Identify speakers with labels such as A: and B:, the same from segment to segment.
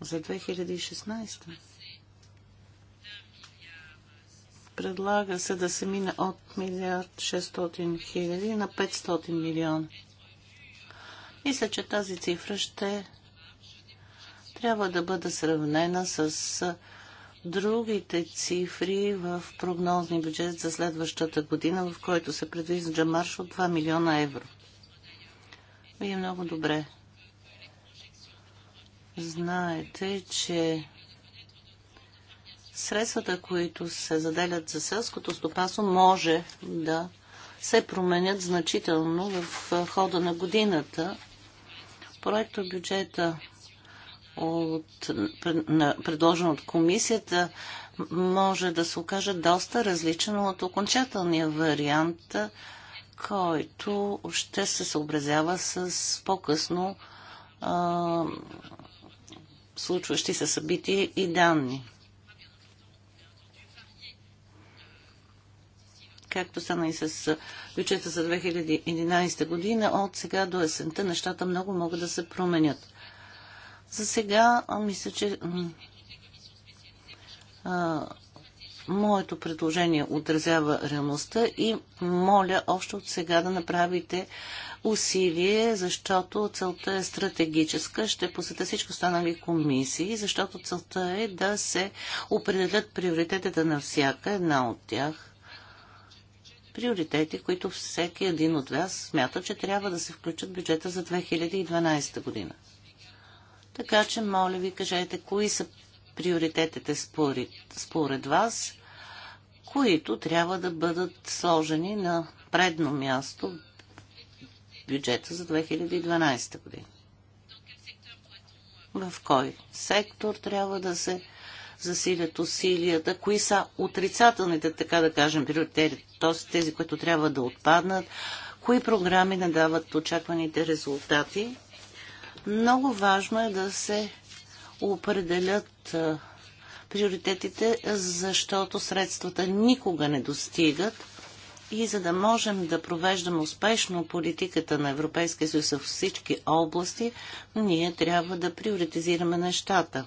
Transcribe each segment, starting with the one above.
A: за 2016. Предлага се да се мине от милиард 600 хиляди на 500 милион. Мисля, че тази цифра ще трябва да бъде сравнена с другите цифри в прогнозния бюджет за следващата година, в който се предвижда марш от 2 милиона евро. Вие много добре Знаете, че средствата, които се заделят за селското стопанство, може да се променят значително в хода на годината. Проектът бюджета от, предложен от комисията, може да се окаже доста различен от окончателния вариант, който ще се съобразява с по-късно случващи се събития и данни. Както стана и с бюджета за 2011 година, от сега до есента нещата много могат да се променят. За сега мисля, че а, моето предложение отразява реалността и моля още от сега да направите усилие, защото целта е стратегическа. Ще посета всичко останали комисии, защото целта е да се определят приоритетите на всяка една от тях. Приоритети, които всеки един от вас смята, че трябва да се включат в бюджета за 2012 година. Така че, моля ви, кажете, кои са приоритетите според, според вас, които трябва да бъдат сложени на предно място бюджета за 2012 година. В кой сектор трябва да се засилят усилията, кои са отрицателните, така да кажем, приоритети, тези, които трябва да отпаднат, кои програми не дават очакваните резултати. Много важно е да се определят приоритетите, защото средствата никога не достигат и за да можем да провеждаме успешно политиката на Европейския съюз във всички области, ние трябва да приоритизираме нещата.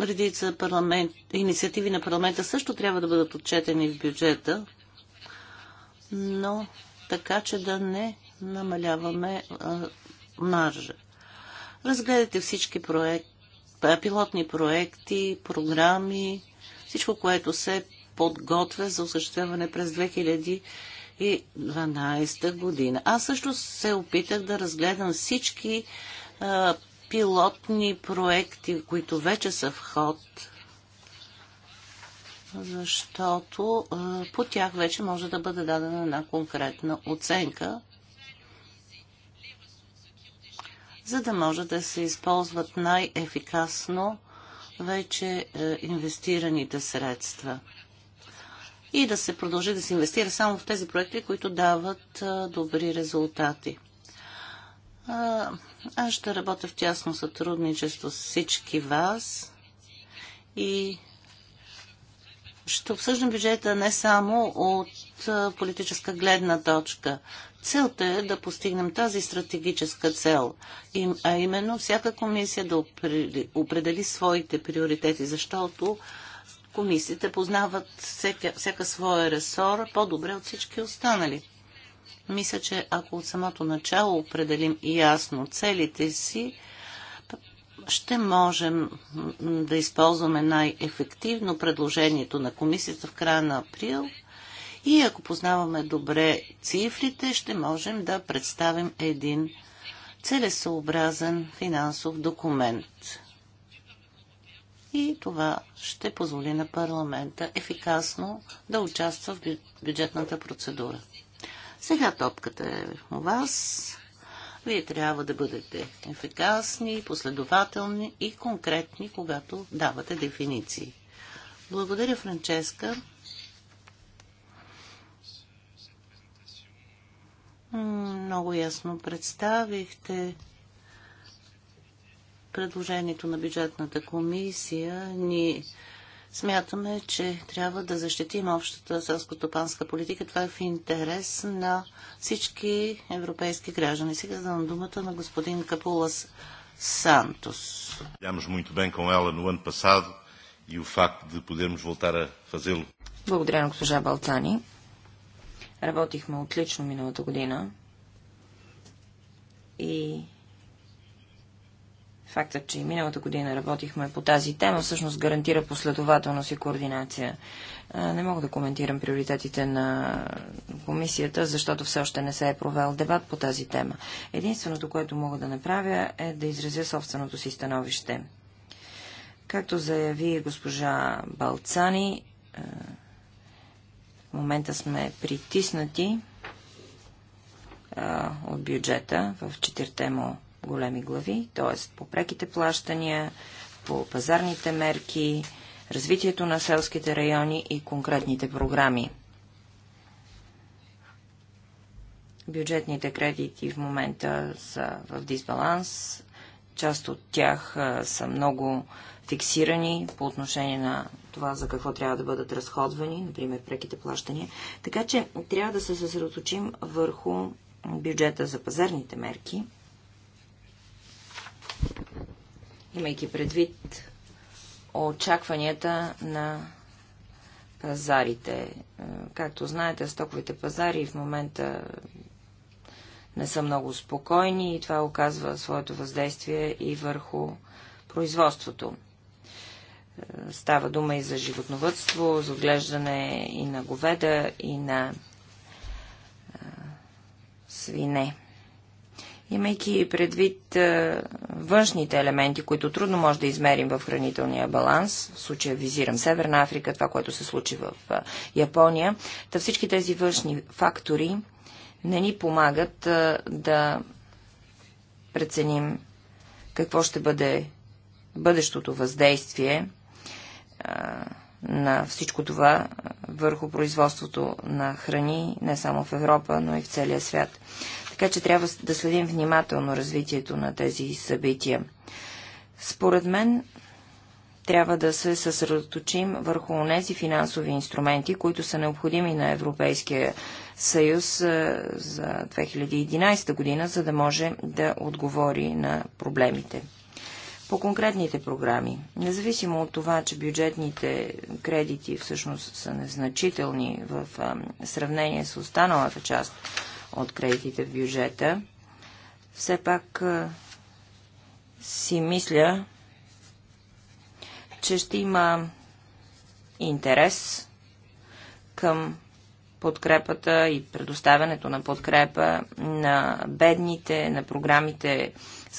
A: Редица парламент, инициативи на парламента също трябва да бъдат отчетени в бюджета, но така, че да не намаляваме маржа. Разгледайте всички проект, пилотни проекти, програми, всичко, което се подготвя за осъществяване през 2012 година. Аз също се опитах да разгледам всички а, пилотни проекти, които вече са в ход, защото а, по тях вече може да бъде дадена една конкретна оценка за да може да се използват най-ефикасно вече е, инвестираните средства. И да се продължи да се инвестира само в тези проекти, които дават е, добри резултати. Е, аз ще работя в тясно сътрудничество с всички вас и ще обсъждам бюджета не само от политическа гледна точка. Целта е да постигнем тази стратегическа цел, а именно всяка комисия да определи своите приоритети, защото комисиите познават всяка, всяка своя ресор по-добре от всички останали. Мисля, че ако от самото начало определим ясно целите си, ще можем да използваме най-ефективно предложението на комисията в края на април – и ако познаваме добре цифрите, ще можем да представим един целесообразен финансов документ. И това ще позволи на парламента ефикасно да участва в бюджетната процедура. Сега топката е у вас. Вие трябва да бъдете ефикасни, последователни и конкретни, когато давате дефиниции. Благодаря, Франческа. Много ясно представихте предложението на бюджетната комисия. Ние смятаме, че трябва да защитим общата селско-топанска политика. Това е в интерес на всички европейски граждани. Сега давам думата на господин Капулас Сантос.
B: и
C: Благодаря на госпожа Балцани. Работихме отлично миналата година и фактът, че и миналата година работихме по тази тема, всъщност гарантира последователност и координация. Не мога да коментирам приоритетите на комисията, защото все още не се е провел дебат по тази тема. Единственото, което мога да направя е да изразя собственото си становище. Както заяви госпожа Балцани, момента сме притиснати а, от бюджета в четирте му големи глави, т.е. по преките плащания, по пазарните мерки, развитието на селските райони и конкретните програми. Бюджетните кредити в момента са в дисбаланс. Част от тях а, са много фиксирани по отношение на това за какво трябва да бъдат разходвани, например преките плащания. Така че трябва да се съсредоточим върху бюджета за пазарните мерки, имайки предвид очакванията на пазарите. Както знаете, стоковите пазари в момента не са много спокойни и това оказва своето въздействие и върху производството. Става дума и за животновътство, за отглеждане и на говеда, и на свине. Имайки предвид външните елементи, които трудно може да измерим в хранителния баланс, в случая визирам Северна Африка, това, което се случи в Япония, та всички тези външни фактори не ни помагат да преценим какво ще бъде бъдещото въздействие на всичко това върху производството на храни, не само в Европа, но и в целия свят. Така че трябва да следим внимателно развитието на тези събития. Според мен трябва да се съсредоточим върху тези финансови инструменти, които са необходими на Европейския съюз за 2011 година, за да може да отговори на проблемите по конкретните програми. Независимо от това, че бюджетните кредити всъщност са незначителни в сравнение с останалата част от кредитите в бюджета, все пак си мисля, че ще има интерес към подкрепата и предоставянето на подкрепа на бедните, на програмите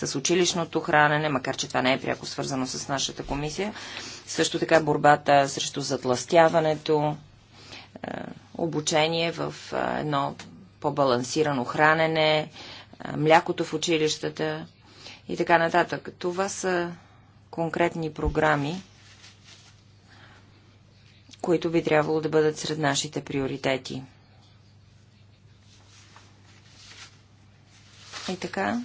C: с училищното хранене, макар че това не е пряко свързано с нашата комисия. Също така борбата срещу затластяването, е, обучение в е, едно по-балансирано хранене, е, млякото в училищата и така нататък. Това са конкретни програми, които би трябвало да бъдат сред нашите приоритети. И така,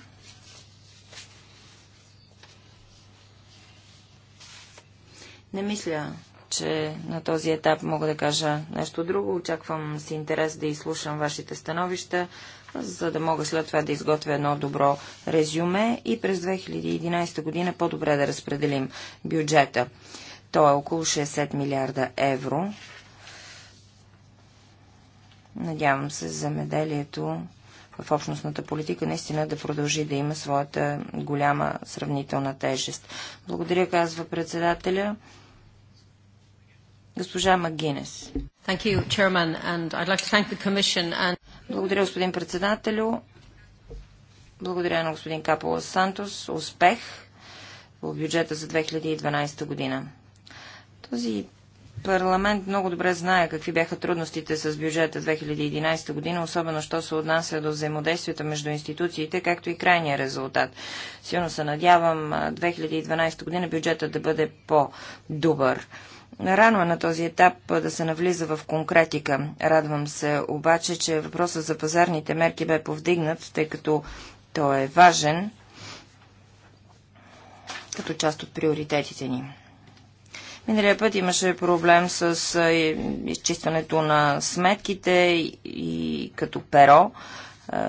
C: Не мисля, че на този етап мога да кажа нещо друго. Очаквам с интерес да изслушам вашите становища, за да мога след това да изготвя едно добро резюме и през 2011 година по-добре да разпределим бюджета. То е около 60 милиарда евро. Надявам се замеделието в общностната политика наистина да продължи да има своята голяма сравнителна тежест. Благодаря, казва председателя. Госпожа Магинес. You, Chairman, like and... Благодаря, господин председателю. Благодаря на господин Капола Сантос. Успех в бюджета за 2012 година. Този парламент много добре знае какви бяха трудностите с бюджета 2011 година, особено що се отнася до взаимодействията между институциите, както и крайния резултат. Силно се надявам 2012 година бюджета да бъде по-добър. Рано е на този етап да се навлиза в конкретика. Радвам се обаче, че въпросът за пазарните мерки бе повдигнат, тъй като той е важен като част от приоритетите ни. Миналия път имаше проблем с изчистването на сметките и, и като перо.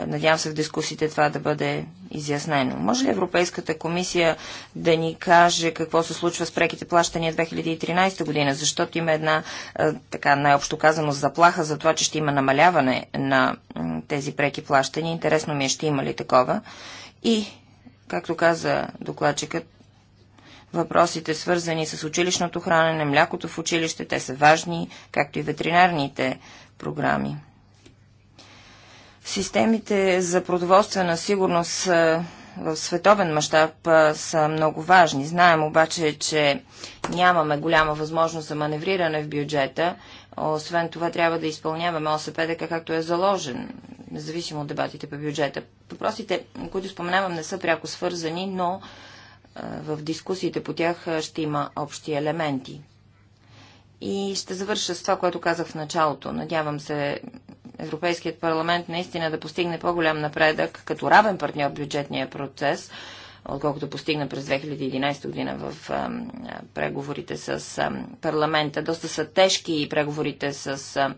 C: Надявам се в дискусите това да бъде изяснено. Може ли Европейската комисия да ни каже какво се случва с преките плащания 2013 година? Защото има една, така най-общо казано, заплаха за това, че ще има намаляване на тези преки плащания. Интересно ми е, ще има ли такова. И, както каза докладчикът, въпросите, свързани с училищното хранене, млякото в училище, те са важни, както и ветеринарните програми. Системите за продоволствена сигурност в световен мащаб са много важни. Знаем обаче, че нямаме голяма възможност за маневриране в бюджета. Освен това, трябва да изпълняваме ОСП така, както е заложен, независимо от дебатите по бюджета. Въпросите, които споменавам, не са пряко свързани, но в дискусиите по тях ще има общи елементи. И ще завърша с това, което казах в началото. Надявам се Европейският парламент наистина да постигне по-голям напредък като равен партньор в бюджетния процес, отколкото постигна през 2011 година в преговорите с парламента. Доста са тежки преговорите с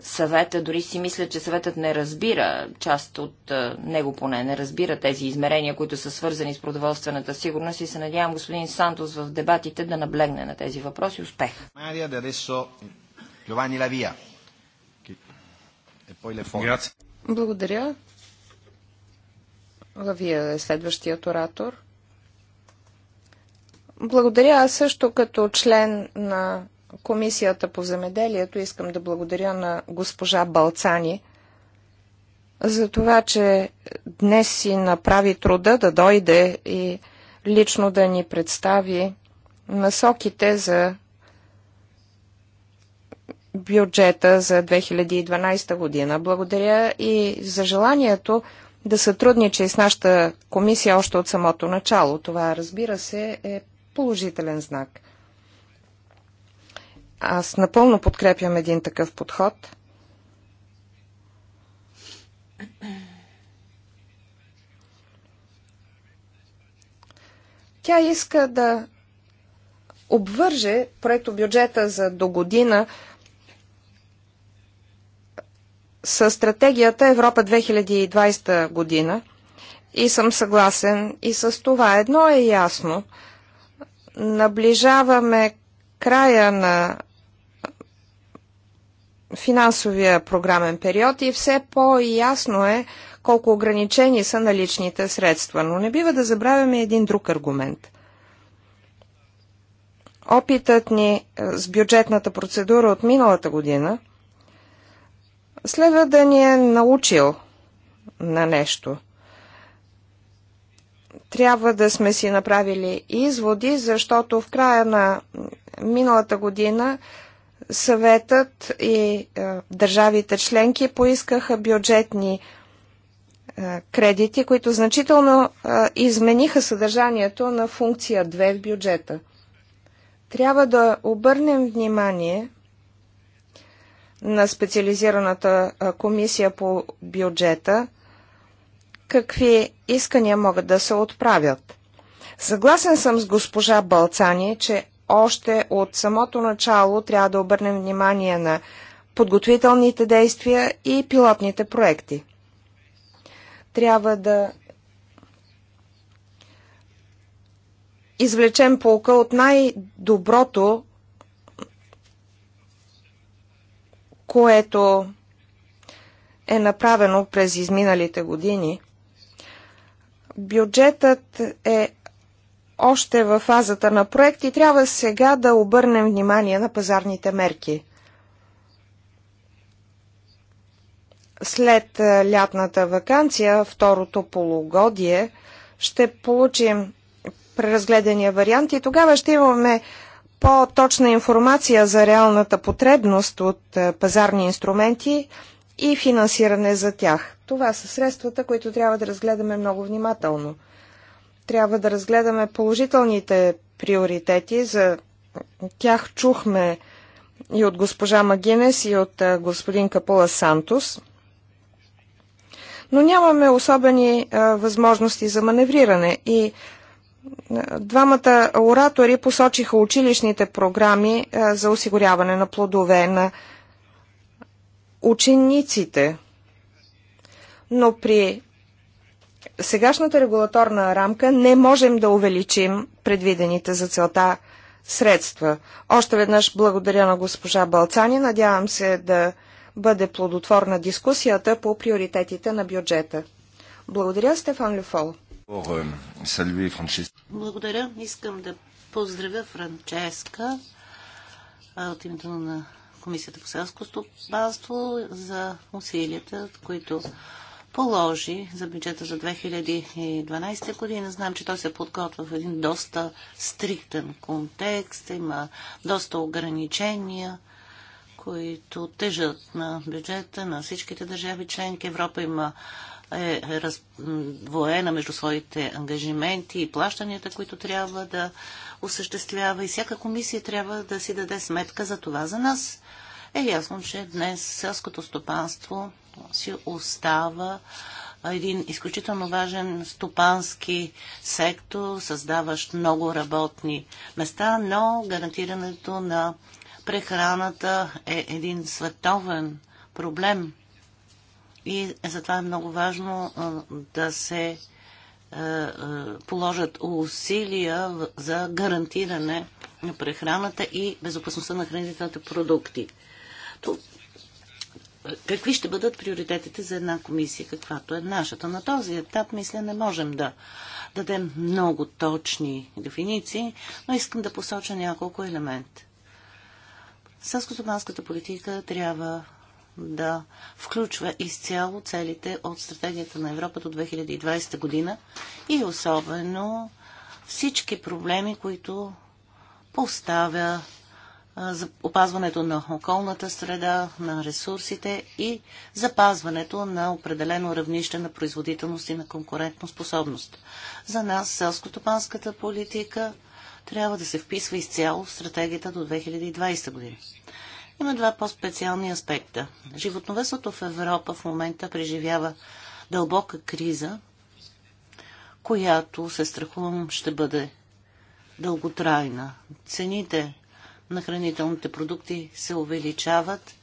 C: съвета. Дори си мисля, че съветът не разбира, част от него поне не разбира тези измерения, които са свързани с продоволствената сигурност и се надявам господин Сантос в дебатите да наблегне на тези въпроси. Успех! Мария, да Giovanni Lavia.
B: Благодаря. Вие е следващият оратор. Благодаря. Аз също като член на Комисията по земеделието искам да благодаря на госпожа Балцани за това, че днес си направи труда да дойде и лично да ни представи насоките за бюджета за 2012 година. Благодаря и за желанието да сътрудничи с нашата комисия още от самото начало. Това, разбира се, е положителен знак. Аз напълно подкрепям един такъв подход. Тя иска да обвърже проекто бюджета за до година с стратегията Европа 2020 година и съм съгласен и с това. Едно е ясно. Наближаваме края на финансовия програмен период и все по-ясно е колко ограничени са наличните средства. Но не бива да забравяме един друг аргумент. Опитът ни е, с бюджетната процедура от миналата година следва да ни е научил на нещо. Трябва да сме си направили изводи, защото в края на миналата година съветът и е, държавите членки поискаха бюджетни е, кредити, които значително е, измениха съдържанието на функция 2 в бюджета. Трябва да обърнем внимание на специализираната комисия по бюджета какви искания могат да се отправят. Съгласен съм с госпожа Балцани, че още от самото начало трябва да обърнем внимание на подготвителните действия и пилотните проекти. Трябва да извлечем полка от най-доброто което е направено през изминалите години. Бюджетът е още във фазата на проект и трябва сега да обърнем внимание на пазарните мерки. След е, лятната вакансия, второто полугодие, ще получим преразгледания вариант и тогава ще имаме по-точна информация за реалната потребност от е, пазарни инструменти и финансиране за тях. Това са средствата, които трябва да разгледаме много внимателно. Трябва да разгледаме положителните приоритети. За тях чухме и от госпожа Магинес, и от е, господин Капула Сантос. Но нямаме особени а, е, възможности за маневриране и Двамата оратори посочиха училищните програми е, за осигуряване на плодове на учениците. Но при сегашната регулаторна рамка не можем да увеличим предвидените за целта средства. Още веднъж благодаря на госпожа Балцани. Надявам се да бъде плодотворна дискусията по приоритетите на бюджета.
A: Благодаря, Стефан Люфол. Euh, Благодаря. Искам да поздравя Франческа от името на Комисията по селско стопанство за усилията, които положи за бюджета за 2012 година. Знам, че той се подготвя в един доста стриктен контекст, има доста ограничения, които тежат на бюджета на всичките държави членки. Европа има е, е раздвоена между своите ангажименти и плащанията, които трябва да осъществява и всяка комисия трябва да си даде сметка за това. За нас е ясно, че днес селското стопанство си остава един изключително важен стопански сектор, създаващ много работни места, но гарантирането на прехраната е един световен проблем – и затова е много важно да се положат усилия за гарантиране на прехраната и безопасността на хранителните продукти. Какви ще бъдат приоритетите за една комисия, каквато е нашата? На този етап, мисля, не можем да дадем много точни дефиниции, но искам да посоча няколко елемента. Селскостопанската политика трябва да включва изцяло целите от стратегията на Европа до 2020 година и особено всички проблеми, които поставя за опазването на околната среда, на ресурсите и запазването на определено равнище на производителност и на конкурентоспособност. За нас селскотопанската политика трябва да се вписва изцяло в стратегията до 2020 година. Има два по-специални аспекта. Животновеството в Европа в момента преживява дълбока криза, която се страхувам ще бъде дълготрайна. Цените на хранителните продукти се увеличават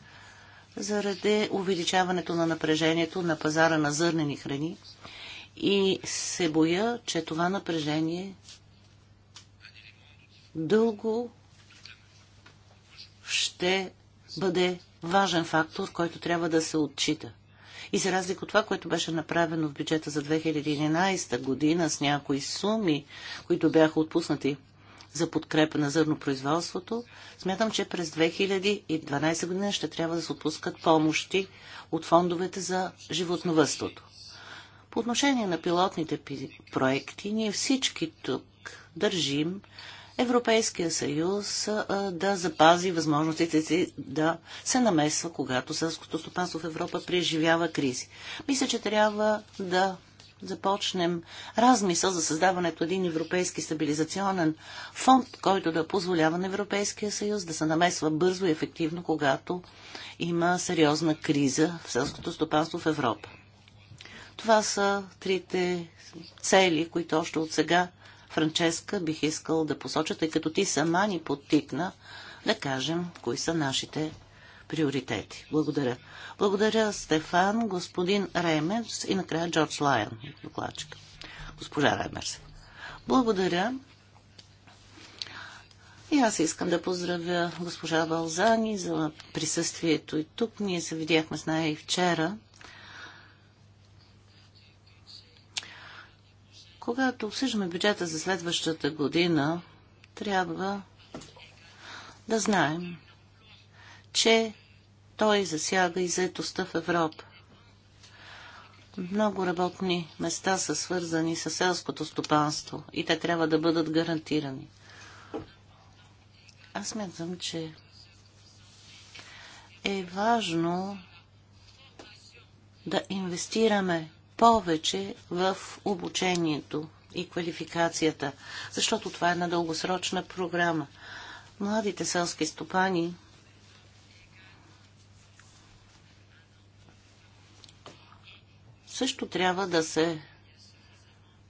A: заради увеличаването на напрежението на пазара на зърнени храни и се боя, че това напрежение дълго ще бъде важен фактор, който трябва да се отчита. И за разлика от това, което беше направено в бюджета за 2011 година с някои суми, които бяха отпуснати за подкрепа на зърнопроизводството, смятам, че през 2012 година ще трябва да се отпускат помощи от фондовете за животновъдството. По отношение на пилотните проекти, ние всички тук държим Европейския съюз да запази възможностите си да се намесва, когато сърското стопанство в Европа преживява кризи. Мисля, че трябва да започнем размисъл за създаването един европейски стабилизационен фонд, който да позволява на Европейския съюз да се намесва бързо и ефективно, когато има сериозна криза в селското стопанство в Европа. Това са трите цели, които още от сега Франческа, бих искал да посоча, тъй като ти сама ни подтикна да кажем кои са нашите приоритети. Благодаря. Благодаря Стефан, господин Реймерс и накрая Джордж Лайон, докладчик. Госпожа Реймерс. Благодаря. И аз искам да поздравя госпожа Балзани за присъствието и тук. Ние се видяхме с нея и вчера. Когато обсъждаме бюджета за следващата година, трябва да знаем, че той засяга и заетостта в Европа. Много работни места са свързани с селското стопанство и те трябва да бъдат гарантирани. Аз мятам, че е важно да инвестираме повече в обучението и квалификацията, защото това е една дългосрочна програма. Младите селски стопани също трябва да се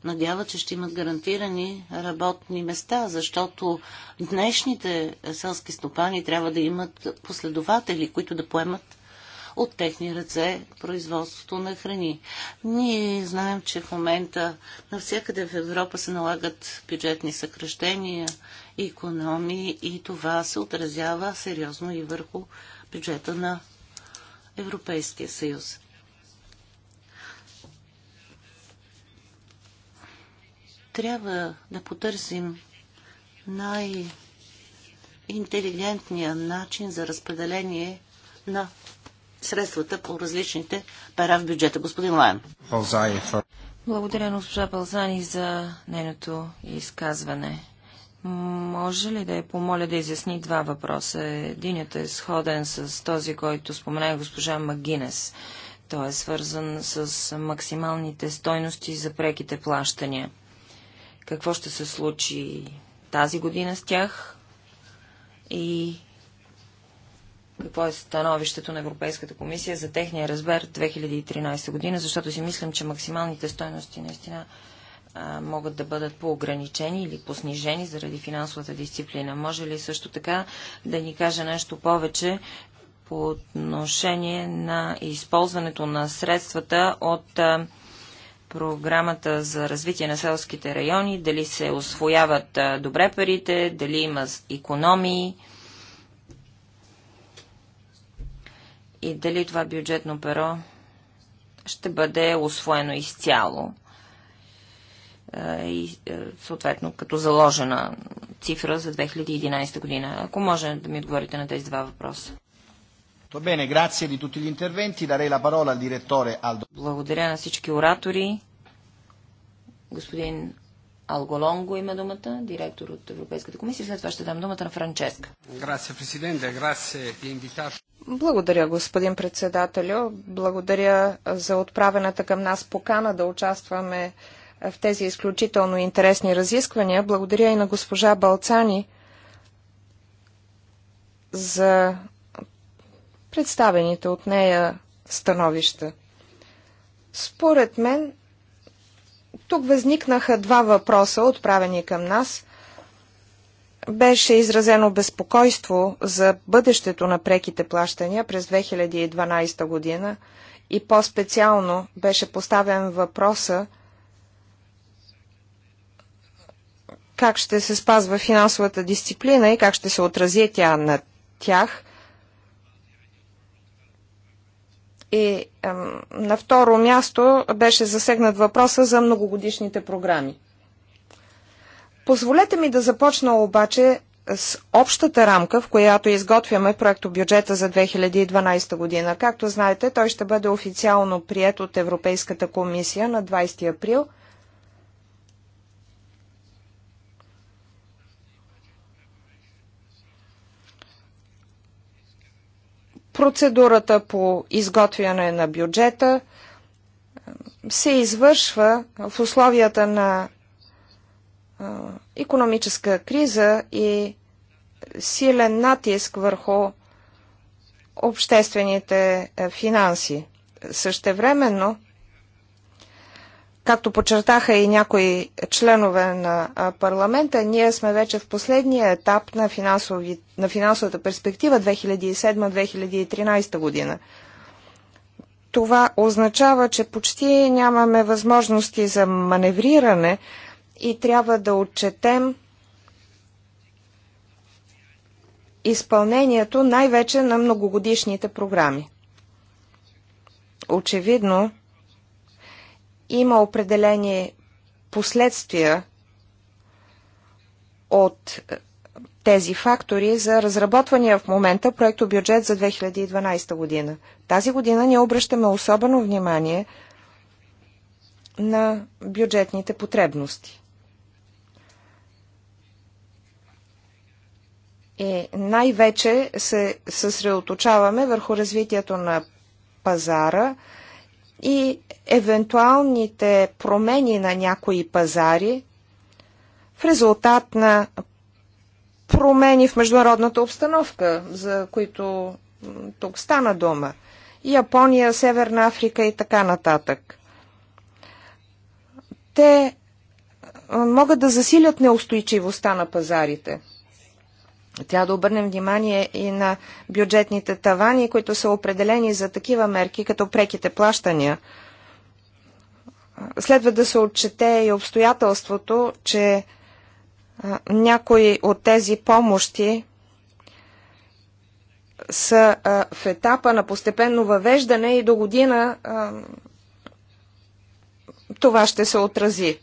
A: надява, че ще имат гарантирани работни места, защото днешните селски стопани трябва да имат последователи, които да поемат от техни ръце производството на храни. Ние знаем, че в момента навсякъде в Европа се налагат бюджетни съкръщения, економии и това се отразява сериозно и върху бюджета на Европейския съюз. Трябва да потърсим най-интелигентния начин за разпределение на средствата по различните пера в бюджета. Господин Лайан.
C: Благодаря на госпожа Балзани за нейното изказване. Може ли да я помоля да изясни два въпроса? Единият е сходен с този, който спомена госпожа Магинес. Той е свързан с максималните стойности за преките плащания. Какво ще се случи тази година с тях и какво е становището на Европейската комисия за техния разбер 2013 година, защото си мислям, че максималните стойности наистина могат да бъдат по-ограничени или поснижени заради финансовата дисциплина. Може ли също така да ни каже нещо повече по отношение на използването на средствата от програмата за развитие на селските райони, дали се освояват добре парите, дали има економии? и дали това бюджетно перо ще бъде освоено изцяло и съответно като заложена цифра за 2011 година. Ако може да ми отговорите на тези два въпроса. Благодаря на всички оратори. Господин Алголонго има думата, директор от
B: Европейската комисия. След това ще дам думата на Франческа. Благодаря, господин председателю. Благодаря за отправената към нас покана да участваме в тези изключително интересни разисквания. Благодаря и на госпожа Балцани за представените от нея становища. Според мен тук възникнаха два въпроса, отправени към нас. Беше изразено безпокойство за бъдещето на преките плащания през 2012 година и по-специално беше поставен въпроса как ще се спазва финансовата дисциплина и как ще се отрази тя на тях – И на второ място беше засегнат въпроса за многогодишните програми. Позволете ми да започна обаче с общата рамка, в която изготвяме проекто бюджета за 2012 година. Както знаете, той ще бъде официално прият от Европейската комисия на 20 април – Процедурата по изготвяне на бюджета е, се извършва в условията на економическа криза и силен натиск върху обществените е, финанси. Същевременно Както подчертаха и някои членове на парламента, ние сме вече в последния етап на, финансови, на финансовата перспектива 2007-2013 година. Това означава, че почти нямаме възможности за маневриране и трябва да отчетем изпълнението най-вече на многогодишните програми. Очевидно, има определени последствия от тези фактори за разработвания в момента проекто бюджет за 2012 година. Тази година ние обръщаме особено внимание на бюджетните потребности. И най-вече се съсредоточаваме върху развитието на пазара, и евентуалните промени на някои пазари в резултат на промени в международната обстановка, за които тук стана дума. Япония, Северна Африка и така нататък. Те могат да засилят неустойчивостта на пазарите – трябва да обърнем внимание и на бюджетните тавани, които са определени за такива мерки, като преките плащания. Следва да се отчете и обстоятелството, че някои от тези помощи са в етапа на постепенно въвеждане и до година това ще се отрази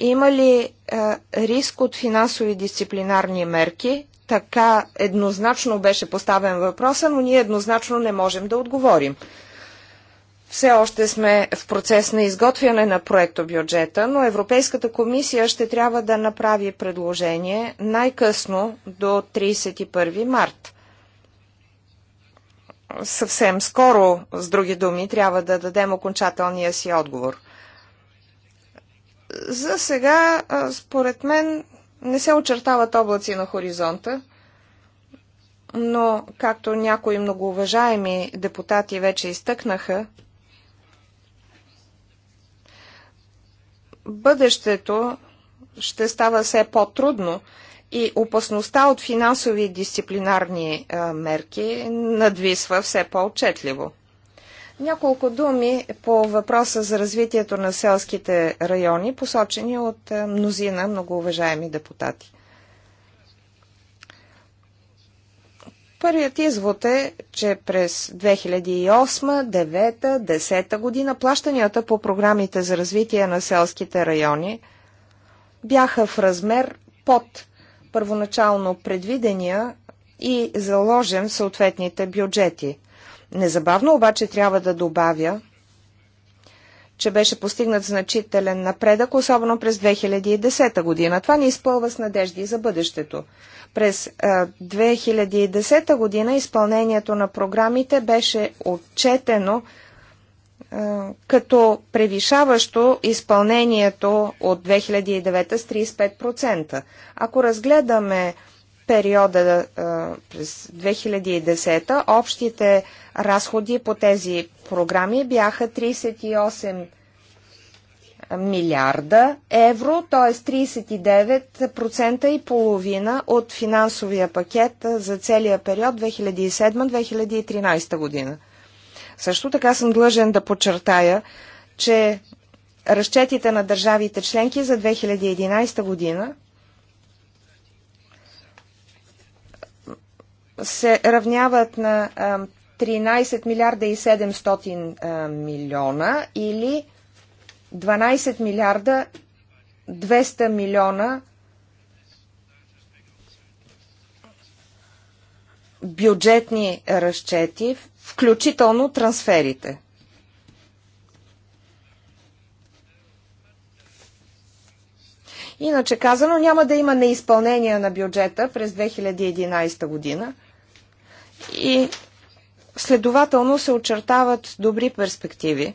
B: има ли а, е, риск от финансови дисциплинарни мерки? Така еднозначно беше поставен въпроса, но ние еднозначно не можем да отговорим. Все още сме в процес на изготвяне на проекто бюджета, но Европейската комисия ще трябва да направи предложение най-късно до 31 март. Съвсем скоро, с други думи, трябва да дадем окончателния си отговор – за сега, според мен, не се очертават облаци на хоризонта, но както някои многоуважаеми депутати вече изтъкнаха, бъдещето ще става все по-трудно и опасността от финансови и дисциплинарни мерки надвисва все по-отчетливо. Няколко думи по въпроса за развитието на селските райони, посочени от е, мнозина многоуважаеми депутати. Първият извод е, че през 2008, 2009, 2010 година плащанията по програмите за развитие на селските райони бяха в размер под първоначално предвидения и заложен в съответните бюджети – Незабавно обаче трябва да добавя, че беше постигнат значителен напредък, особено през 2010 година. Това ни изпълва с надежди за бъдещето. През 2010 година изпълнението на програмите беше отчетено като превишаващо изпълнението от 2009 с 35%. Ако разгледаме периода през 2010 общите разходи по тези програми бяха 38 милиарда евро, т.е. 39% и половина от финансовия пакет за целия период 2007-2013 година. Също така съм длъжен да подчертая, че разчетите на държавите членки за 2011 година се равняват на 13 милиарда и 700 милиона или 12 милиарда 200 милиона бюджетни разчети, включително трансферите. Иначе казано, няма да има неизпълнение на бюджета през 2011 година – и следователно се очертават добри перспективи,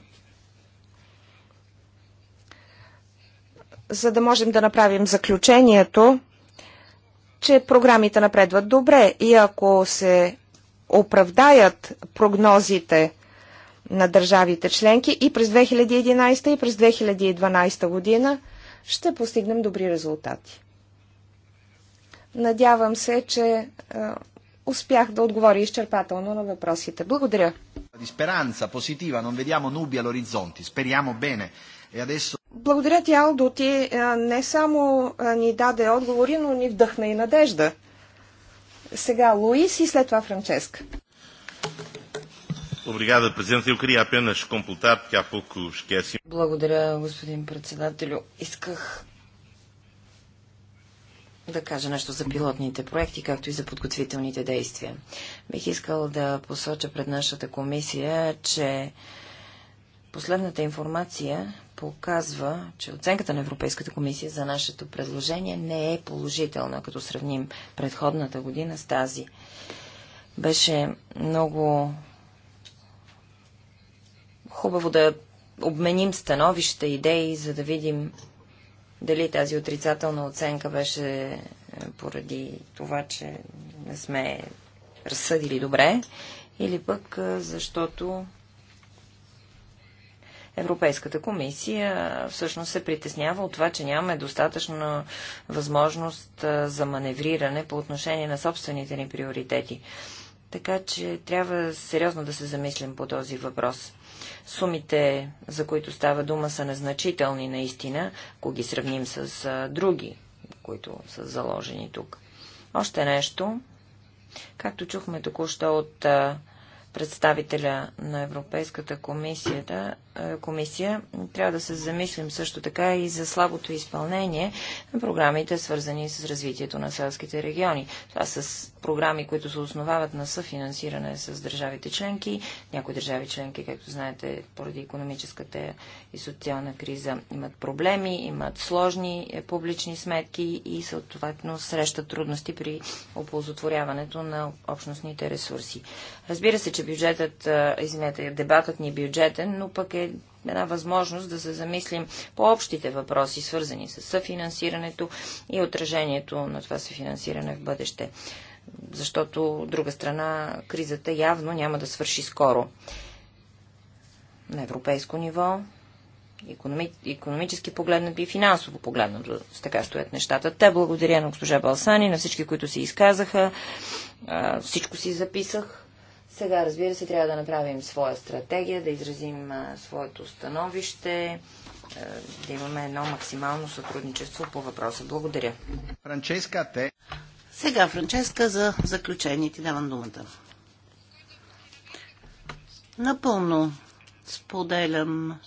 B: за да можем да направим заключението, че програмите напредват добре и ако се оправдаят прогнозите на държавите членки и през 2011 и през 2012 година, ще постигнем добри резултати. Надявам се, че е, успях да отговоря изчерпателно на въпросите. Благодаря.
C: Speranza, positiva, non vediamo nubi all'orizzonte, speriamo bene. E adesso...
B: Благодаря ти, Алдо. Е, ти не само е, ни даде отговори, но ни вдъхна и надежда. Сега Луис и след това Франческа. Presidente. Eu queria apenas completar, porque há pouco esqueci.
C: Благодаря, господин председателю. Исках да кажа нещо за пилотните проекти, както и за подготвителните действия. Бих искал да посоча пред нашата комисия, че последната информация показва, че оценката на Европейската комисия за нашето предложение не е положителна, като сравним предходната година с тази. Беше много хубаво да обменим становища, идеи, за да видим дали тази отрицателна оценка беше е, поради това, че не сме разсъдили добре, или пък е, защото Европейската комисия всъщност се притеснява от това, че нямаме достатъчно възможност е, за маневриране по отношение на собствените ни приоритети. Така че трябва сериозно да се замислим по този въпрос. Сумите, за които става дума, са незначителни наистина, ако ги сравним с други, които са заложени тук. Още нещо, както чухме току-що от а, представителя на Европейската комисията, е, комисия, трябва да се замислим също така и за слабото изпълнение на програмите, свързани с развитието на селските региони. Това са програми, които се основават на съфинансиране с държавите членки. Някои държави членки, както знаете, поради економическата и социална криза имат проблеми, имат сложни е, публични сметки и съответно срещат трудности при оползотворяването на общностните ресурси. Разбира се, че бюджетът, извинете, дебатът ни е бюджетен, но пък е една възможност да се замислим по общите въпроси, свързани с съфинансирането и отражението на това съфинансиране в бъдеще. Защото, от друга страна, кризата явно няма да свърши скоро. На европейско ниво, економически погледнато и финансово погледнато, с така стоят нещата. Те благодаря на госпожа Балсани, на всички, които се изказаха. Всичко си записах сега, разбира се, трябва да направим своя стратегия, да изразим а, своето становище,
A: а, е, да имаме едно максимално сътрудничество по въпроса. Благодаря. Франческа, те. Сега, Франческа, за заключение ти давам думата. Напълно споделям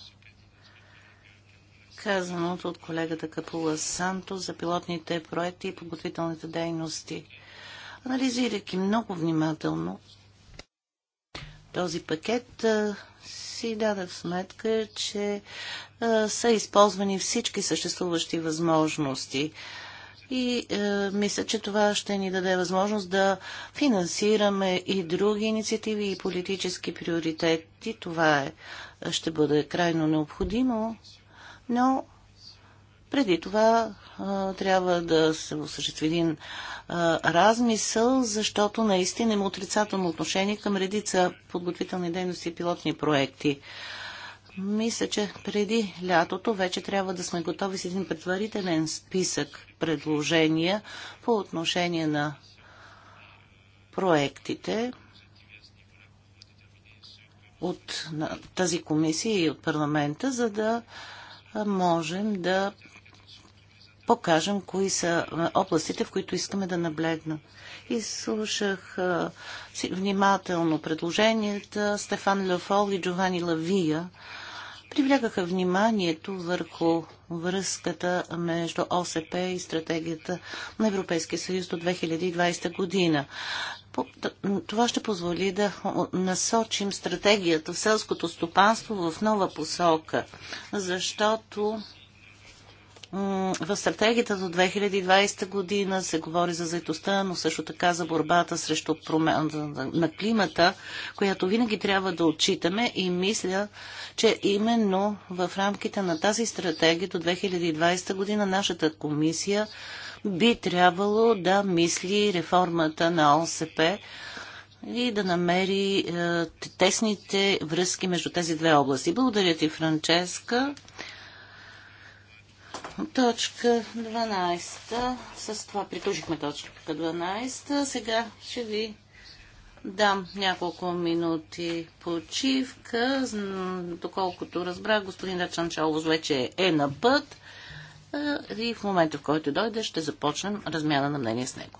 A: казаното от колегата Капула Санто за пилотните проекти и подготвителните дейности. Анализирайки много внимателно този пакет, си дадах сметка, че са използвани всички съществуващи възможности. И е, мисля, че това ще ни даде възможност да финансираме и други инициативи и политически приоритети. Това е, ще бъде крайно необходимо, но преди това трябва да се осъществи един размисъл, защото наистина има отрицателно отношение към редица подготвителни дейности и пилотни проекти. Мисля, че преди лятото вече трябва да сме готови с един предварителен списък предложения по отношение на проектите от тази комисия и от парламента, за да можем да покажем кои са областите, в които искаме да наблегна. И слушах внимателно предложенията Стефан Лефол и Джовани Лавия. Привлякаха вниманието върху връзката между ОСП и стратегията на Европейския съюз до 2020 година. Това ще позволи да насочим стратегията в селското стопанство в нова посока, защото в стратегията до 2020 година се говори за заедостта, но също така за борбата срещу промяна на климата, която винаги трябва да отчитаме и мисля, че именно в рамките на тази стратегия до 2020 година нашата комисия би трябвало да мисли реформата на ОСП и да намери е, тесните връзки между тези две области. Благодаря ти, Франческа. Точка 12. С това приключихме точка 12. Сега ще ви дам няколко минути почивка. Доколкото разбрах, господин Дачан Чалвоз вече е на път. И в момента, в който дойде, ще започнем размяна на мнение с него.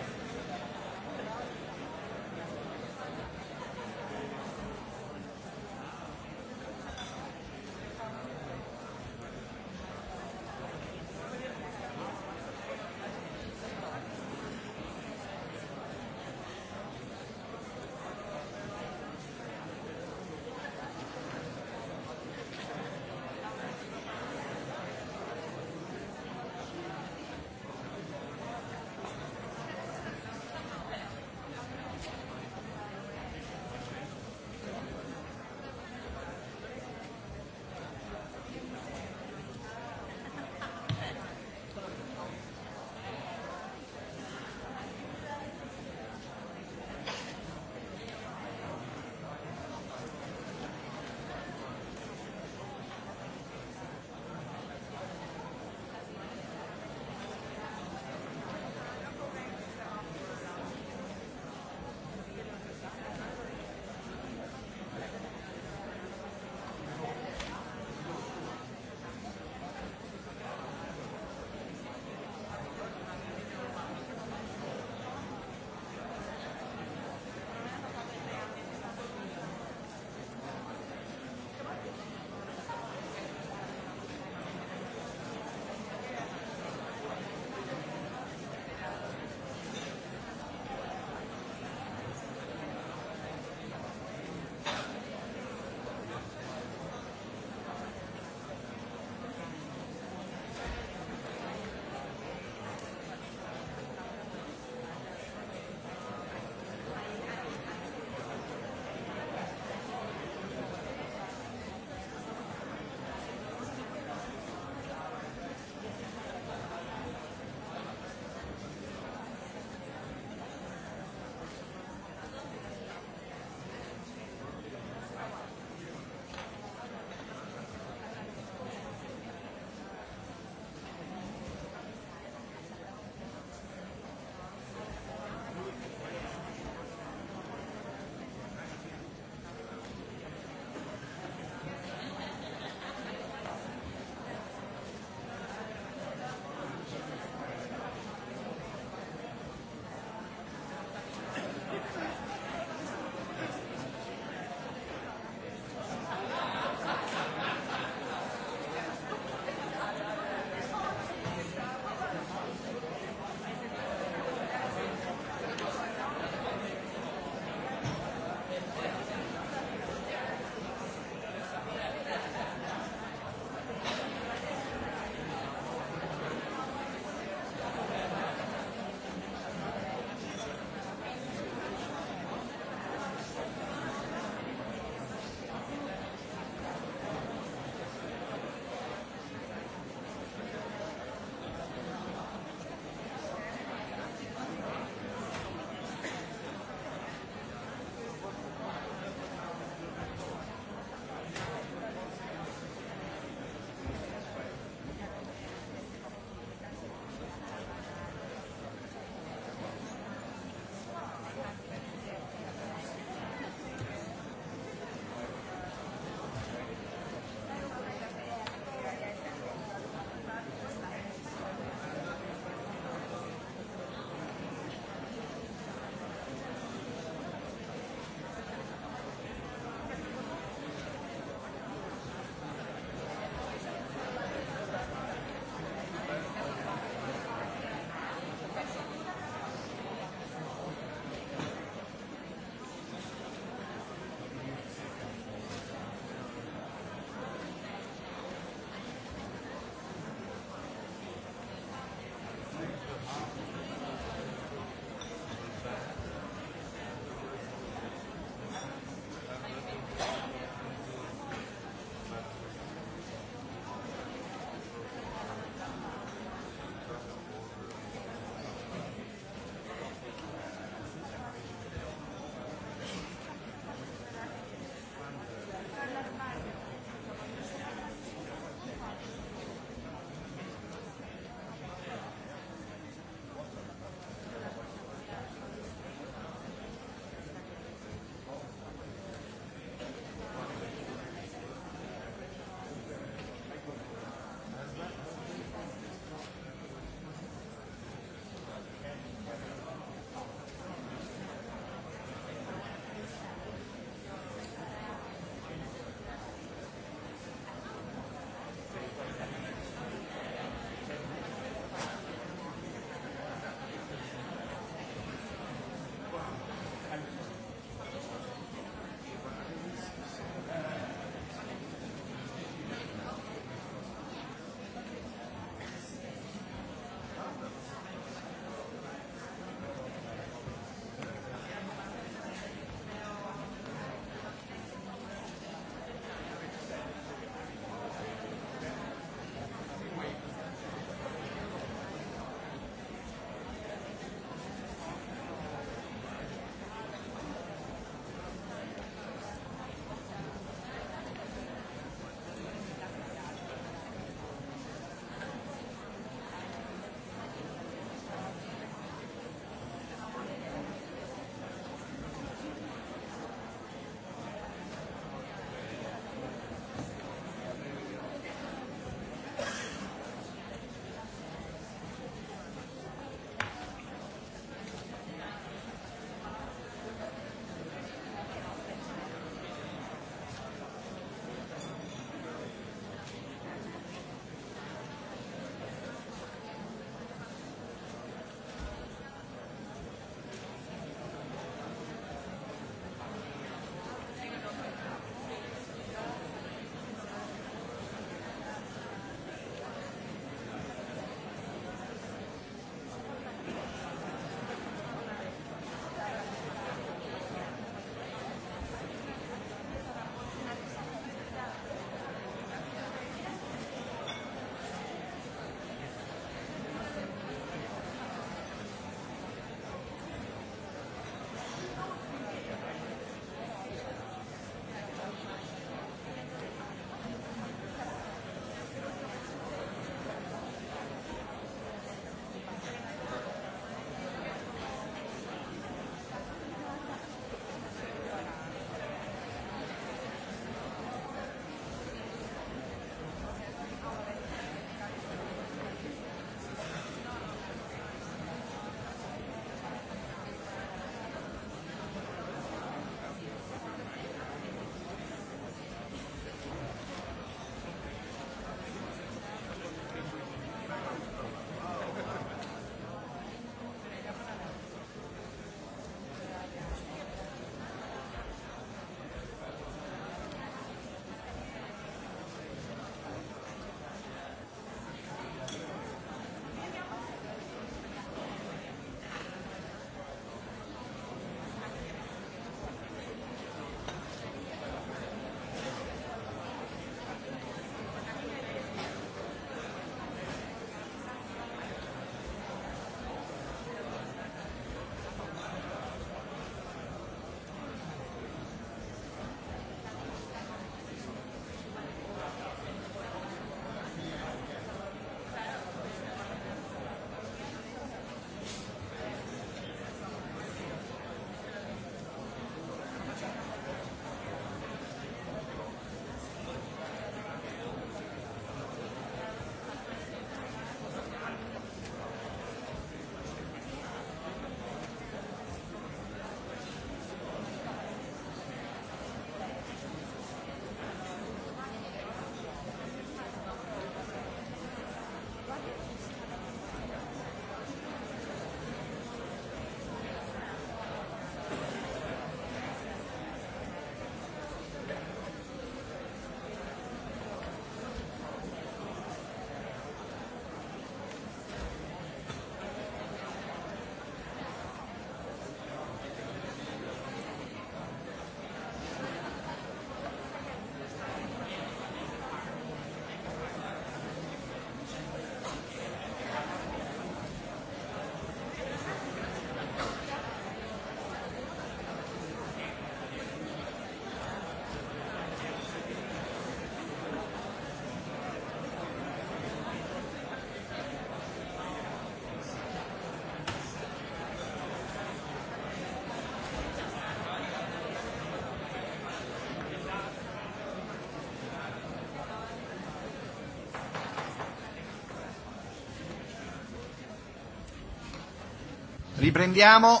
A: Riprendiamo.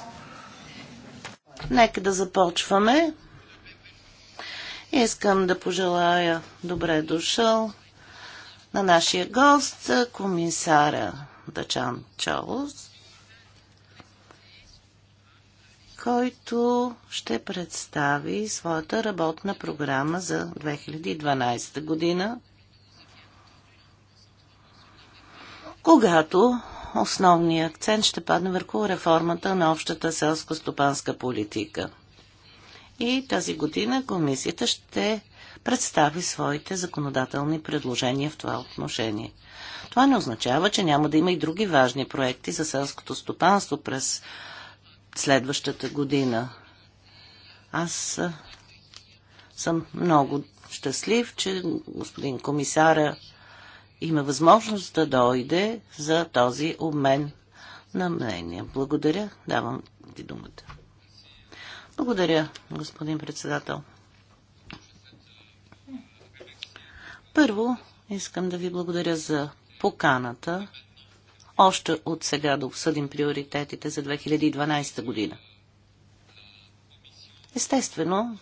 A: Нека да започваме. Искам да пожелая добре дошъл на нашия гост, комисаря Дачан Чолос, който ще представи своята работна програма за 2012 година, когато основният акцент ще падне върху реформата на общата селско-стопанска политика. И тази година комисията ще представи своите законодателни предложения в това отношение. Това не означава, че няма да има и други важни проекти за селското стопанство през следващата година. Аз съм много щастлив, че господин комисара има възможност да дойде за този обмен на мнения. Благодаря. Давам ти думата. Благодаря, господин председател. Първо, искам да ви благодаря за поканата още от сега да обсъдим приоритетите за 2012 година. Естествено,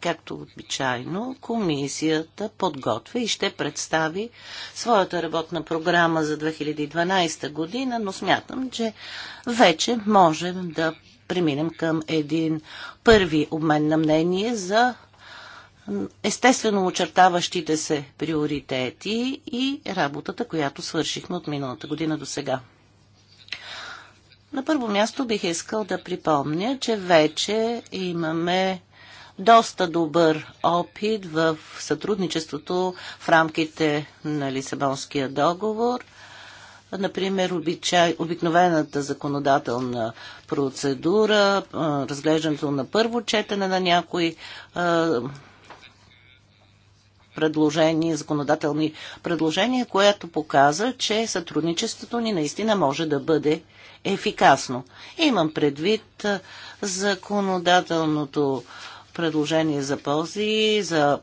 A: Както обичайно, комисията подготвя и ще представи своята работна програма за 2012 година, но смятам, че вече можем да преминем към един първи обмен на мнение за естествено очертаващите се приоритети и работата, която свършихме от миналата година до сега. На първо място бих искал да припомня, че вече имаме доста добър опит в сътрудничеството в рамките на Лисабонския договор. Например, обичай, обикновената законодателна процедура, разглеждането на първо четене на някои предложения, законодателни предложения, което показа, че сътрудничеството ни наистина може да бъде ефикасно. Имам предвид законодателното предложение за ползи, за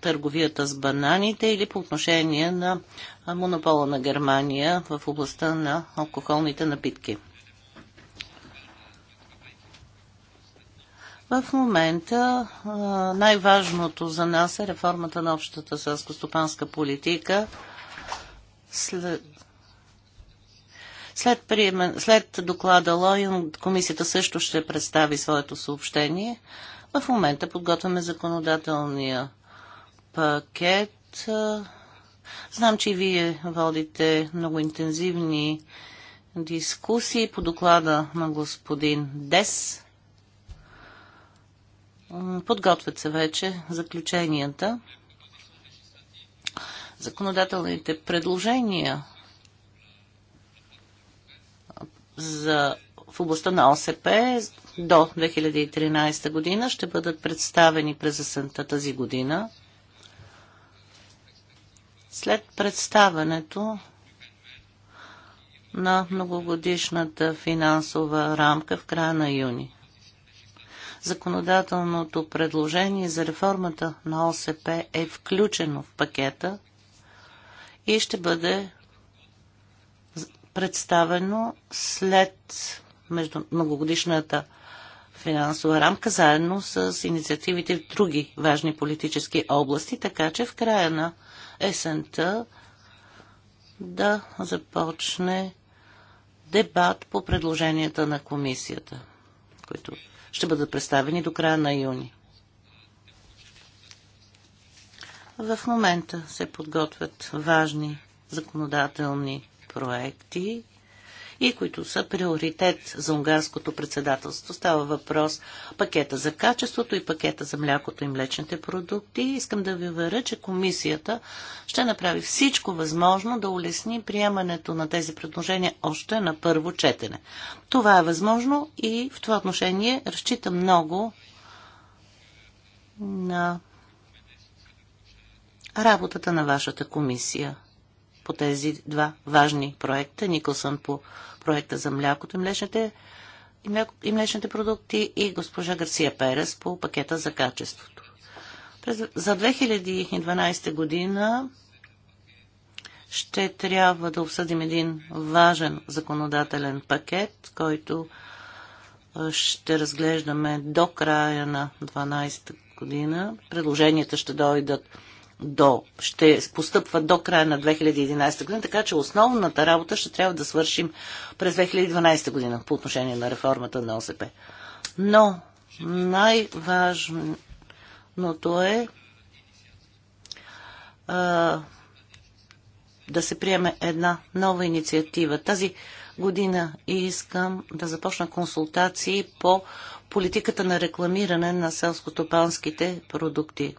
A: търговията с бананите или по отношение на монопола на Германия в областта на алкохолните напитки. В момента най-важното за нас е реформата на общата селскостопанска политика след, след, приемен, след доклада Лойон комисията също ще представи своето съобщение. В момента подготвяме законодателния пакет. Знам, че и вие водите много интензивни дискусии по доклада на господин Дес. Подготвят се вече заключенията. Законодателните предложения за в областта на ОСП до 2013 година ще бъдат представени през есента тази година. След представането на многогодишната финансова рамка в края на юни. Законодателното предложение за реформата на ОСП е включено в пакета и ще бъде представено след между многогодишната финансова рамка, заедно с инициативите в други важни политически области, така че в края на есента да започне дебат по предложенията на комисията, които ще бъдат представени до края на юни. В момента се подготвят важни законодателни проекти и които са приоритет за унгарското председателство. Става въпрос пакета за качеството и пакета за млякото и млечните продукти. Искам да ви уверя, че комисията ще направи всичко възможно да улесни приемането на тези предложения още на първо четене. Това е възможно и в това отношение разчита много на работата на вашата комисия по тези два важни проекта. Николсън по проекта за млякото и млечните, и, мляко, и млечните продукти и госпожа Гарсия Перес по пакета за качеството. През, за 2012 година ще трябва да обсъдим един важен законодателен пакет, който ще разглеждаме до края на 12 година. Предложенията ще дойдат до, ще постъпва до края на 2011 година, така че основната работа ще трябва да свършим през 2012 година по отношение на реформата на ОСП. Но най-важното е а, да се приеме една нова инициатива. Тази година искам да започна консултации по политиката на рекламиране на селско-топанските продукти.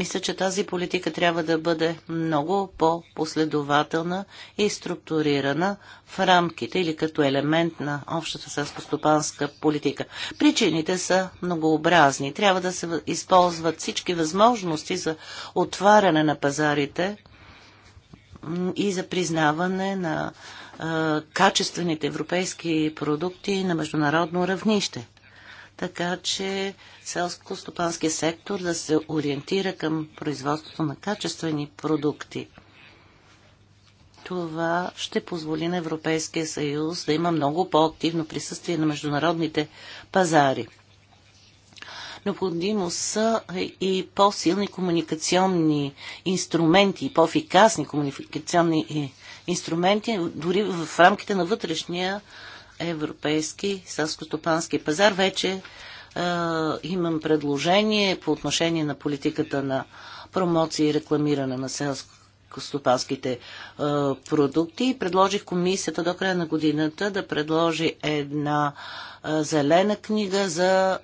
A: Мисля, че тази политика трябва да бъде много по-последователна и структурирана в рамките или като елемент на общата селскостопанска политика. Причините са многообразни. Трябва да се използват всички възможности за отваряне на пазарите и за признаване на качествените европейски продукти на международно равнище така че селско-стопанския сектор да се ориентира към производството на качествени продукти. Това ще позволи на Европейския съюз да има много по-активно присъствие на международните пазари. Необходимо са и по-силни комуникационни инструменти, и по-ефикасни комуникационни инструменти, дори в рамките на вътрешния европейски селско-стопански пазар. Вече е, имам предложение по отношение на политиката на промоция и рекламиране на селско стопанските продукти и предложих комисията до края на годината да предложи една зелена книга за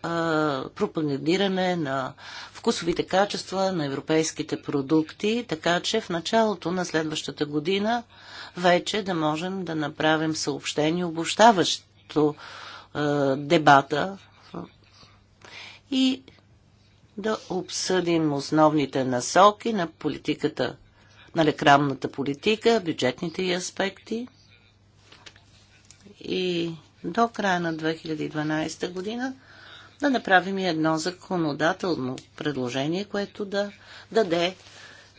A: пропагандиране на вкусовите качества на европейските продукти, така че в началото на следващата година вече да можем да направим съобщение, обобщаващо дебата и да обсъдим основните насоки на политиката на нали, рекламната политика, бюджетните и аспекти. И до края на 2012 година да направим едно законодателно предложение, което да даде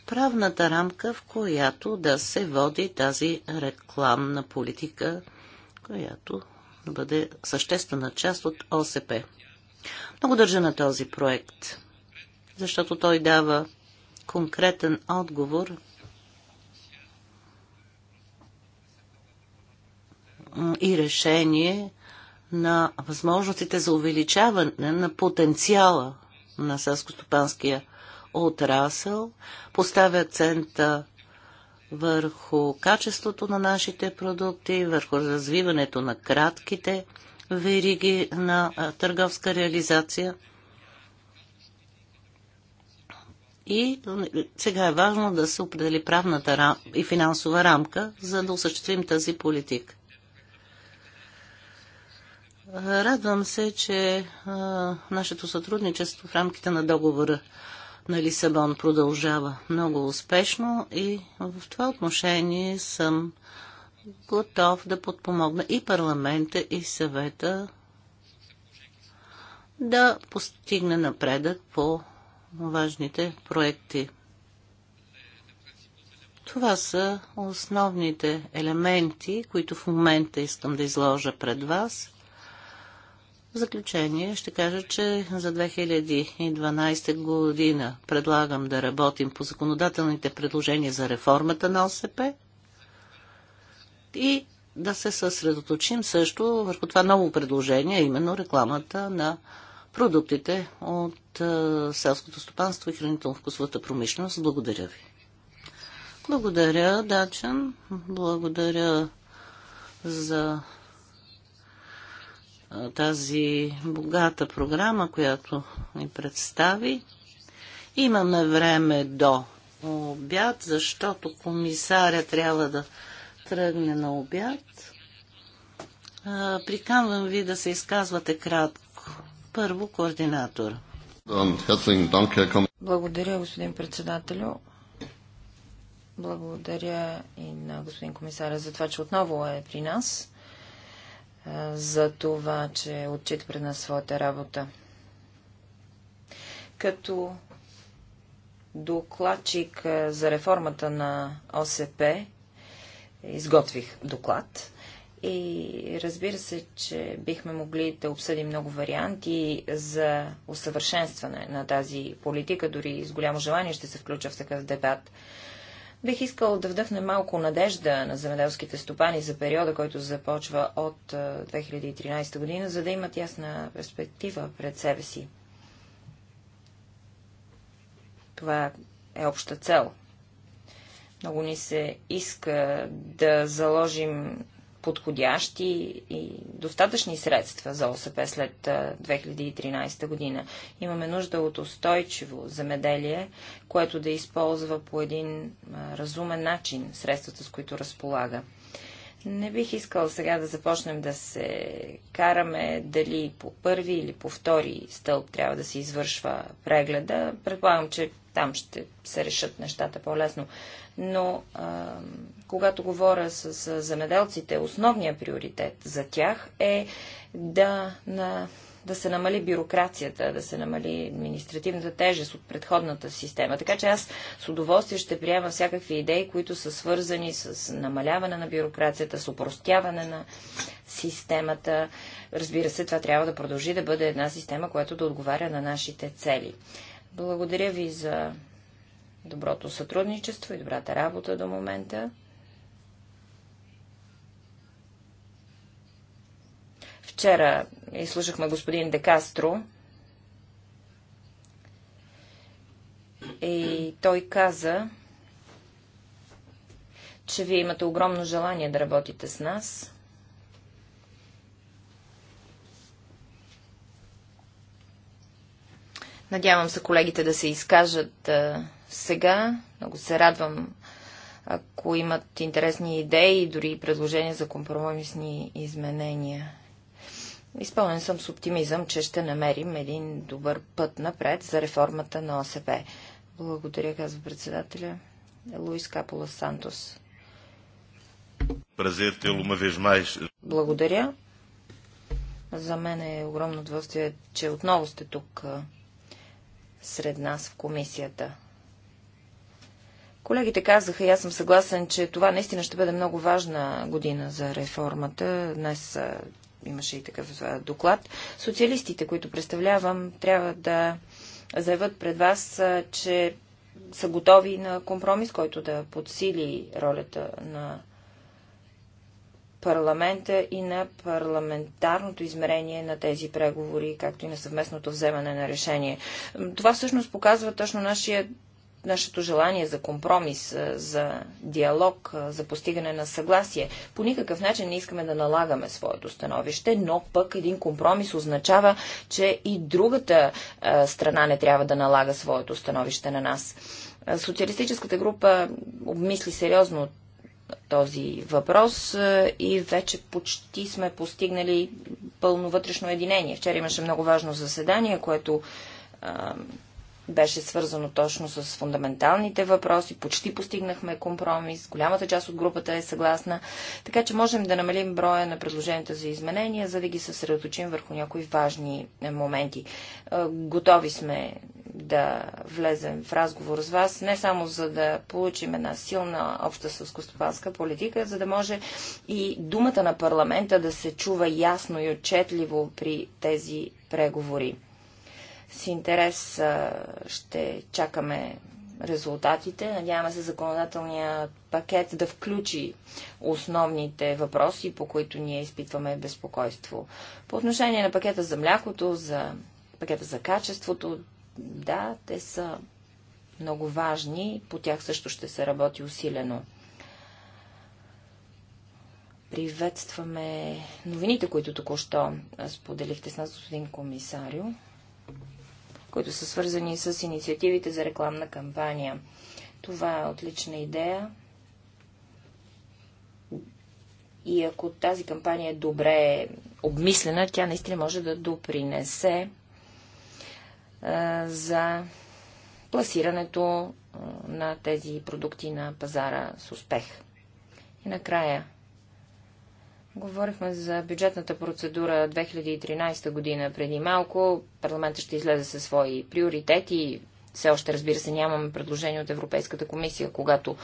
A: правната рамка, в която да се води тази рекламна политика, която да бъде съществена част от ОСП. Много държа на този проект, защото той дава конкретен отговор и решение на възможностите за увеличаване на потенциала на селскостопанския отрасъл, поставя акцента върху качеството на нашите продукти, върху развиването на кратките вериги на търговска реализация. И сега е важно да се определи правната и финансова рамка, за да осъществим тази политика. Радвам се, че а, нашето сътрудничество в рамките на договора на Лисабон продължава много успешно и в това отношение съм готов да подпомогна и парламента, и съвета да постигне напредък по важните проекти. Това са основните елементи, които в момента искам да изложа пред вас – в заключение ще кажа, че за 2012 година предлагам да работим по законодателните предложения за реформата на ОСП и да се съсредоточим също върху това ново предложение, именно рекламата на продуктите от е, селското стопанство и хранително-вкусовата промишленост. Благодаря ви. Благодаря, Дачан. Благодаря за тази богата програма, която ни представи. Имаме време до обяд, защото комисаря трябва да тръгне на обяд. Приканвам ви да се изказвате кратко. Първо координатор. Благодаря, господин председателю.
C: Благодаря и на господин комисаря за това, че отново е при нас за това, че отчита пред нас своята работа. Като докладчик за реформата на ОСП изготвих доклад и разбира се, че бихме могли да обсъдим много варианти за усъвършенстване на тази политика. Дори с голямо желание ще се включа в такъв дебат. Бих искал да вдъхне малко надежда на земеделските стопани за периода, който започва от 2013 година, за да имат ясна перспектива пред себе си. Това е обща цел. Много ни се иска да заложим подходящи и достатъчни средства за ОСП след 2013 година. Имаме нужда от устойчиво замеделие, което да използва по един разумен начин средствата, с които разполага. Не бих искал сега да започнем да се караме дали по първи или по втори стълб трябва да се извършва прегледа. Предполагам, че там ще се решат нещата по-лесно. Но а, когато говоря с, с замеделците, основният приоритет за тях е да, на, да се намали бюрокрацията, да се намали административната тежест от предходната система. Така че аз с удоволствие ще приема всякакви идеи, които са свързани с намаляване на бюрокрацията, с упростяване на системата. Разбира се, това трябва да продължи да бъде една система, която да отговаря на нашите цели. Благодаря ви за доброто сътрудничество и добрата работа до момента. Вчера изслушахме господин Декастро и той каза, че вие имате огромно желание да работите с нас. Надявам се колегите да се изкажат а, сега. Много се радвам, ако имат интересни идеи и дори предложения за компромисни изменения. Изпълнен съм с оптимизъм, че ще намерим един добър път напред за реформата на ОСП. Благодаря, казва председателя. Луис Капола Сантос. Благодаря. За мен е огромно удоволствие, че отново сте тук сред нас в комисията. Колегите казаха, и аз съм съгласен, че това наистина ще бъде много важна година за реформата. Днес имаше и такъв доклад. Социалистите, които представлявам, трябва да заявят пред вас, че са готови на компромис, който да подсили ролята на парламента и на парламентарното измерение на тези преговори, както и на съвместното вземане на решение. Това всъщност показва точно нашия нашето желание за компромис, за диалог, за постигане на съгласие. По никакъв начин не искаме да налагаме своето становище, но пък един компромис означава, че и другата страна не трябва да налага своето становище на нас. Социалистическата група обмисли сериозно този въпрос и вече почти сме постигнали пълно вътрешно единение. Вчера имаше много важно заседание, което беше свързано точно с фундаменталните въпроси. Почти постигнахме компромис. Голямата част от групата е съгласна. Така че можем да намалим броя на предложенията за изменения, за да ги съсредоточим върху някои важни е, моменти. Е, готови сме да влезем в разговор с вас, не само за да получим една силна обща сълскостопанска политика, за да може и думата на парламента да се чува ясно и отчетливо при тези преговори. С интерес ще чакаме резултатите. Надяваме се законодателния пакет да включи основните въпроси, по които ние изпитваме безпокойство. По отношение на пакета за млякото, за пакета за качеството, да, те са много важни. По тях също ще се работи усилено. Приветстваме новините, които току-що споделихте с нас, господин комисарио които са свързани с инициативите за рекламна кампания. Това е отлична идея. И ако тази кампания е добре обмислена, тя наистина може да допринесе а, за пласирането на тези продукти на пазара с успех. И накрая Говорихме за бюджетната процедура 2013 година преди малко. Парламентът ще излезе със свои приоритети. Все още, разбира се, нямаме предложение от Европейската комисия. Когато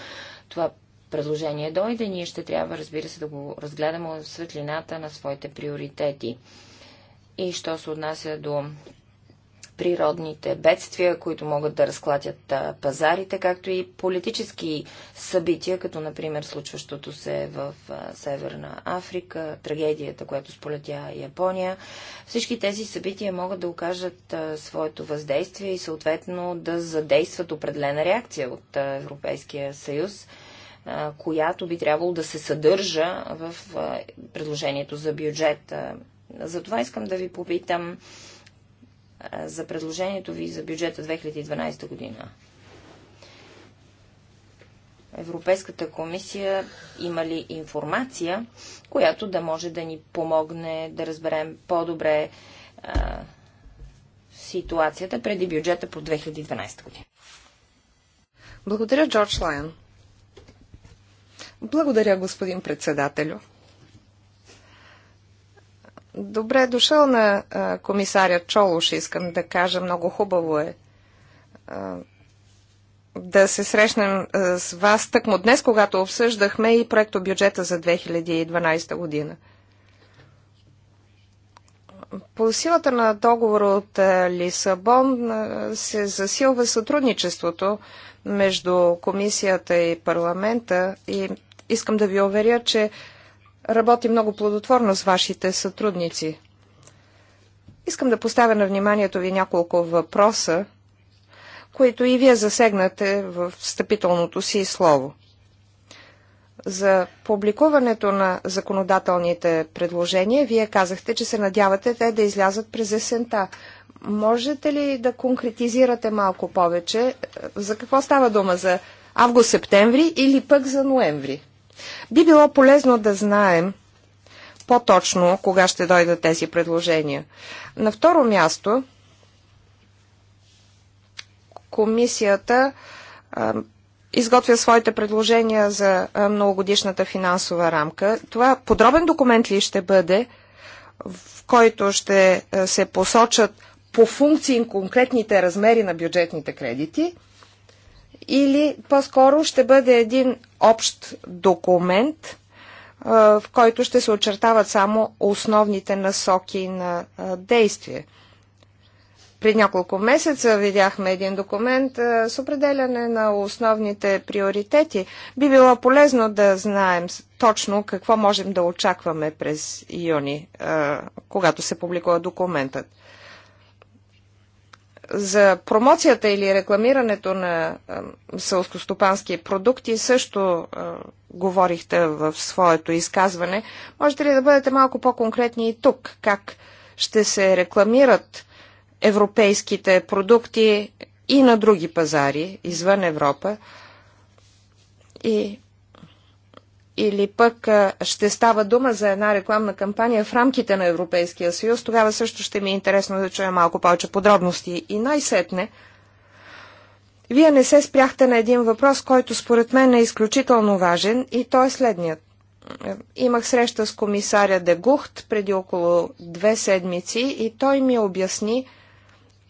C: това предложение дойде, ние ще трябва, разбира се, да го разгледаме в светлината на своите приоритети. И що се отнася до природните бедствия, които могат да разклатят пазарите, както и политически събития, като например случващото се в Северна Африка, трагедията, която сполетя Япония. Всички тези събития могат да окажат своето въздействие и съответно да задействат определена реакция от Европейския съюз която би трябвало да се съдържа в предложението за бюджет. Затова искам да ви попитам за предложението ви за бюджета 2012 година. Европейската комисия има ли информация, която да може да ни помогне да разберем по-добре ситуацията преди бюджета по 2012 година?
B: Благодаря, Джордж Лайон. Благодаря, господин председателю. Добре е дошъл на комисаря Чолош, искам да кажа, много хубаво е да се срещнем с вас тъкмо днес, когато обсъждахме и проекто бюджета за 2012 година. По силата на договор от Лисабон се засилва сътрудничеството между комисията и парламента и искам да ви уверя, че работи много плодотворно с вашите сътрудници. Искам да поставя на вниманието ви няколко въпроса, които и вие засегнате в встъпителното си слово. За публикуването на законодателните предложения, вие казахте, че се надявате те да излязат през есента. Можете ли да конкретизирате малко повече? За какво става дума? За август-септември или пък за ноември? Би било полезно да знаем по-точно кога ще дойдат тези предложения. На второ място, комисията изготвя своите предложения за многогодишната финансова рамка. Това подробен документ ли ще бъде, в който ще се посочат по функции конкретните размери на бюджетните кредити – или по-скоро ще бъде един общ документ, в който ще се очертават само основните насоки на действие. При няколко месеца видяхме един документ с определяне на основните приоритети. Би било полезно да знаем точно какво можем да очакваме през юни, когато се публикува документът за промоцията или рекламирането на селскостопански продукти също говорихте в своето изказване. Можете ли да бъдете малко по-конкретни и тук? Как ще се рекламират европейските продукти и на други пазари извън Европа? И или пък ще става дума за една рекламна кампания в рамките на Европейския съюз, тогава също ще ми е интересно да чуя малко повече подробности. И най-сетне, вие не се спряхте на един въпрос, който според мен е изключително важен и той е следният. Имах среща с комисаря Дегухт преди около две седмици и той ми обясни,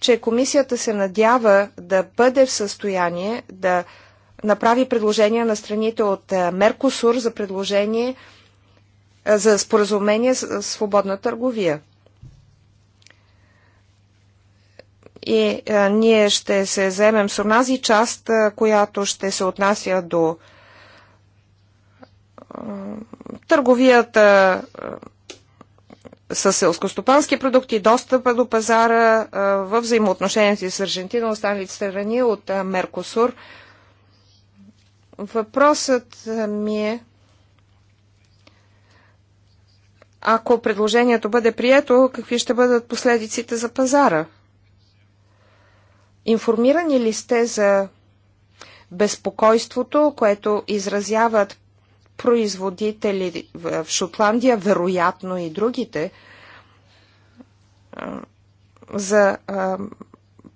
B: че комисията се надява да бъде в състояние да направи предложения на страните от Меркосур за предложение за споразумение с свободна търговия. И а, ние ще се вземем с онази част, а, която ще се отнася до а, търговията с селскостопански продукти, достъпа до пазара в взаимоотношенията си с Аржентина, останалите страни от Меркосур – Въпросът ми е, ако предложението бъде прието, какви ще бъдат последиците за пазара? Информирани ли сте за безпокойството, което изразяват производители в Шотландия, вероятно и другите, за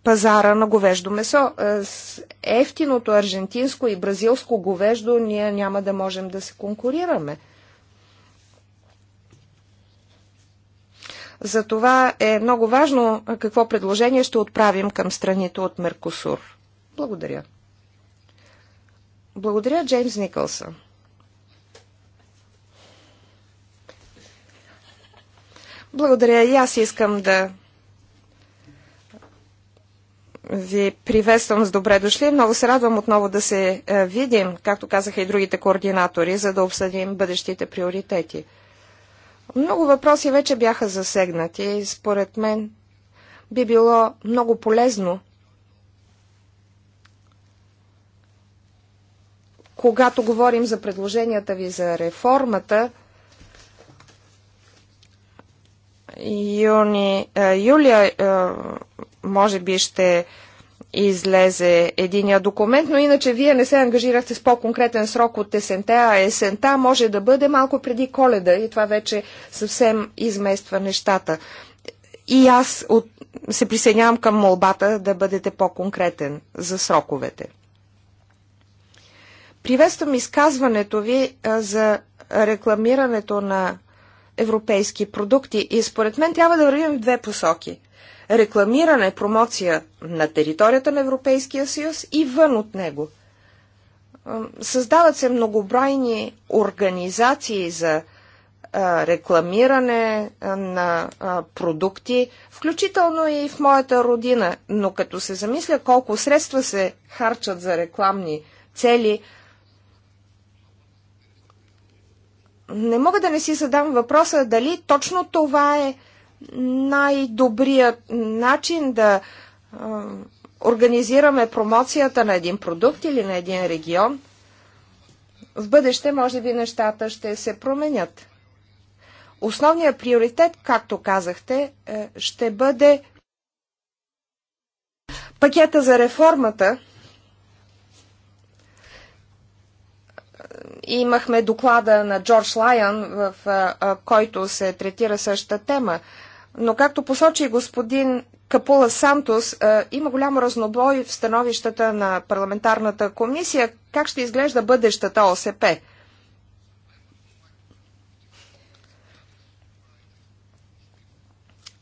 B: пазара на говеждо месо. Е, с ефтиното аржентинско и бразилско говеждо ние няма да можем да се конкурираме. Затова е много важно какво предложение ще отправим към страните от Меркосур. Благодаря. Благодаря, Джеймс Никълсън. Благодаря и аз искам да ви приветствам с добре дошли. Много се радвам отново да се е, видим, както казаха и другите координатори, за да обсъдим бъдещите приоритети. Много въпроси вече бяха засегнати и според мен би било много полезно, когато говорим за предложенията ви за реформата, юни, е, юлия е, може би ще излезе единия документ, но иначе вие не се ангажирахте с по-конкретен срок от есента, а есента може да бъде малко преди коледа и това вече съвсем измества нещата. И аз от... се присъединявам към молбата да бъдете по-конкретен за сроковете. Приветствам изказването ви е, за рекламирането на европейски продукти. И според мен трябва да вървим в две посоки. Рекламиране, промоция на територията на Европейския съюз и вън от него. Създават се многобройни организации за рекламиране на продукти, включително и в моята родина. Но като се замисля колко средства се харчат за рекламни цели, не мога да не си задам въпроса дали точно това е най-добрият начин да е, организираме промоцията на един продукт или на един регион. В бъдеще, може би, нещата ще се променят. Основният приоритет, както казахте, е, ще бъде пакета за реформата, Имахме доклада на Джордж Лайън, в който се третира същата тема. Но както посочи господин Капула Сантос, има голямо разнобой в становищата на парламентарната комисия. Как ще изглежда бъдещата ОСП?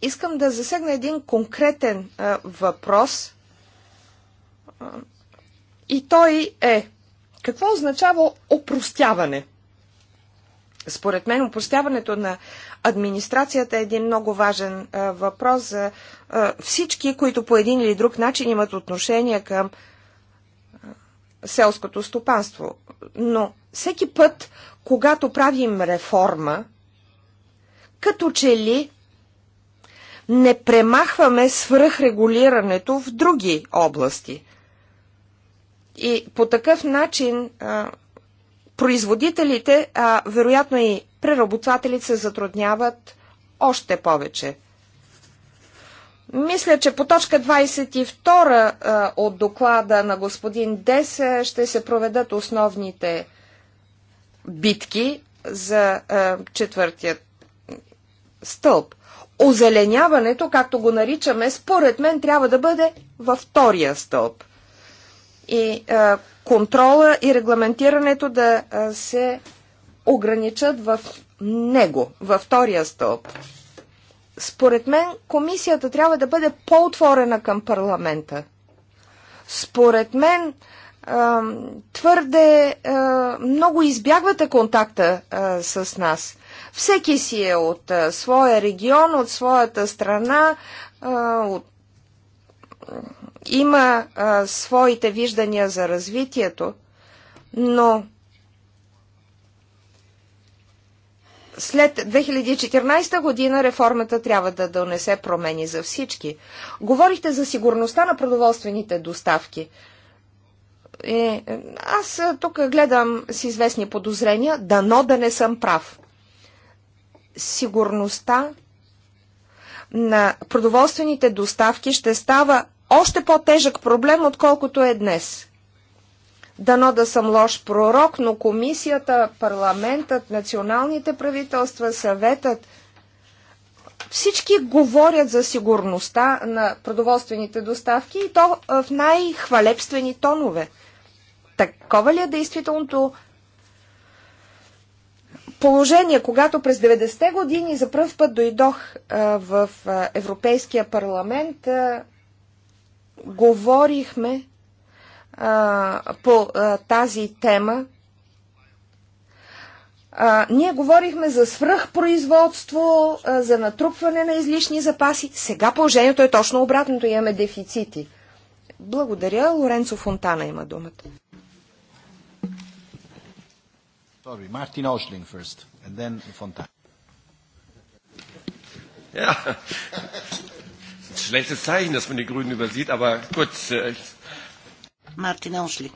B: Искам да засегна един конкретен въпрос и той е какво означава опростяване? Според мен опростяването на администрацията е един много важен а, въпрос за а, всички, които по един или друг начин имат отношение към а, селското стопанство. Но всеки път, когато правим реформа, като че ли не премахваме свръхрегулирането в други области. И по такъв начин а, производителите, а вероятно и преработвателите се затрудняват още повече. Мисля, че по точка 22 а, от доклада на господин Дес ще се проведат основните битки за а, четвъртият стълб. Озеленяването, както го наричаме, според мен трябва да бъде във втория стълб – и а, контрола и регламентирането да а, се ограничат в него, във втория стълб. Според мен комисията трябва да бъде по-отворена към парламента. Според мен твърде много избягвате контакта с нас. Всеки си е от своя регион, от своята страна, от има а, своите виждания за развитието, но след 2014 година реформата трябва да донесе промени за всички. Говорихте за сигурността на продоволствените доставки. Е, аз тук гледам с известни подозрения, дано да не съм прав. Сигурността на продоволствените доставки ще става още по-тежък проблем, отколкото е днес. Дано да съм лош пророк, но комисията, парламентът, националните правителства, съветът, всички говорят за сигурността на продоволствените доставки и то в най-хвалебствени тонове. Такова ли е действителното положение, когато през 90-те години за първ път дойдох а, в а, Европейския парламент, а, говорихме а, по а, тази тема. А, ние говорихме за свръхпроизводство, а, за натрупване на излишни запаси. Сега положението е точно обратното. Имаме дефицити. Благодаря. Лоренцо Фонтана има думата.
C: Sorry, Martin Osling first, and then
A: Yeah. schlechtes Zeichen, dass man die Grünen übersieht, aber gut. Äh, Martin Hausling.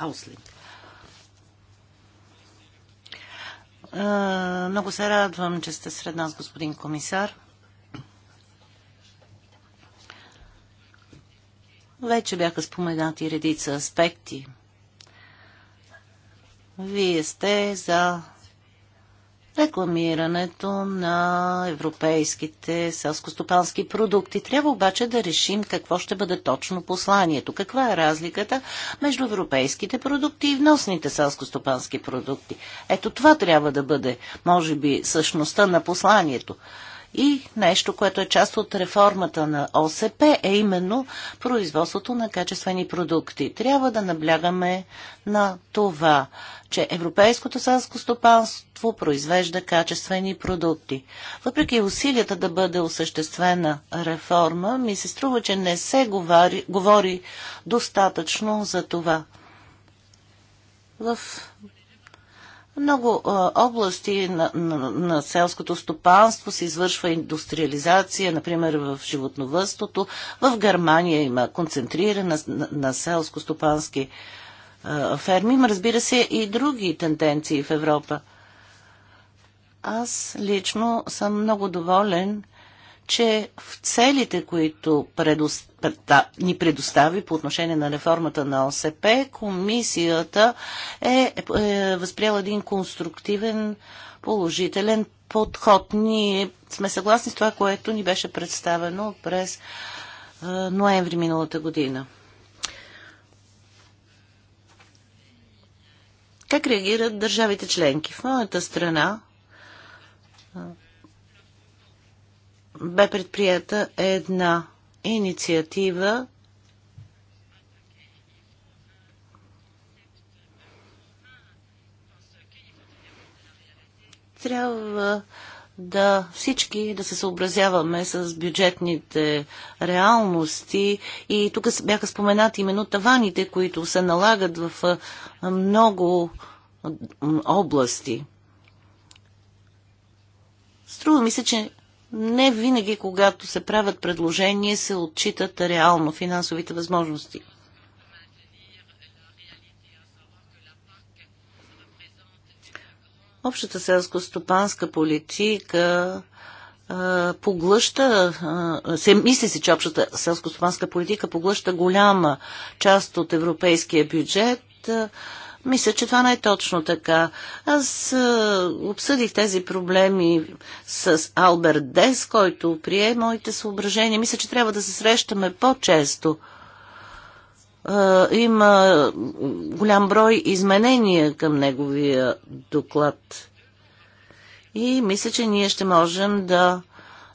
A: Hausling. Е, много се радвам, че сте сред нас, господин комисар. Вече бяха споменати редица аспекти. Вие сте за рекламирането на европейските селскостопански продукти. Трябва обаче да решим какво ще бъде точно посланието. Каква е разликата между европейските продукти и вносните селскостопански продукти? Ето това трябва да бъде, може би, същността на посланието. И нещо, което е част от реформата на ОСП, е именно производството на качествени продукти. Трябва да наблягаме на това, че европейското селско стопанство произвежда качествени продукти. Въпреки усилията да бъде осъществена реформа, ми се струва, че не се говори, говори достатъчно за това. В много а, области на, на, на селското стопанство се извършва индустриализация, например в животновъдството. В Германия има концентриране на, на селско-стопански ферми. Има, разбира се, и други тенденции в Европа. Аз лично съм много доволен, че в целите, които ни предостави по отношение на реформата на ОСП, комисията е, е, е възприела един конструктивен, положителен подход. Ние сме съгласни с това, което ни беше представено през е, ноември миналата година. Как реагират държавите членки? В моята страна е, бе предприята една инициатива трябва да всички да се съобразяваме с бюджетните реалности. И тук бяха споменати именно таваните, които се налагат в много области. Струва ми се, че не винаги, когато се правят предложения, се отчитат реално финансовите възможности. Общата селско-стопанска политика а, поглъща, а, се, мисли се, че общата селско-стопанска политика поглъща голяма част от европейския бюджет. А, мисля, че това не е точно така. Аз а, обсъдих тези проблеми с Алберт Дес, който прие моите съображения. Мисля, че трябва да се срещаме по-често. има голям брой изменения към неговия доклад. И мисля, че ние ще можем да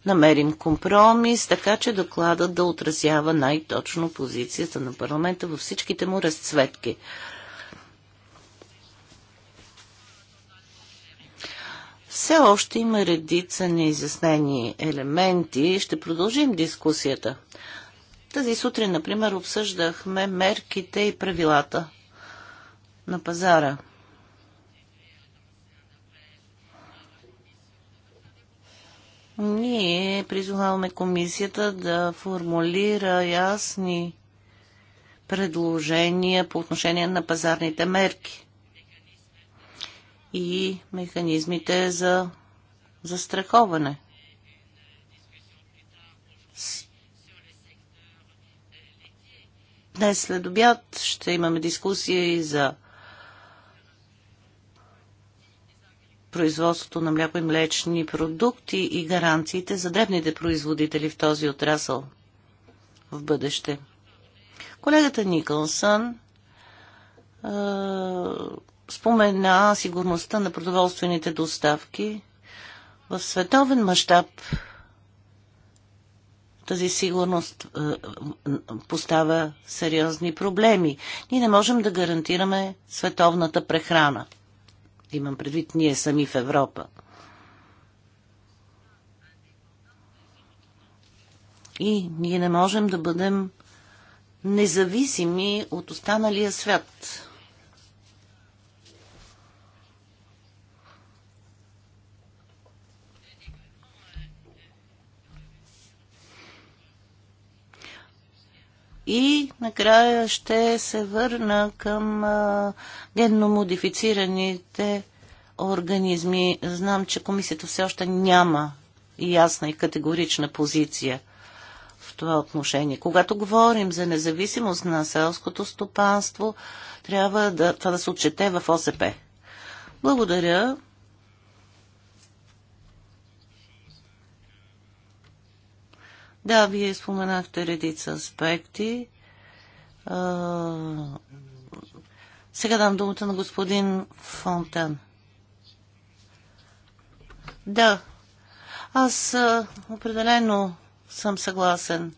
A: намерим компромис, така че докладът да отразява най-точно позицията на парламента във всичките му разцветки. Все още има редица неизяснени елементи. Ще продължим дискусията. Тази сутрин, например, обсъждахме мерките и правилата на пазара. Ние призоваваме комисията да формулира ясни предложения по отношение на пазарните мерки и механизмите за застраховане. Днес след обяд ще имаме дискусия и за производството на мляко и млечни продукти и гаранциите за дребните производители в този отрасъл в бъдеще. Колегата Никълсън спомена сигурността на продоволствените доставки. В световен мащаб тази сигурност е, поставя сериозни проблеми. Ние не можем да гарантираме световната прехрана. Имам предвид ние сами в Европа. И ние не можем да бъдем независими от останалия свят. И накрая ще се върна към а, генно модифицираните организми. Знам, че комисията все още няма ясна и категорична позиция в това отношение. Когато говорим за независимост на селското стопанство, трябва да, това да се отчете в ОСП. Благодаря. Да, вие споменахте редица аспекти. А, сега дам думата на господин Фонтан. Да, аз определено съм съгласен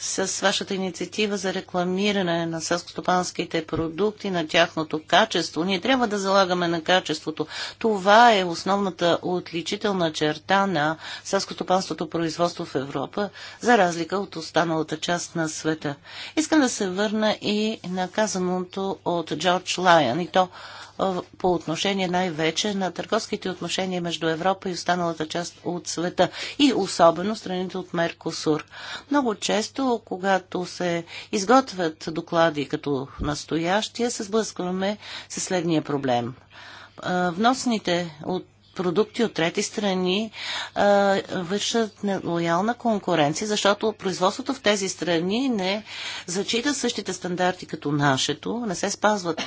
A: с вашата инициатива за рекламиране на селскостопанските продукти, на тяхното качество. Ние трябва да залагаме на качеството. Това е основната отличителна черта на селскостопанството производство в Европа, за разлика от останалата част на света. Искам да се върна и на казаното от Джордж Лайан. и то по отношение най-вече на търговските отношения между Европа и останалата част от света и особено страните от Меркосур. Много често, когато се изготвят доклади като настоящия, се сблъскваме с следния проблем. Вносните от продукти от трети страни а, вършат лоялна конкуренция, защото производството в тези страни не зачита същите стандарти като нашето, не се спазват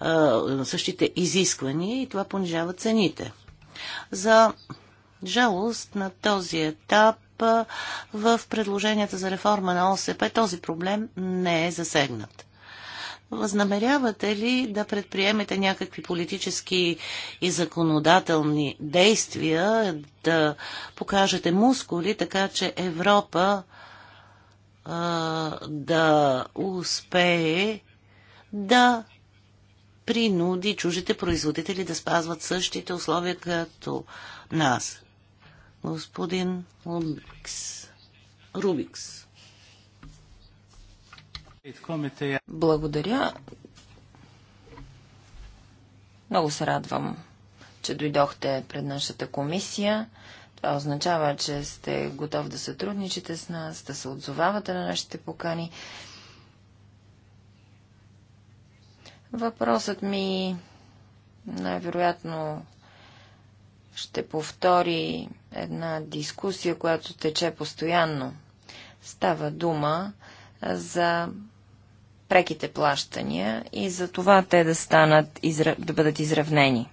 A: а, същите изисквания и това понижава цените. За жалост на този етап в предложенията за реформа на ОСП този проблем не е засегнат. Възнамерявате ли да предприемете някакви политически и законодателни действия, да покажете мускули, така че Европа а, да успее да принуди чужите производители да спазват същите условия като нас? Господин Рубикс. Рубикс. Благодаря.
C: Много се радвам, че дойдохте пред нашата комисия. Това означава, че сте готов да сътрудничите с нас, да се отзовавате на нашите покани. Въпросът ми най-вероятно ще повтори една дискусия, която тече постоянно. Става дума за преките плащания и за това те да станат, да бъдат изравнени.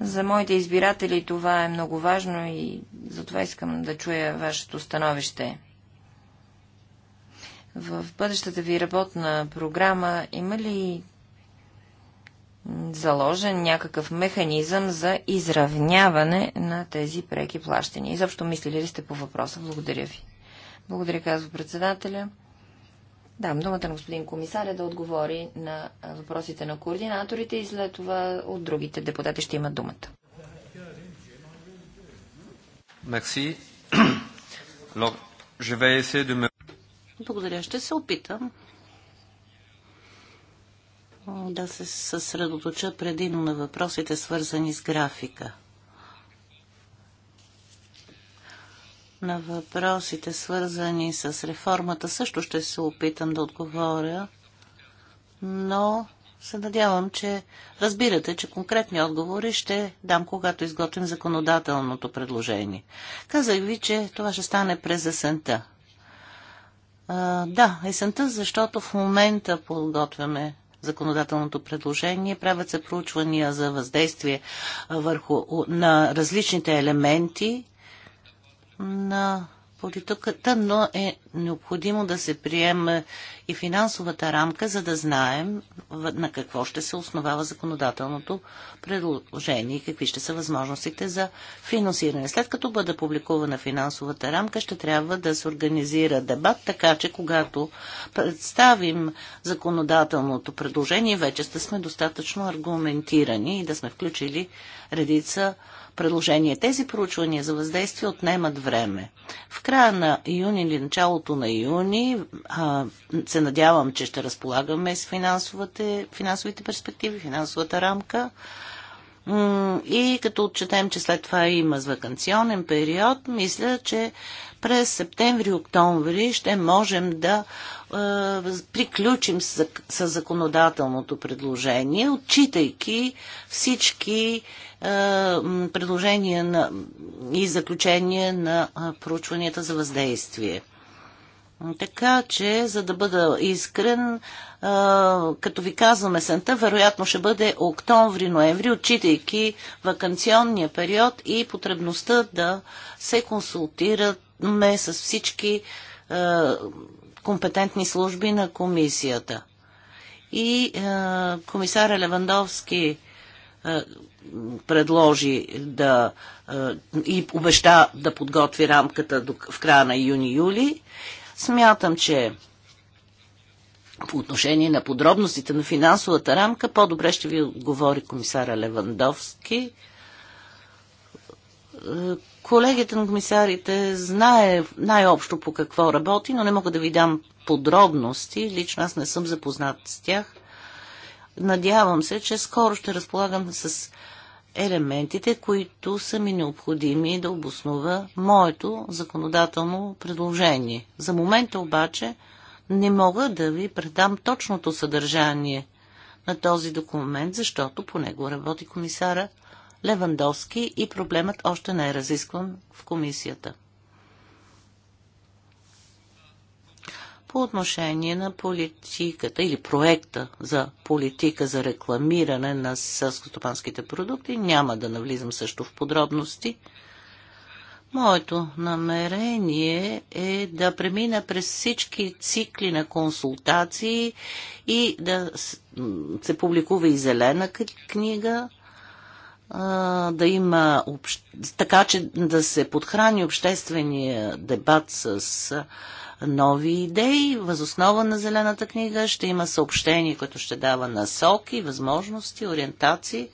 C: За моите избиратели това е много важно и за това искам да чуя вашето становище. В бъдещата ви работна програма има ли заложен някакъв механизъм за изравняване на тези преки плащания? Изобщо мислили ли сте по въпроса? Благодаря ви. Благодаря, казва председателя. Да, думата на господин комисар е да отговори на въпросите на координаторите и след това от другите депутати ще имат думата.
A: Мерси. Благодаря. Ще се опитам да се съсредоточа предимно на въпросите, свързани с графика. На въпросите, свързани с реформата, също ще се опитам да отговоря, но се надявам, че разбирате, че конкретни отговори ще дам, когато изготвим законодателното предложение. Казах ви, че това ще стане през есента. А, да, есента, защото в момента подготвяме законодателното предложение. Правят се проучвания за въздействие върху, на различните елементи на политиката, но е необходимо да се приеме и финансовата рамка, за да знаем на какво ще се основава законодателното предложение и какви ще са възможностите за финансиране. След като бъде публикувана финансовата рамка, ще трябва да се организира дебат, така че когато представим законодателното предложение, вече сте сме достатъчно аргументирани и да сме включили редица предложение. Тези проучвания за въздействие отнемат време. В края на юни или началото на юни а, се надявам, че ще разполагаме с финансовите, финансовите перспективи, финансовата рамка. И като отчетем, че след това има вакансионен период, мисля, че през септември-октомври ще можем да е, приключим с, с законодателното предложение, отчитайки всички е, предложения на, и заключения на проучванията за въздействие. Така че, за да бъда искрен, е, като ви казвам есента, вероятно ще бъде октомври-ноември, отчитайки вакансионния период и потребността да се консултираме с всички е, компетентни служби на комисията. И комисаря Левандовски предложи да е, и обеща да подготви рамката в края на юни-юли. Смятам, че по отношение на подробностите на финансовата рамка, по-добре ще ви отговори комисара Левандовски. Е, колегите на комисарите знае най-общо по какво работи, но не мога да ви дам подробности. Лично аз не съм запознат с тях. Надявам се, че скоро ще разполагам с елементите, които са ми необходими да обоснува моето законодателно предложение. За момента обаче не мога да ви предам точното съдържание на този документ, защото по него работи комисара Левандовски и проблемът още не е разискван в комисията. по отношение на политиката или проекта за политика за рекламиране на селскостопанските продукти. Няма да навлизам също в подробности. Моето намерение е да премина през всички цикли на консултации и да се публикува и зелена книга, да има общ... така, че да се подхрани обществения дебат с нови идеи. Възоснова на Зелената книга ще има съобщение, което ще дава насоки, възможности, ориентации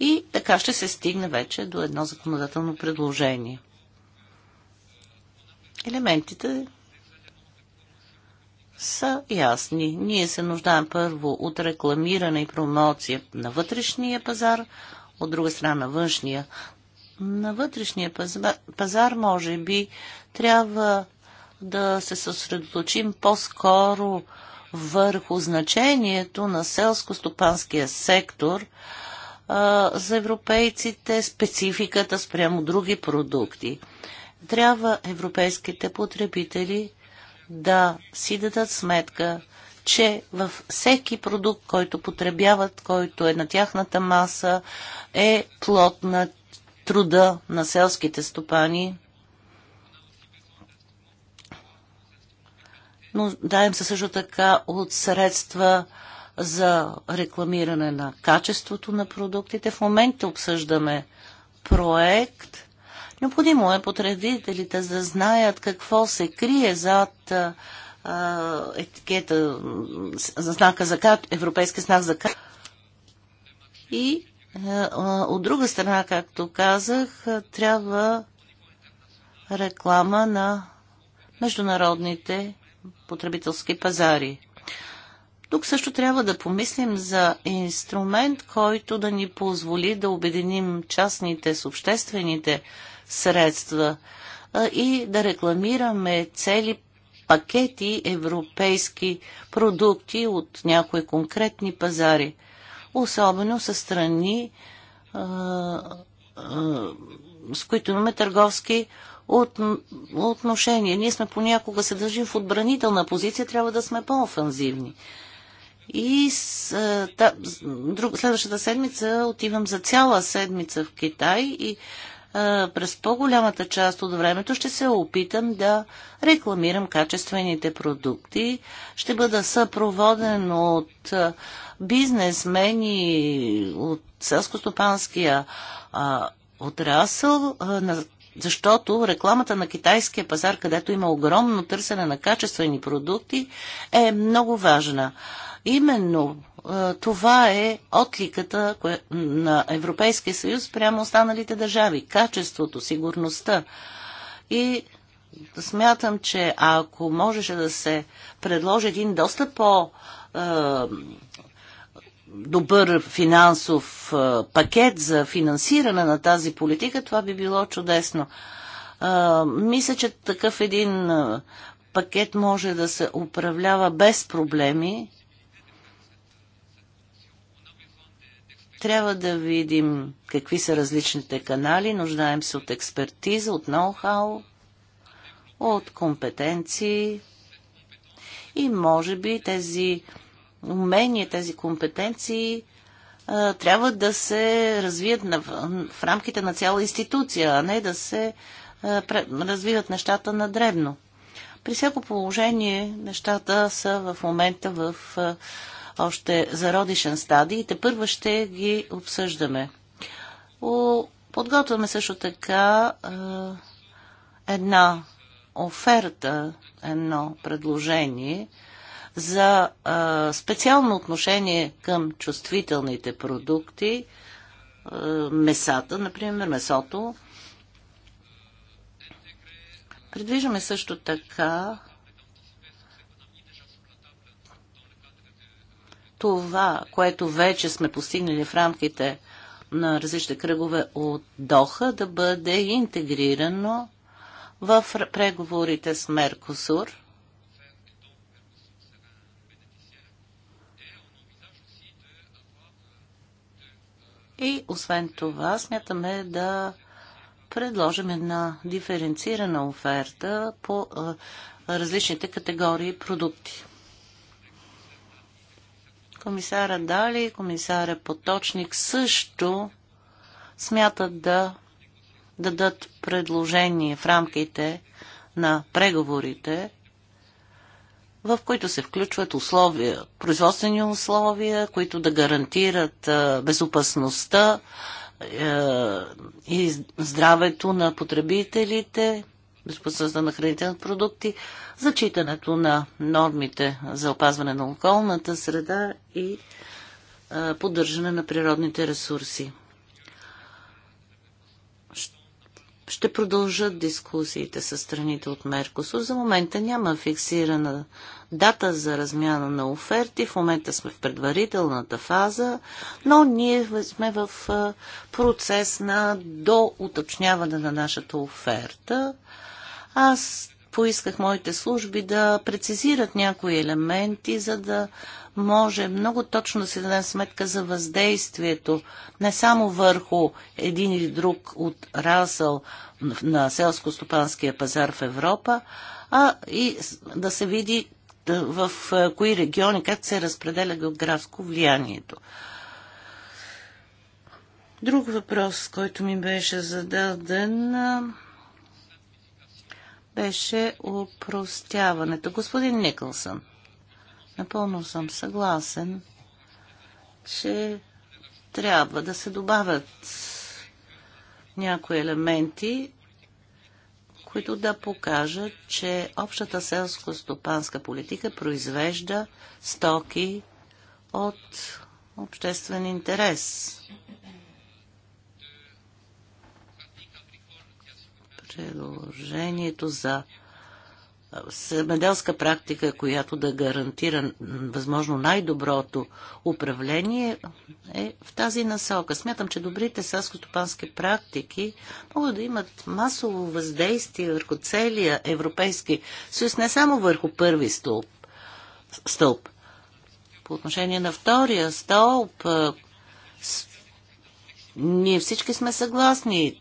A: и така ще се стигне вече до едно законодателно предложение. Елементите са ясни. Ние се нуждаем първо от рекламиране и промоция на вътрешния пазар, от друга страна на външния. На вътрешния пазар, пазар може би трябва да се съсредоточим по-скоро върху значението на селско-стопанския сектор а, за европейците, спецификата спрямо други продукти. Трябва европейските потребители да си дадат сметка, че във всеки продукт, който потребяват, който е на тяхната маса, е плод на труда на селските стопани Но даем се също така от средства за рекламиране на качеството на продуктите. В момента обсъждаме проект. Необходимо е потребителите да знаят какво се крие зад а, етикета, знака за кат, европейски знак за кат. И а, от друга страна, както казах, трябва реклама на международните потребителски пазари. Тук също трябва да помислим за инструмент, който да ни позволи да обединим частните с обществените средства и да рекламираме цели пакети европейски продукти от някои конкретни пазари, особено със страни, с които имаме търговски от, отношения. Ние сме понякога се държим в отбранителна позиция, трябва да сме по-офанзивни. И с, та, друг, следващата седмица отивам за цяла седмица в Китай и а, през по-голямата част от времето ще се опитам да рекламирам качествените продукти. Ще бъда съпроводен от бизнесмени, от селско-стопанския а, отрасъл, а, на, защото рекламата на китайския пазар, където има огромно търсене на качествени продукти, е много важна. Именно а, това е отликата кое, на Европейския съюз прямо останалите държави. Качеството, сигурността. И смятам, че ако можеше да се предложи един доста по- добър финансов пакет за финансиране на тази политика, това би било чудесно. Мисля, че такъв един пакет може да се управлява без проблеми. Трябва да видим какви са различните канали. Нуждаем се от експертиза, от ноу-хау, от компетенции. И може би тези умения, тези компетенции трябва да се развият в рамките на цяла институция, а не да се развиват нещата на дребно. При всяко положение нещата са в момента в още зародишен стадий и те първо ще ги обсъждаме. Подготвяме също така една оферта, едно предложение – за а, специално отношение към чувствителните продукти, а, месата, например, месото. Предвиждаме също така това, което вече сме постигнали в рамките на различни кръгове от Доха, да бъде интегрирано в преговорите с Меркосур – И освен това, смятаме да предложим една диференцирана оферта по различните категории продукти. Комисара Дали и комисара Поточник също смятат да дадат предложение в рамките на преговорите в които се включват условия, производствени условия, които да гарантират безопасността и здравето на потребителите, безопасността на хранителните продукти, зачитането на нормите за опазване на околната среда и поддържане на природните ресурси. ще продължат дискусиите с страните от Меркосур. За момента няма фиксирана дата за размяна на оферти. В момента сме в предварителната фаза, но ние сме в процес на доуточняване на нашата оферта. Аз поисках моите служби да прецизират някои елементи, за да може много точно да се дадем сметка за въздействието не само върху един или друг от расъл на селско-стопанския пазар в Европа, а и да се види в е, кои региони, как се разпределя географско влиянието. Друг въпрос, който ми беше зададен, беше упростяването. Господин Никълсън, напълно съм съгласен, че трябва да се добавят някои елементи, които да покажат, че общата селско-стопанска политика произвежда стоки от обществен интерес. предложението за семеделска практика, която да гарантира възможно най-доброто управление е в тази насока. Смятам, че добрите сълско-стопански практики могат да имат масово въздействие върху целия Европейски съюз, не само върху първи стълб. стълб. По отношение на втория стълб, ние всички сме съгласни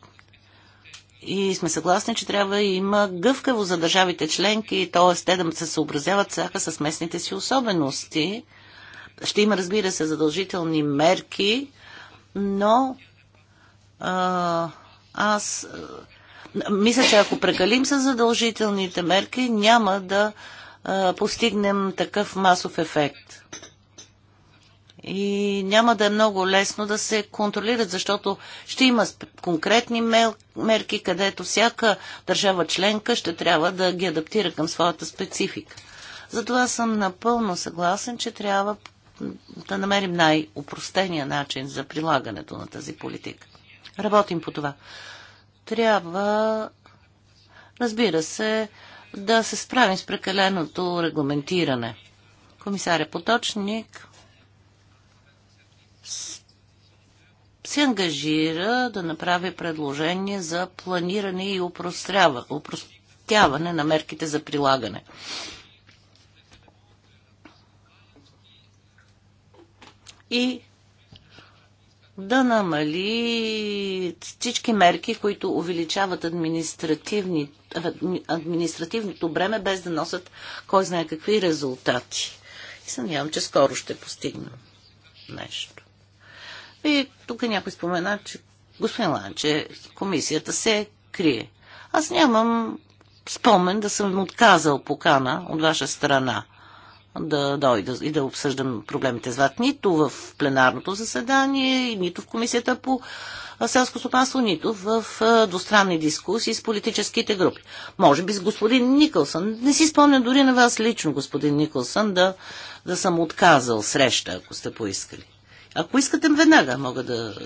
A: и сме съгласни, че трябва да има гъвкаво за държавите членки, т.е. те да се съобразяват всяка с местните си особености. Ще има, разбира се, задължителни мерки, но а, аз а, мисля, че ако прекалим с задължителните мерки, няма да а, постигнем такъв масов ефект. И няма да е много лесно да се контролират, защото ще има конкретни мерки, където всяка държава членка ще трябва да ги адаптира към своята специфика. Затова съм напълно съгласен, че трябва да намерим най-упростения начин за прилагането на тази политика. Работим по това. Трябва, разбира се, да се справим с прекаленото регламентиране. Комисаря Поточник се ангажира да направи предложение за планиране и упростяване на мерките за прилагане. И да намали всички мерки, които увеличават административни, административното бреме, без да носят кой знае какви резултати. И съмнявам, че скоро ще постигнем нещо. И тук някой спомена, че господин Лан, че комисията се крие. Аз нямам спомен да съм отказал покана от ваша страна да дойда и да обсъждам проблемите с вас нито в пленарното заседание, нито в комисията по селско стопанство, нито в двустранни дискусии с политическите групи. Може би с господин Никълсън. Не си спомня дори на вас лично, господин Никълсън, да, да съм отказал среща, ако сте поискали. Ако искате, веднага мога да е,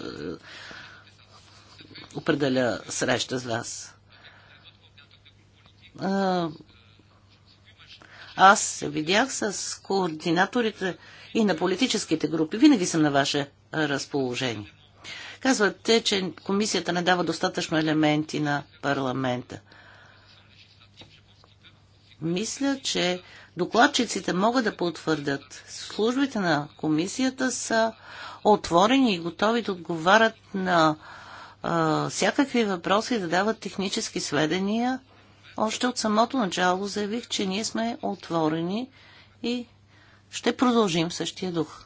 A: определя среща с вас. А, аз се видях с координаторите и на политическите групи. Винаги съм на ваше разположение. Казвате, че комисията не дава достатъчно елементи на парламента. Мисля, че докладчиците могат да потвърдят. Службите на комисията са отворени и готови да отговарят на а, всякакви въпроси, и да дават технически сведения. Още от самото начало заявих, че ние сме отворени и ще продължим същия дух.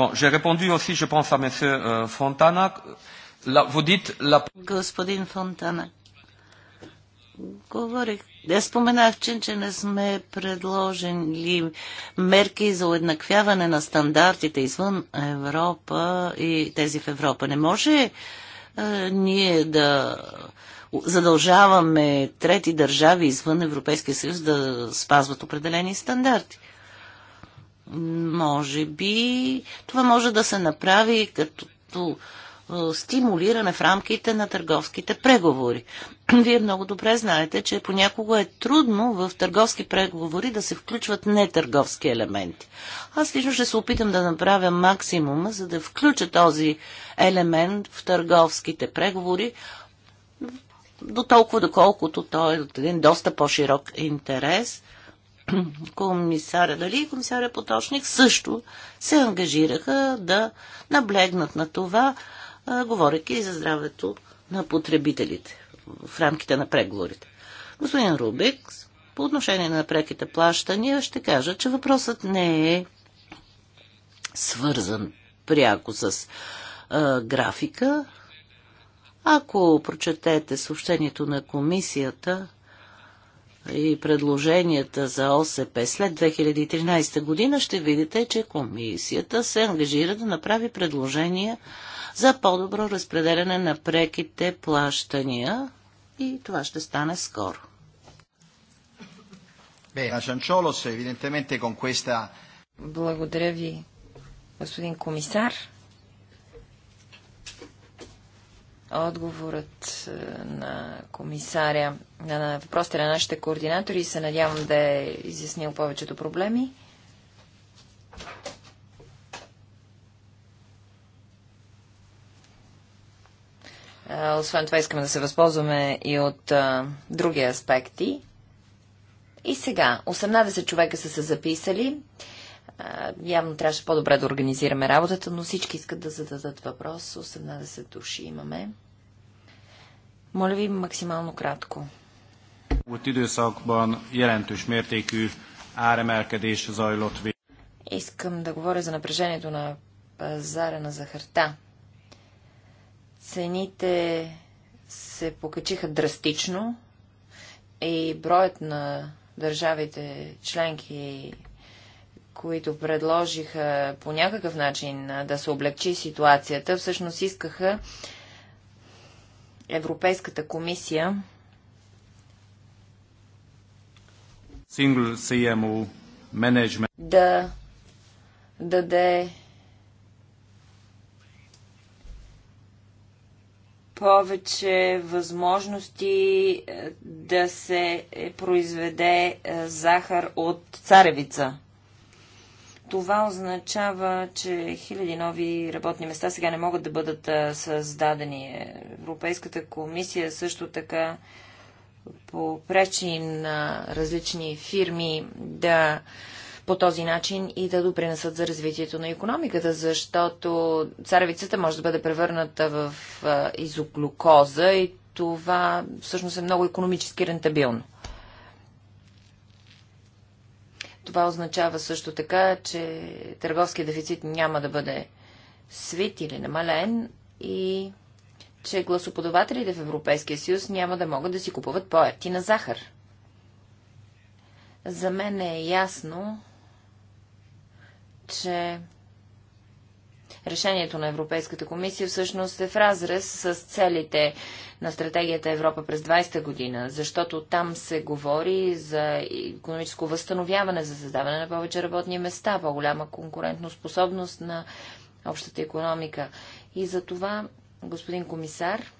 A: Bon, j'ai répondu aussi, je pense, à M. Euh, Fontana. La, vous dites la... Господин Фонтанак, Говорих, я споменах, че, че не сме предложили мерки за уеднаквяване на стандартите извън Европа и тези в Европа. Не може е, ние да задължаваме трети държави извън Европейския съюз да спазват определени стандарти. Може би това може да се направи като стимулиране в рамките на търговските преговори. Вие много добре знаете, че понякога е трудно в търговски преговори да се включват нетърговски елементи. Аз лично ще се опитам да направя максимума, за да включа този елемент в търговските преговори, до толкова доколкото той е от един доста по-широк интерес. Комисаря Дали и комисаря Поточник също се ангажираха да наблегнат на това, говоряки и за здравето на потребителите в рамките на преговорите. Господин Рубик, по отношение на преките плащания, ще кажа, че въпросът не е свързан пряко с а, графика. Ако прочетете съобщението на комисията, и предложенията за ОСП след 2013 година, ще видите, че комисията се ангажира да направи предложения за по-добро разпределяне на преките плащания и това ще стане скоро.
C: Благодаря ви, господин комисар. отговорът е, на комисаря на въпросите на нашите координатори и се надявам да е изяснил повечето проблеми. Е, освен това искаме да се възползваме и от а, е, други аспекти. И сега, 18 човека са се записали. А, явно трябваше по-добре да организираме работата, но всички искат да зададат въпрос. 18 души имаме. Моля ви максимално кратко. Искам да говоря за напрежението на пазара на захарта. Цените се покачиха драстично и броят на държавите членки, които предложиха по някакъв начин да се облегчи ситуацията, всъщност искаха Европейската комисия да даде повече възможности е, да се е, произведе е, захар от царевица това означава, че хиляди нови работни места сега не могат да бъдат създадени. Европейската комисия също така попречи на различни фирми да по този начин и да допринесат за развитието на економиката, защото царевицата може да бъде превърната в изоглюкоза и това всъщност е много економически рентабилно. Това означава също така, че търговския дефицит няма да бъде свит или намален и че гласоподавателите в Европейския съюз няма да могат да си купуват по на захар. За мен е ясно, че Решението на Европейската комисия всъщност е в разрез с целите на стратегията Европа през 20-та година, защото там се говори за економическо възстановяване, за създаване на повече работни места, по-голяма конкурентоспособност на общата економика. И за това, господин комисар,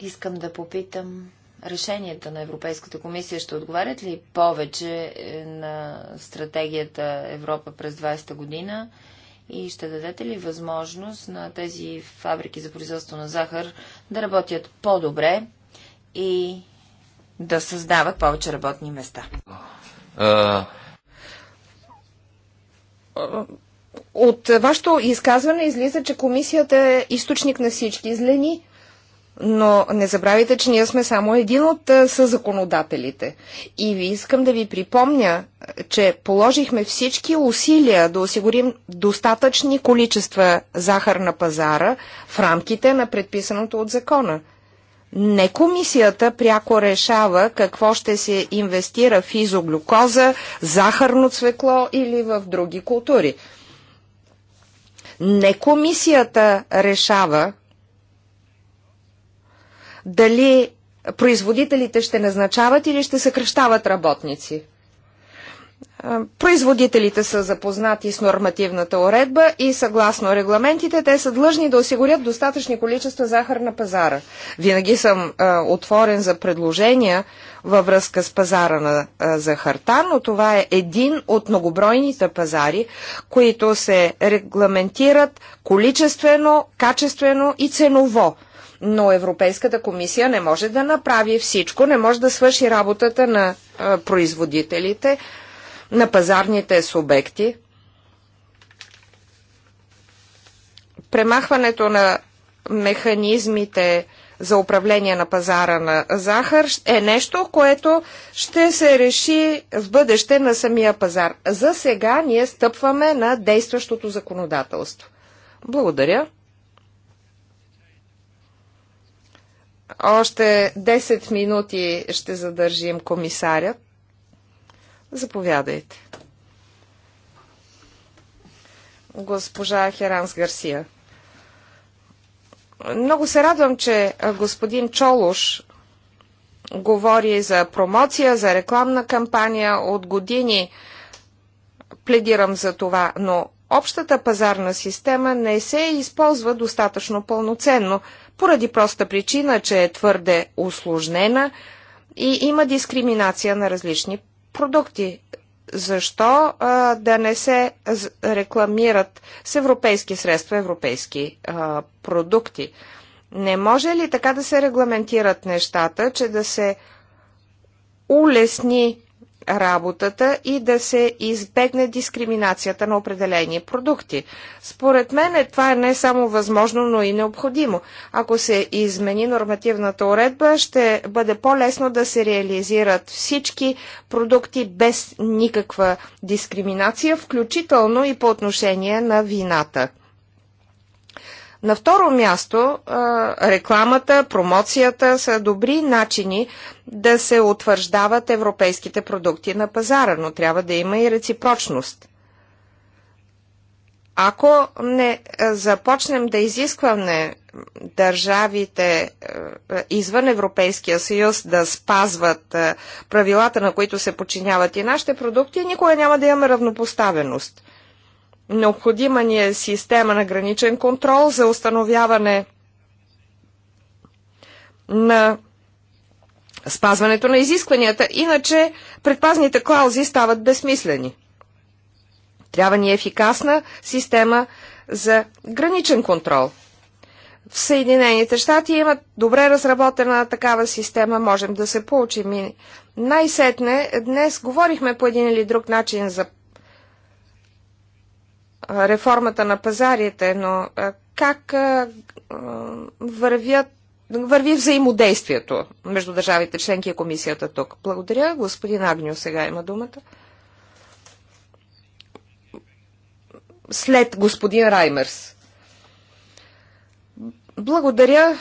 C: искам да попитам решенията на Европейската комисия ще отговарят ли повече е, на стратегията Европа през 20-та година и ще дадете ли възможност на тези фабрики за производство на захар да работят по-добре и да създават повече работни места?
B: От вашето изказване излиза, че комисията е източник на всички злени. Но не забравяйте, че ние сме само един от съзаконодателите. И ви искам да ви припомня, че положихме всички усилия да осигурим достатъчни количества захар на пазара в рамките на предписаното от закона. Не комисията пряко решава какво ще се инвестира в изоглюкоза, захарно цвекло или в други култури. Не комисията решава дали производителите ще назначават или ще съкръщават работници. Производителите са запознати с нормативната уредба и съгласно регламентите те са длъжни да осигурят достатъчни количества захар на пазара. Винаги съм а, отворен за предложения във връзка с пазара на а, захарта, но това е един от многобройните пазари, които се регламентират количествено, качествено и ценово но Европейската комисия не може да направи всичко, не може да свърши работата на производителите, на пазарните субекти. Премахването на механизмите за управление на пазара на захар е нещо, което ще се реши в бъдеще на самия пазар. За сега ние стъпваме на действащото законодателство. Благодаря. Още 10 минути ще задържим комисаря. Заповядайте. Госпожа Херанс Гарсия. Много се радвам, че господин Чолуш говори за промоция, за рекламна кампания. От години пледирам за това, но общата пазарна система не се използва достатъчно пълноценно поради проста причина, че е твърде усложнена и има дискриминация на различни продукти. Защо а, да не се рекламират с европейски средства европейски а, продукти? Не може ли така да се регламентират нещата, че да се улесни работата и да се избегне дискриминацията на определени продукти. Според мен е, това е не само възможно, но и необходимо. Ако се измени нормативната уредба, ще бъде по-лесно да се реализират всички продукти без никаква дискриминация, включително и по отношение на вината. На второ място, рекламата, промоцията са добри начини да се утвърждават европейските продукти на пазара, но трябва да има и реципрочност. Ако не започнем да изискваме държавите извън Европейския съюз да спазват правилата, на които се подчиняват и нашите продукти, никога няма да имаме равнопоставеност. Необходима ни е система на граничен контрол за установяване на спазването на изискванията, иначе предпазните клаузи стават безсмислени. Трябва ни ефикасна система за граничен контрол. В Съединените щати имат добре разработена такава система, можем да се получим. Най-сетне, днес говорихме по един или друг начин за реформата на пазарите, но как вървят върви взаимодействието между държавите членки и комисията тук. Благодаря. Господин Агню сега има думата. След господин Раймерс. Благодаря.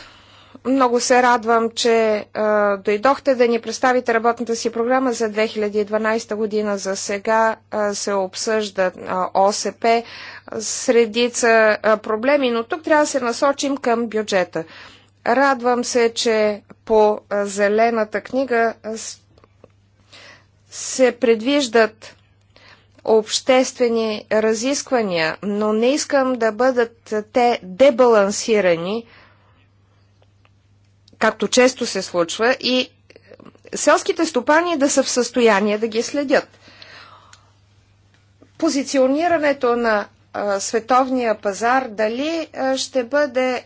B: Много се радвам, че а, дойдохте да ни представите работната си програма за 2012 година. За сега а, се обсъжда а, ОСП с редица а, проблеми, но тук трябва да се насочим към бюджета. Радвам се, че по а, зелената книга а, с, се предвиждат обществени разисквания, но не искам да бъдат те дебалансирани както често се случва, и селските стопани да са в състояние да ги следят. Позиционирането на а, световния пазар дали а, ще бъде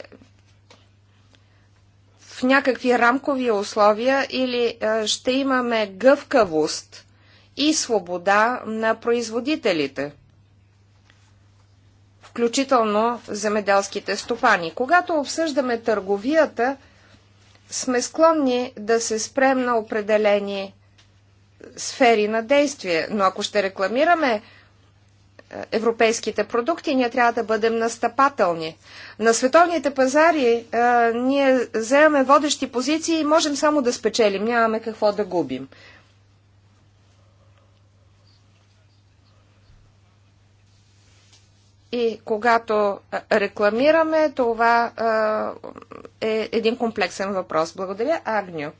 B: в някакви рамкови условия или а, ще имаме гъвкавост и свобода на производителите включително земеделските стопани. Когато обсъждаме търговията, сме склонни да се спрем на определени сфери на действие, но ако ще рекламираме е, европейските продукти, ние трябва да бъдем настъпателни. На световните пазари е, ние заемаме водещи позиции и можем само да спечелим, нямаме какво да губим. И когато рекламираме, това е един комплексен въпрос. Благодаря, Агню.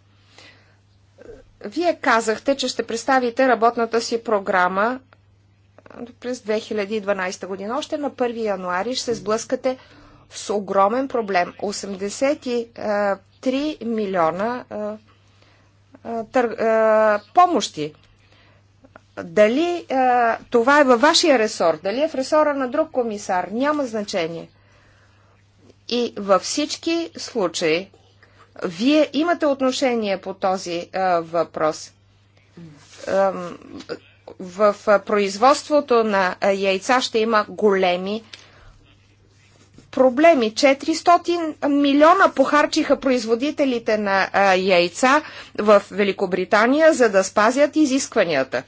B: Вие казахте, че ще представите работната си програма през 2012 година. Още на 1 януари ще се сблъскате с огромен проблем. 83 милиона помощи дали а, е, това е във вашия ресор, дали е в ресора на друг комисар, няма значение. И във всички случаи, вие имате отношение по този а, е, въпрос. А, в е, производството на яйца ще има големи проблеми. 400 милиона похарчиха производителите на яйца в Великобритания, за да спазят изискванията.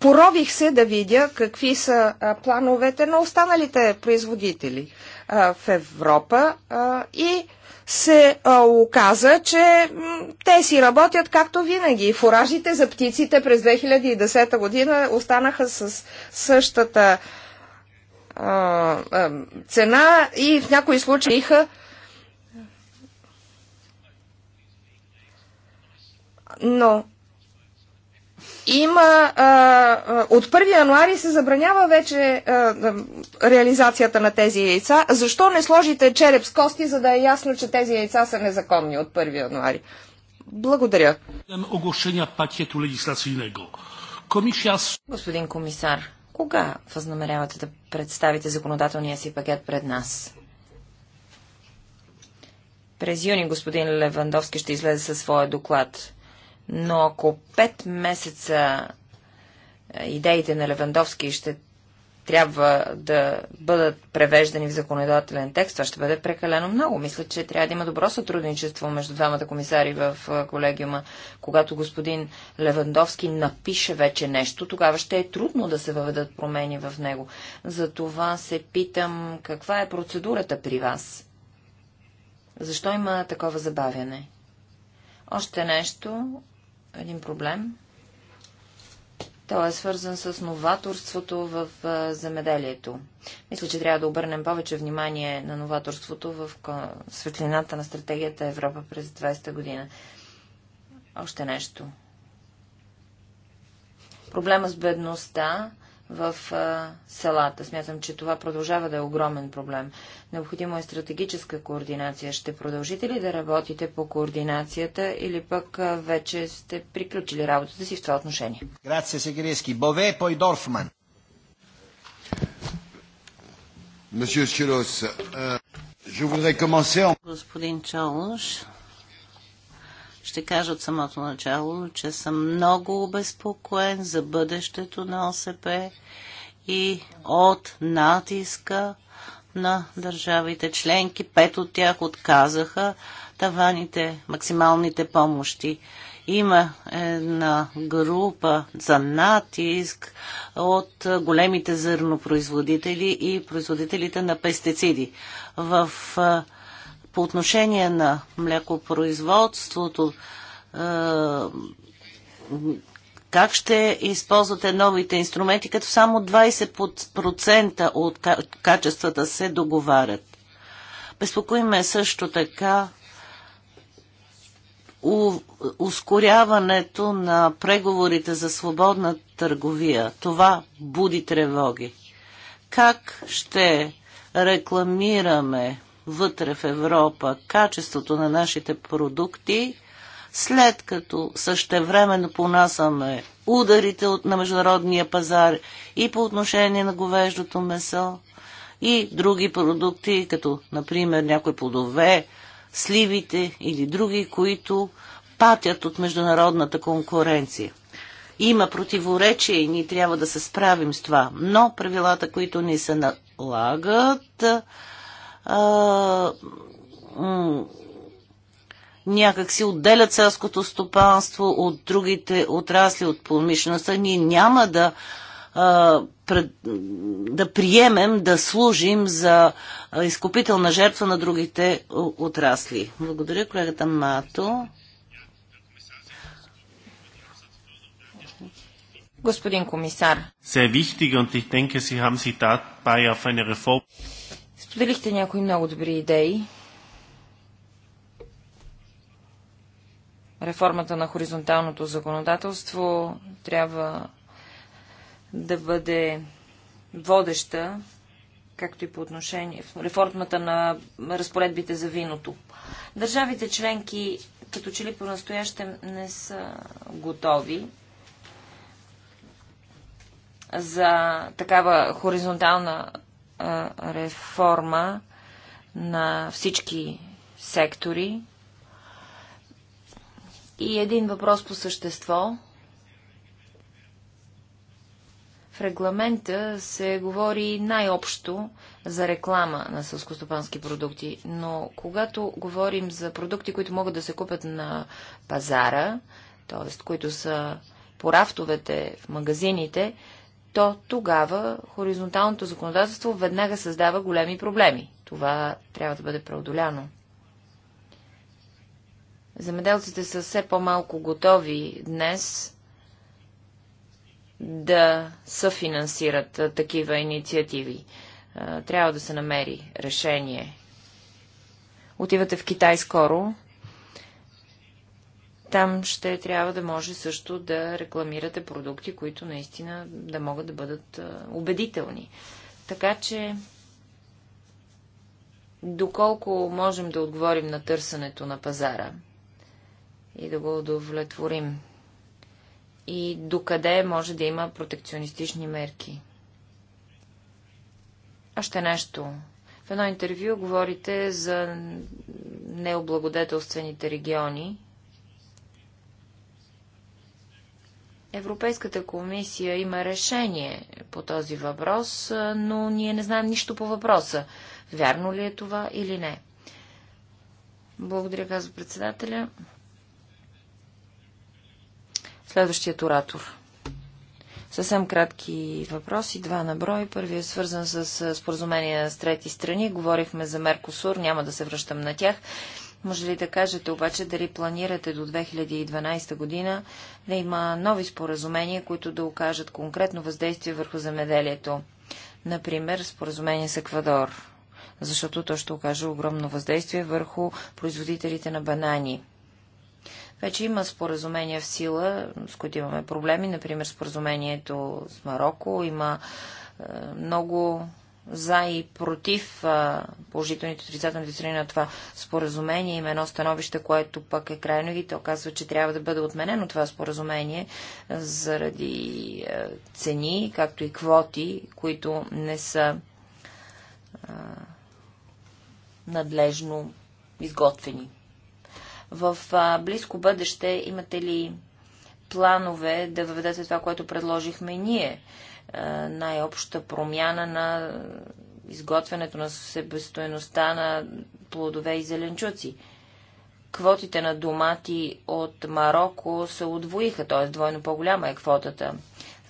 B: Порових се да видя какви са плановете на останалите производители в Европа и се оказа, че те си работят както винаги. Фуражите за птиците през 2010 година останаха с същата цена и в някои случаи иха но има а, от 1 януари се забранява вече а, реализацията на тези яйца. Защо не сложите череп с кости, за да е ясно, че тези яйца са незаконни от 1 януари? Благодаря.
C: Господин комисар, кога възнамерявате да представите законодателния си пакет пред нас? През юни господин Левандовски ще излезе със своя доклад. Но ако пет месеца е, идеите на Левандовски ще трябва да бъдат превеждани в законодателен текст, това ще бъде прекалено много. Мисля, че трябва да има добро сътрудничество между двамата комисари в е, колегиума. Когато господин Левандовски напише вече нещо, тогава ще е трудно да се въведат промени в него. За това се питам, каква е процедурата при вас? Защо има такова забавяне? Още нещо един проблем. Той е свързан с новаторството в земеделието. Мисля, че трябва да обърнем повече внимание на новаторството в светлината на стратегията Европа през 20-та година. Още нещо. Проблема с бедността в а, селата. Смятам, че това продължава да е огромен проблем. Необходимо е стратегическа координация. Ще продължите ли да работите по координацията или пък а, вече сте приключили работата си в това отношение?
A: Грация Сегерески. Бове, пой Дорфман.
C: Euh,
A: Господин Чолош, ще кажа от самото начало, че съм много обезпокоен за бъдещето на ОСП и от натиска на държавите членки. Пет от тях отказаха таваните, максималните помощи. Има една група за натиск от големите зърнопроизводители и производителите на пестициди. В по отношение на млекопроизводството, е, как ще използвате новите инструменти, като само 20% от качествата се договарят? Безпокоиме също така ускоряването на преговорите за свободна търговия. Това буди тревоги. Как ще рекламираме вътре в Европа качеството на нашите продукти, след като същевременно понасяме ударите от, на международния пазар и по отношение на говеждото месо и други продукти, като например някои плодове, сливите или други, които патят от международната конкуренция. Има противоречие и ние трябва да се справим с това, но правилата, които ни се налагат, а, някак си отделят селското стопанство от другите отрасли от промишлеността. Ние няма да, а, пред, да приемем да служим за изкупителна жертва на другите отрасли. Благодаря, колегата Мато.
C: Господин комисар. Споделихте някои много добри идеи. Реформата на хоризонталното законодателство трябва да бъде водеща, както и по отношение в реформата на разпоредбите за виното. Държавите членки, като че ли по настояще не са готови за такава хоризонтална реформа на всички сектори. И един въпрос по същество. В регламента се говори най-общо за реклама на сълскостопански продукти, но когато говорим за продукти, които могат да се купят на пазара, т.е. които са по рафтовете в магазините, то тогава хоризонталното законодателство веднага създава големи проблеми. Това трябва да бъде преодоляно. Земеделците са все по-малко готови днес да съфинансират такива инициативи. Трябва да се намери решение. Отивате в Китай скоро там ще трябва да може също да рекламирате продукти, които наистина да могат да бъдат убедителни. Така че, доколко можем да отговорим на търсенето на пазара и да го удовлетворим и докъде може да има протекционистични мерки. Още нещо. В едно интервю говорите за необлагодетелствените региони Европейската комисия има решение по този въпрос, но ние не знаем нищо по въпроса. Вярно ли е това или не? Благодаря, казва председателя. Следващият оратор. Съвсем кратки въпроси, два на брой. Първият е свързан с споразумение с трети страни. Говорихме за Меркосур, няма да се връщам на тях. Може ли да кажете обаче дали планирате до 2012 година да има нови споразумения, които да окажат конкретно въздействие върху земеделието? Например, споразумение с Еквадор, защото то ще окаже огромно въздействие върху производителите на банани. Вече има споразумения в сила, с които имаме проблеми. Например, споразумението с Марокко има е, много за и против положителните отрицателни страни на това споразумение. Има едно становище, което пък е крайно и то казва, че трябва да бъде отменено това споразумение заради цени, както и квоти, които не са надлежно изготвени. В близко бъдеще имате ли планове да въведете това, което предложихме ние? Е, най-обща промяна на изготвянето на себестоеността на плодове и зеленчуци. Квотите на домати от Марокко се удвоиха, т.е. двойно по-голяма е квотата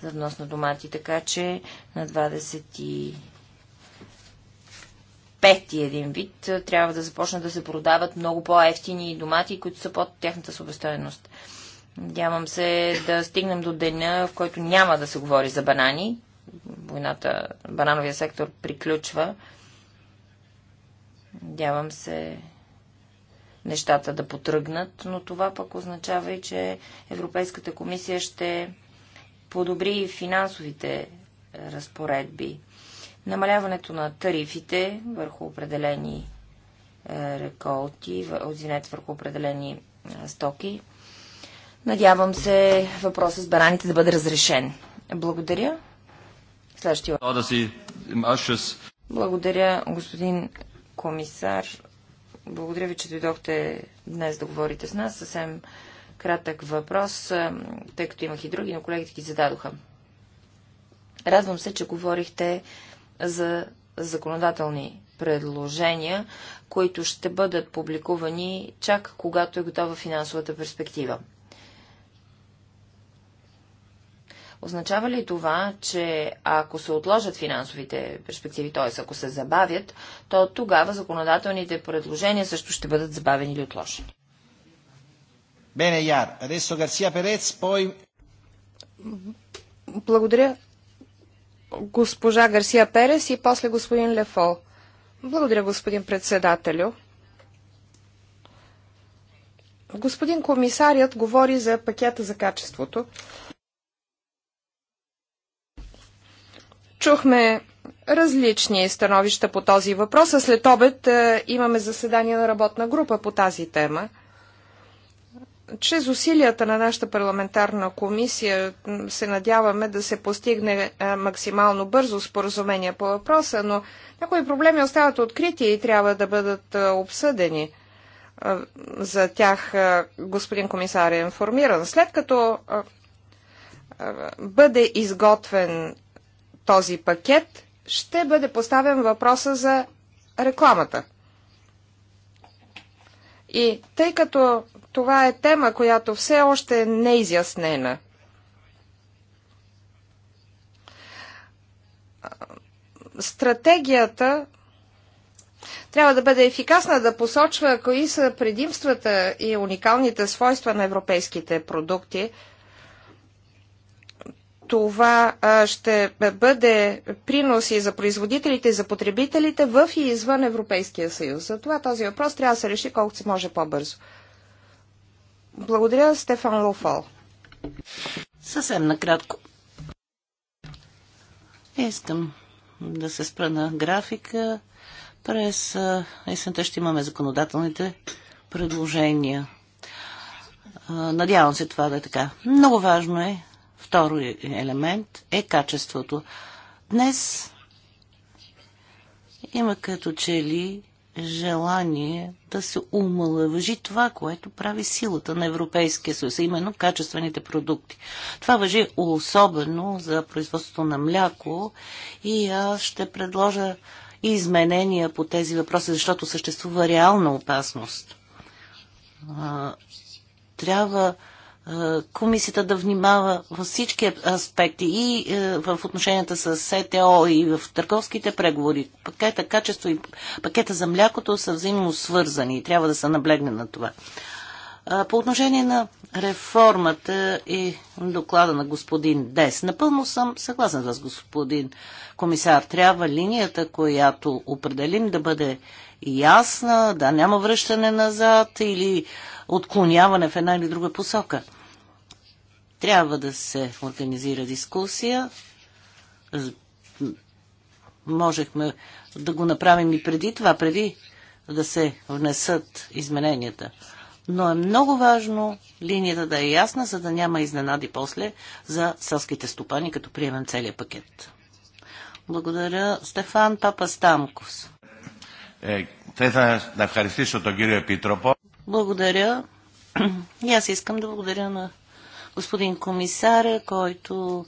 C: за внос на домати, така че на 25 ти един вид е, трябва да започнат да се продават много по-ефтини домати, които са под тяхната себестоеност. Надявам се да стигнем до деня, в който няма да се говори за банани. Войната, банановия сектор приключва. Надявам се нещата да потръгнат, но това пък означава и, че Европейската комисия ще подобри финансовите разпоредби. Намаляването на тарифите върху определени е, реколти, извинете, върху определени е, стоки, Надявам се въпросът с бараните да бъде разрешен. Благодаря. Следващия. Благодаря, господин комисар. Благодаря ви, че дойдохте днес да говорите с нас. Съвсем кратък въпрос, тъй като имах и други, но колегите ги зададоха. Радвам се, че говорихте за законодателни предложения, които ще бъдат публикувани чак когато е готова финансовата перспектива. Означава ли това, че ако се отложат финансовите перспективи, т.е. ако се забавят, то тогава законодателните предложения също ще бъдат забавени или отложени?
A: Бене, Яр. Адесо Гарсия Перец, пой...
B: Благодаря госпожа Гарсия Перес и после господин Лефо. Благодаря, господин председателю. Господин комисарят говори за пакета за качеството. Чухме различни становища по този въпрос, а след обед е, имаме заседание на работна група по тази тема. Чрез усилията на нашата парламентарна комисия се надяваме да се постигне е, максимално бързо споразумение по въпроса, но някои проблеми остават открити и трябва да бъдат е, обсъдени. За тях господин комисар е информиран. След като бъде изготвен този пакет ще бъде поставен въпроса за рекламата. И тъй като това е тема, която все още е неизяснена, стратегията трябва да бъде ефикасна да посочва кои са предимствата и уникалните свойства на европейските продукти – това ще бъде принос и за производителите, и за потребителите в и извън Европейския съюз. За това този въпрос трябва да се реши колкото се може по-бързо.
A: Благодаря, Стефан Лофол. Съвсем накратко. Искам да се спра на графика. През есента ще имаме законодателните предложения. Надявам се това да е така. Много важно е Втори елемент е качеството. Днес има като че ли желание да се умалъвжи това, което прави силата на Европейския съюз, именно качествените продукти. Това въжи особено за производството на мляко и аз ще предложа и изменения по тези въпроси, защото съществува реална опасност. Трябва комисията да внимава във всички аспекти и е, в отношенията с СТО и в търговските преговори. Пакета качество и пакета за млякото са взаимно свързани и трябва да се наблегне на това. По отношение на реформата и доклада на господин Дес. Напълно съм съгласен с вас, господин комисар. Трябва линията, която определим да бъде ясна, да няма връщане назад или отклоняване в една или друга посока. Трябва да се организира дискусия. Можехме да го направим и преди това, преди да се внесат измененията но е много важно линията да е ясна, за да няма изненади после за селските стопани, като приемем целият пакет. Благодаря. Стефан Папа Стамкос. Е, благодаря. И аз искам да благодаря на господин комисаря, който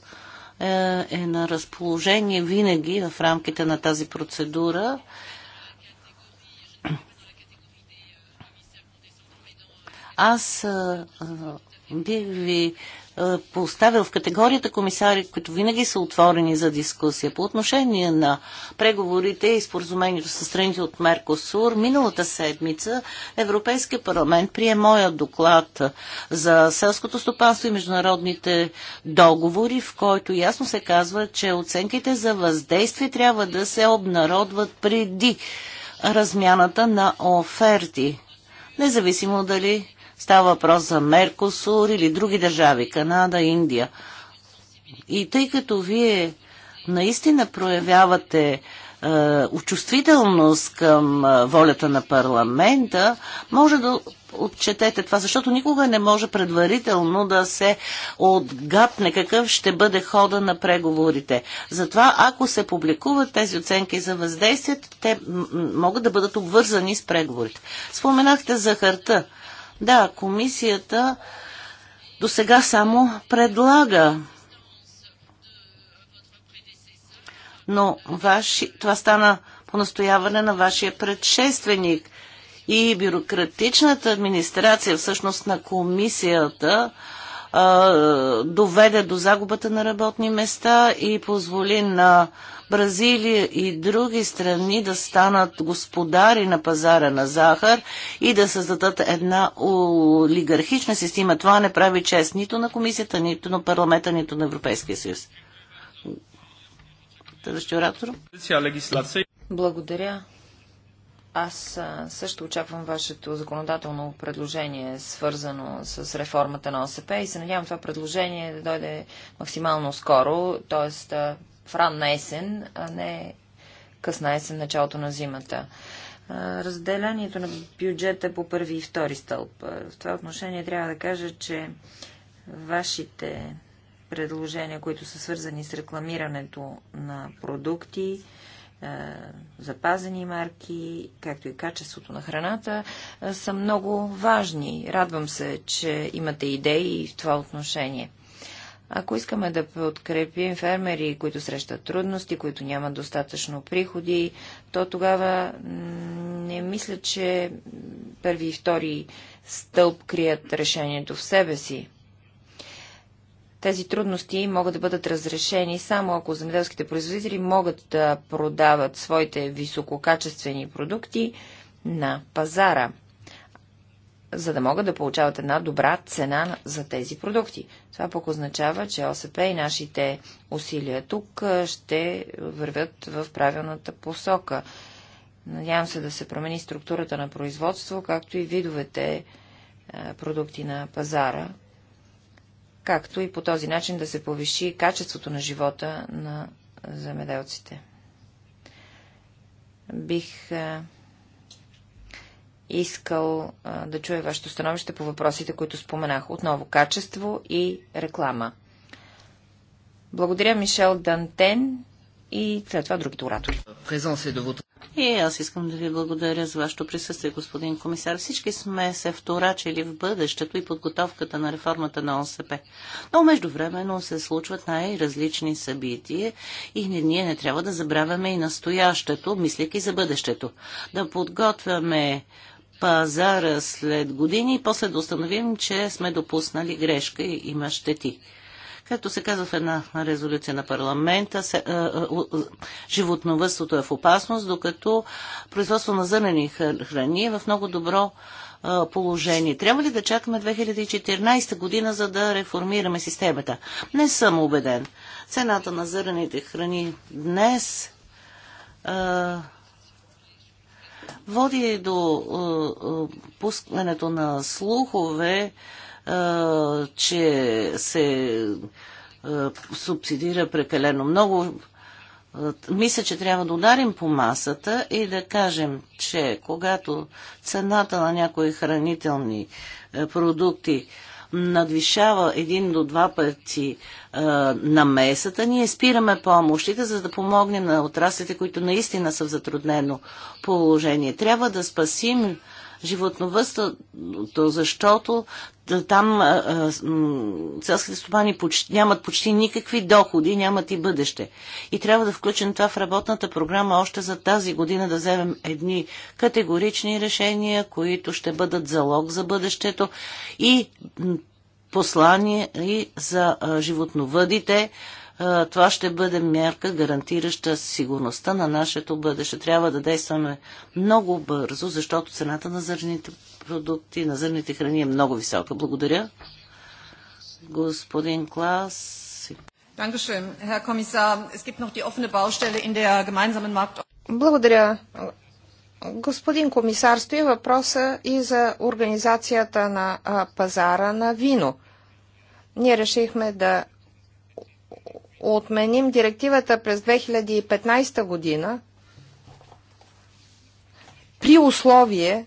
A: е, е на разположение винаги в рамките на тази процедура Аз би бих ви поставил в категорията комисари, които винаги са отворени за дискусия. По отношение на преговорите и споразумението с страните от Меркосур, миналата седмица Европейския парламент прие моя доклад за селското стопанство и международните договори, в който ясно се казва, че оценките за въздействие трябва да се обнародват преди размяната на оферти независимо дали Става въпрос за Меркосур или други държави, Канада, Индия. И тъй като вие наистина проявявате е, очувствителност към е, волята на парламента, може да отчетете това, защото никога не може предварително да се отгапне какъв ще бъде хода на преговорите. Затова, ако се публикуват тези оценки за въздействие, те могат да бъдат обвързани с преговорите. Споменахте за харта. Да, комисията до сега само предлага. Но ваши, това стана по настояване на вашия предшественик. И бюрократичната администрация всъщност на комисията доведе до загубата на работни места и позволи на Бразилия и други страни да станат господари на пазара на захар и да създадат една олигархична система. Това не прави чест нито на комисията, нито на парламента, нито на Европейския съюз. оратор.
C: Благодаря. Аз също очаквам вашето законодателно предложение, свързано с реформата на ОСП и се надявам това предложение да дойде максимално скоро, т.е. в ранна есен, а не късна есен, началото на зимата. Разделянието на бюджета по първи и втори стълб. В това отношение трябва да кажа, че вашите предложения, които са свързани с рекламирането на продукти, запазени марки, както и качеството на храната, са много важни. Радвам се, че имате идеи в това отношение. Ако искаме да подкрепим фермери, които срещат трудности, които нямат достатъчно приходи, то тогава не мисля, че първи и втори стълб крият решението в себе си. Тези трудности могат да бъдат разрешени само ако земеделските производители могат да продават своите висококачествени продукти на пазара, за да могат да получават една добра цена за тези продукти. Това пък означава, че ОСП и нашите усилия тук ще вървят в правилната посока. Надявам се да се промени структурата на производство, както и видовете продукти на пазара, както и по този начин да се повиши качеството на живота на земеделците. Бих е, искал е, да чуя вашето становище по въпросите, които споменах. Отново качество и реклама. Благодаря Мишел Дантен и след това другите оратори. Е
A: и аз искам да ви благодаря за вашето присъствие, господин комисар. Всички сме се вторачили в бъдещето и подготовката на реформата на ОСП. Но междувременно се случват най-различни събития и ние не трябва да забравяме и настоящето, мислейки за бъдещето. Да подготвяме пазара след години и после да установим, че сме допуснали грешка и има щети. Както се казва в една резолюция на парламента, се, е, е, животновътството е в опасност, докато производство на зърнени храни е в много добро е, положение. Трябва ли да чакаме 2014 година, за да реформираме системата? Не съм убеден. Цената на зърнените храни днес е, води до е, е, пускането на слухове че се субсидира прекалено много. Мисля, че трябва да ударим по масата и да кажем, че когато цената на някои хранителни продукти надвишава един до два пъти на месата, ние спираме помощите, за да помогнем на отраслите, които наистина са в затруднено положение. Трябва да спасим животновъдството, защото там селските стопани почти, нямат почти никакви доходи, нямат и бъдеще. И трябва да включим това в работната програма още за тази година, да вземем едни категорични решения, които ще бъдат залог за бъдещето и послание и за животновъдите, това ще бъде мярка, гарантираща сигурността на нашето бъдеще. Трябва да действаме много бързо, защото цената на зърните продукти, на зърните храни е много висока. Благодаря. Господин Клас. Благодаря.
B: Господин комисар, стои въпроса и за организацията на пазара на вино. Ние решихме да отменим директивата през 2015 година, при условие,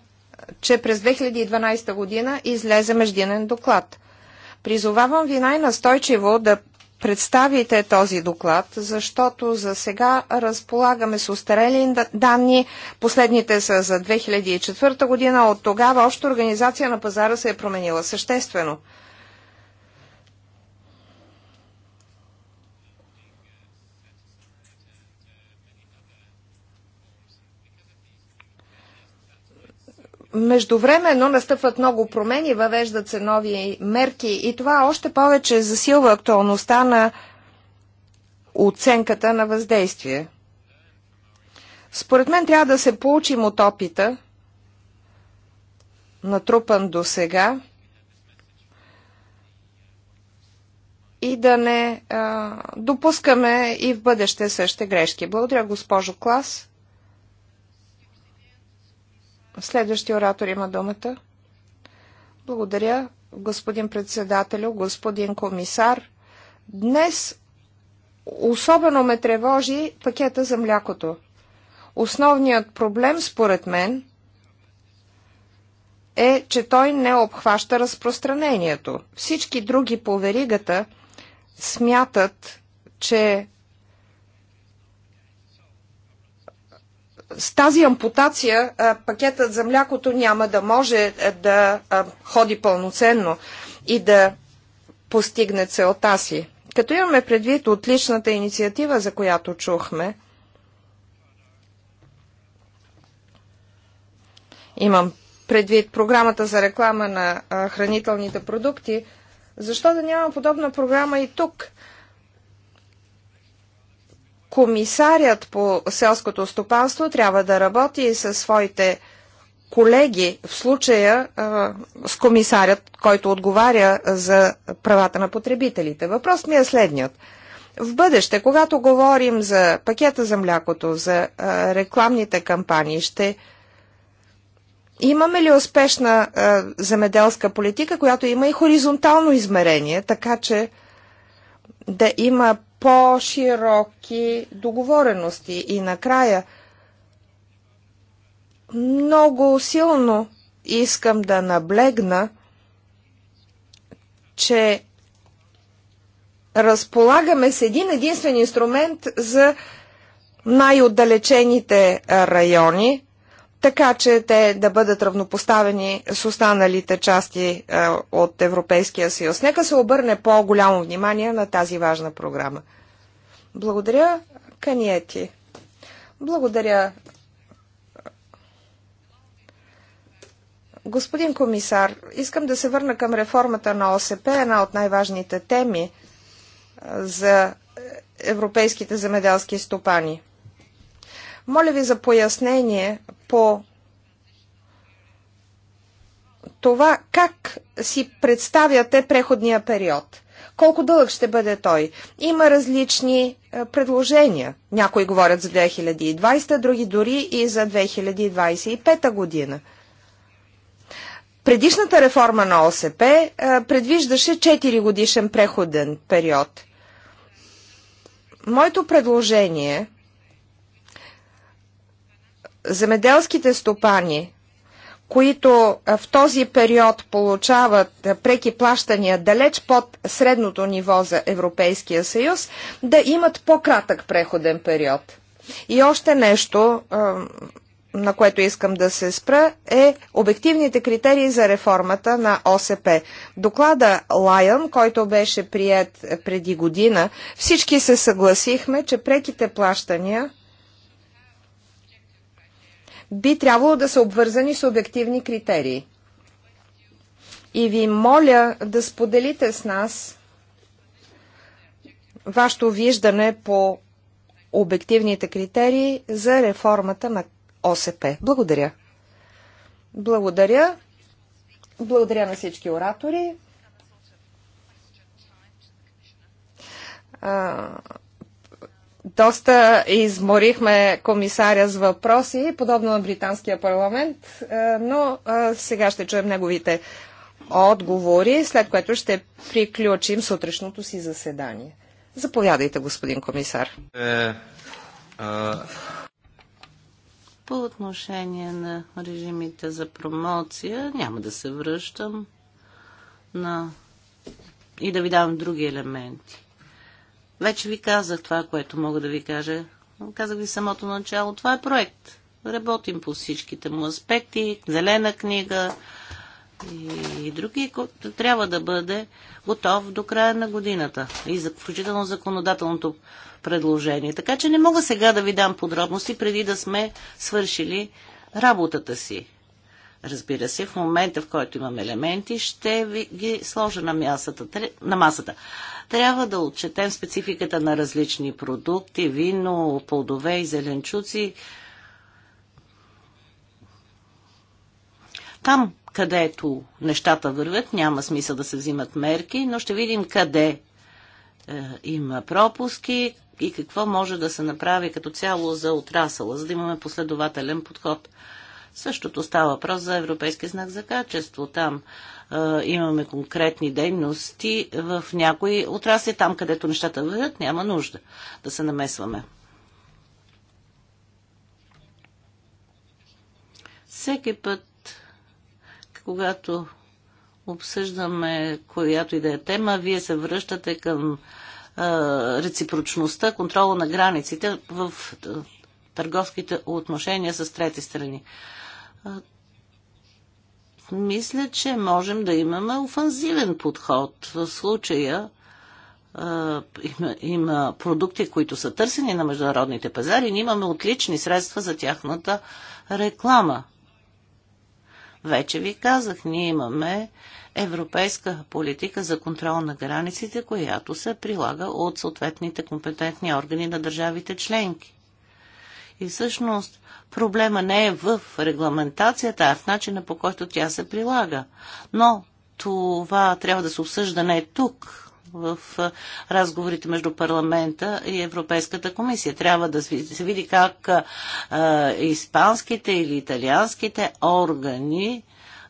B: че през 2012 година излезе междинен доклад. Призовавам ви най-настойчиво да представите този доклад, защото за сега разполагаме с устарели данни. Последните са за 2004 година. От тогава още организация на пазара се е променила съществено. Междувременно настъпват много промени, въвеждат се нови мерки и това още повече засилва актуалността на оценката на въздействие. Според мен трябва да се получим от опита, натрупан до сега, и да не а, допускаме и в бъдеще същите грешки. Благодаря, госпожо Клас. Следващия оратор има думата. Благодаря, господин председателю, господин комисар. Днес особено ме тревожи пакета за млякото. Основният проблем, според мен, е, че той не обхваща разпространението. Всички други по веригата смятат, че с тази ампутация пакетът за млякото няма да може е, да ходи пълноценно и да постигне целта си. Като имаме предвид отличната инициатива, за която чухме, имам предвид програмата за реклама на хранителните продукти, защо да няма подобна програма и тук? комисарят по селското стопанство трябва да работи и със своите колеги, в случая с комисарят, който отговаря за правата на потребителите. Въпрос ми е следният. В бъдеще, когато говорим за пакета за млякото, за рекламните кампании, ще имаме ли успешна земеделска политика, която има и хоризонтално измерение, така че да има по-широки договорености. И накрая, много силно искам да наблегна, че разполагаме с един единствен инструмент за най-отдалечените райони, така че те да бъдат равнопоставени с останалите части е, от Европейския съюз. Нека се обърне по-голямо внимание на тази важна програма. Благодаря, Каниети. Благодаря. Господин комисар, искам да се върна към реформата на ОСП, една от най-важните теми е, за е, европейските земеделски стопани – моля ви за пояснение по това как си представяте преходния период. Колко дълъг ще бъде той? Има различни е, предложения. Някои говорят за 2020, други дори и за 2025 година. Предишната реформа на ОСП е, предвиждаше 4 годишен преходен период. Моето предложение земеделските стопани, които в този период получават преки плащания далеч под средното ниво за Европейския съюз, да имат по-кратък преходен период. И още нещо, на което искам да се спра, е обективните критерии за реформата на ОСП. Доклада Лайън, който беше прият преди година, всички се съгласихме, че преките плащания би трябвало да са обвързани с обективни критерии. И ви моля да споделите с нас вашето виждане по обективните критерии за реформата на ОСП. Благодаря. Благодаря. Благодаря на всички оратори. Доста изморихме комисаря с въпроси, подобно на британския парламент, е, но е, сега ще чуем неговите отговори, след което ще приключим сутрешното си заседание. Заповядайте,
A: господин комисар. Е, е, По отношение на режимите за промоция, няма да се връщам на... и да ви давам други елементи. Вече ви казах това, което мога да ви кажа. Казах ви самото начало. Това е проект. Работим по всичките му аспекти. Зелена книга и други, които трябва да бъде готов до края на годината. И за включително законодателното предложение. Така че не мога сега да ви дам подробности, преди да сме свършили работата си. Разбира се, в момента, в който имам елементи, ще ви ги сложа на, мясата, на масата. Трябва да отчетем спецификата на различни продукти, вино, плодове и зеленчуци. Там, където нещата вървят, няма смисъл да се взимат мерки, но ще видим къде е, има пропуски и какво може да се направи като цяло за отрасъла, за да имаме последователен подход – Същото става въпрос за Европейския знак за качество. Там е, имаме конкретни дейности в някои отрасли, там където нещата вървят, няма нужда да се намесваме. Всеки път, когато обсъждаме която и да е тема, вие се връщате към реципрочността, контрола на границите в търговските отношения с трети страни мисля, че можем да имаме офанзивен подход. В случая има, има продукти, които са търсени на международните пазари, ние имаме отлични средства за тяхната реклама. Вече ви казах, ние имаме европейска политика за контрол на границите, която се прилага от съответните компетентни органи на държавите членки. И всъщност проблема не е в регламентацията, а в начина по който тя се прилага. Но това трябва да се обсъжда не тук, в разговорите между парламента и Европейската комисия. Трябва да се види как е, испанските или италианските органи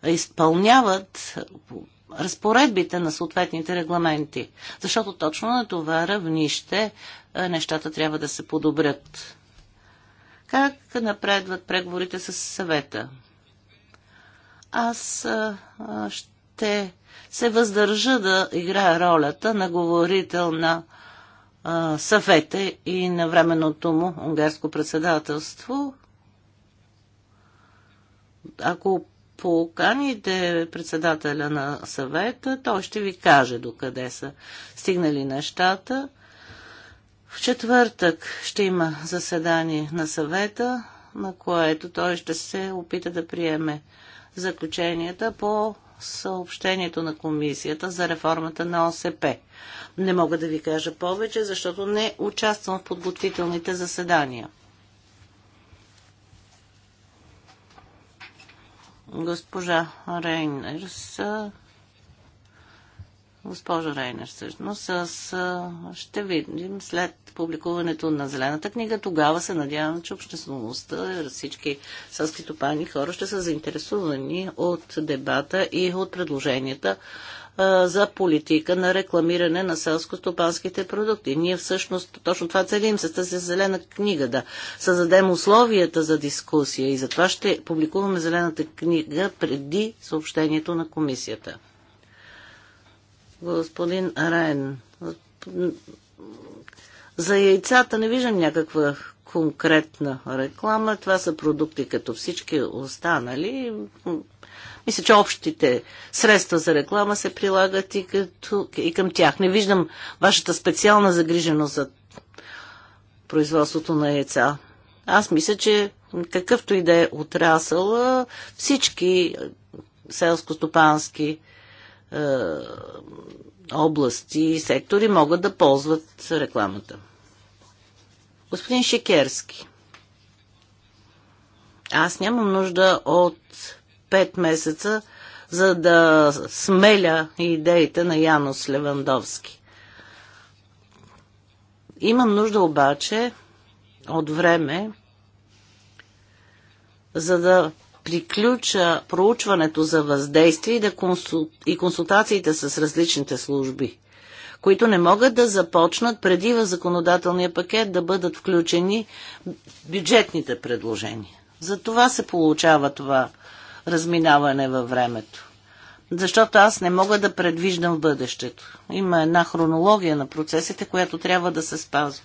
A: изпълняват разпоредбите на съответните регламенти. Защото точно на това равнище нещата трябва да се подобрят. Как напредват преговорите с съвета? Аз а, ще се въздържа да играя ролята на говорител на а, съвета и на временното му унгарско председателство. Ако поканите председателя на съвета, той ще ви каже докъде са стигнали нещата. В четвъртък ще има заседание на съвета, на което той ще се опита да приеме заключенията по съобщението на комисията за реформата на ОСП. Не мога да ви кажа повече, защото не участвам в подготвителните заседания. Госпожа Рейнерс госпожо Рейнер всъщност, аз ще видим след публикуването на Зелената книга. Тогава се надявам, че обществеността, всички съски топани хора ще са заинтересувани от дебата и от предложенията за политика на рекламиране на селско-стопанските продукти. Ние всъщност точно това целим с тази зелена книга, да създадем условията за дискусия и затова ще публикуваме зелената книга преди съобщението на комисията господин Райен. За яйцата не виждам някаква конкретна реклама. Това са продукти като всички останали. Мисля, че общите средства за реклама се прилагат и, като, и към тях. Не виждам вашата специална загриженост за производството на яйца. Аз мисля, че какъвто и да е отрасъл, всички селско-стопански е, области и сектори могат да ползват рекламата. Господин Шекерски, аз нямам нужда от 5 месеца, за да смеля идеите на Янос Левандовски. Имам нужда обаче от време, за да приключа проучването за въздействие и, консултациите с различните служби, които не могат да започнат преди в законодателния пакет да бъдат включени бюджетните предложения. За това се получава това разминаване във времето. Защото аз не мога да предвиждам в бъдещето. Има една хронология на процесите, която трябва да се спазва.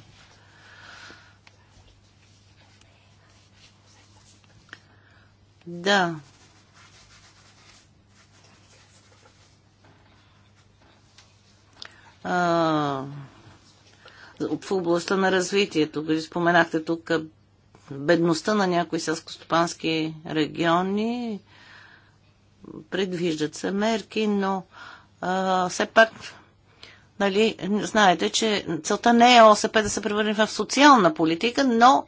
A: Да. А, в областта на развитието, като споменахте тук бедността на някои селскостопански региони, предвиждат се мерки, но а, все пак нали, знаете, че целта не е ОСП да се превърне в социална политика, но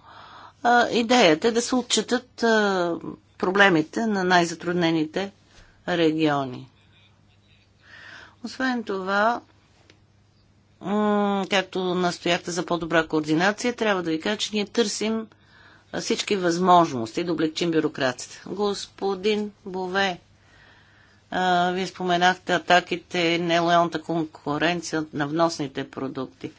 A: а, идеята е да се отчитат а, проблемите на най-затруднените региони. Освен това, както настояхте за по-добра координация, трябва да ви кажа, че ние търсим всички възможности да облегчим бюрокрацията. Господин Бове, вие споменахте атаките, нелоялната конкуренция на вносните продукти.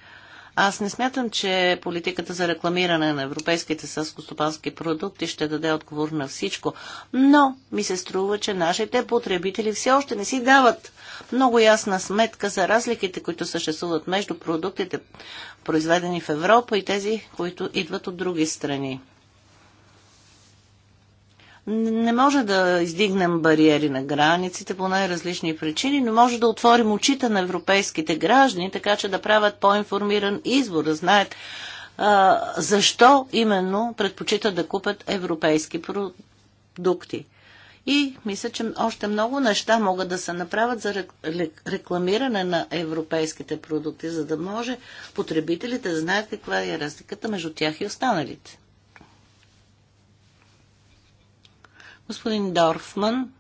A: Аз не смятам, че политиката за рекламиране на европейските селскостопански продукти ще даде отговор на всичко, но ми се струва, че нашите потребители все още не си дават много ясна сметка за разликите, които съществуват между продуктите, произведени в Европа и тези, които идват от други страни. Не може да издигнем бариери на границите по най-различни причини, но може да отворим очите на европейските граждани, така че да правят по-информиран избор, да знаят а, защо именно предпочитат да купят европейски продукти. И мисля, че още много неща могат да се направят за рекламиране на европейските продукти, за да може потребителите да знаят каква е разликата между тях и останалите. Господин Дорфман,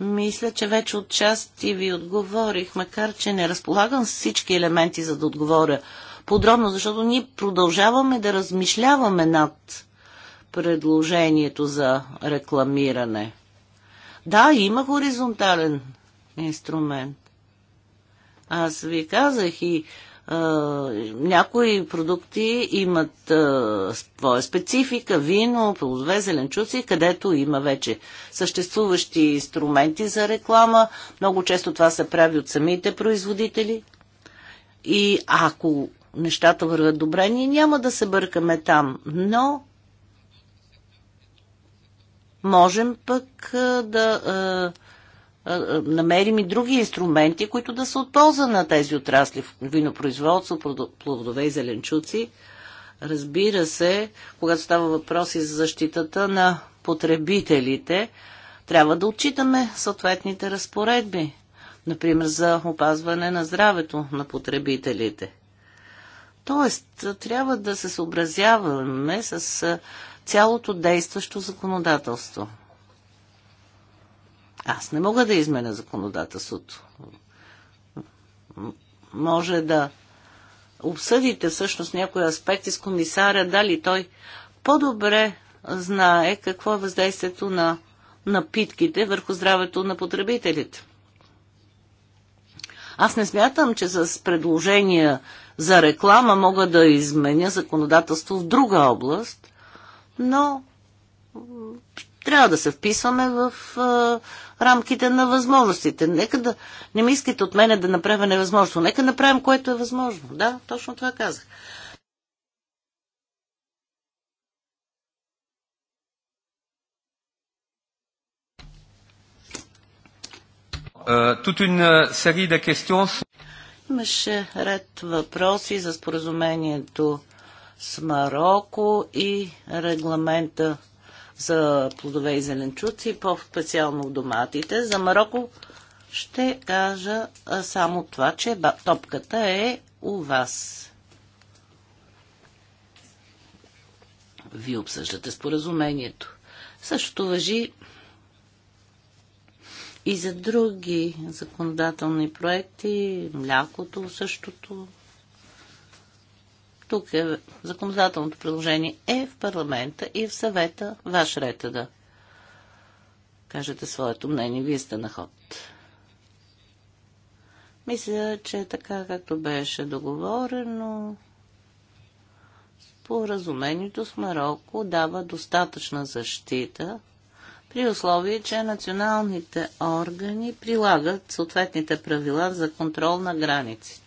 A: мисля, че вече от части ви отговорих, макар че не разполагам с всички елементи, за да отговоря подробно, защото ние продължаваме да размишляваме над предложението за рекламиране. Да, има хоризонтален инструмент. Аз ви казах и някои продукти имат а, своя специфика, вино, плодове, зеленчуци, където има вече съществуващи инструменти за реклама. Много често това се прави от самите производители. И ако нещата върват добре, ние няма да се бъркаме там. Но можем пък а, да а, намерим и други инструменти, които да са от полза на тези отрасли винопроизводство, плодове и зеленчуци. Разбира се, когато става въпроси за защитата на потребителите, трябва да отчитаме съответните разпоредби, например за опазване на здравето на потребителите. Тоест, трябва да се съобразяваме с цялото действащо законодателство. Аз не мога да изменя законодателството. Може да обсъдите всъщност някои аспекти с комисаря, дали той по-добре знае какво е въздействието на напитките върху здравето на потребителите. Аз не смятам, че с предложения за реклама мога да изменя законодателство в друга област, но трябва да се вписваме в рамките на възможностите. Нека да... Не ми искате от мене да направя невъзможно. Нека направим което е възможно. Да, точно това казах. Е, е, Имаше ред въпроси за споразумението с Марокко и регламента за плодове и зеленчуци, по-специално доматите. За Марокко ще кажа само това, че топката е у вас. Вие обсъждате споразумението. Същото въжи и за други законодателни проекти, млякото същото. Тук е законодателното предложение е в парламента и в съвета. Ваш ред е да кажете своето мнение. Вие сте на ход. Мисля, че е така както беше договорено, споразумението с Марокко дава достатъчна защита при условие, че националните органи прилагат съответните правила за контрол на границите.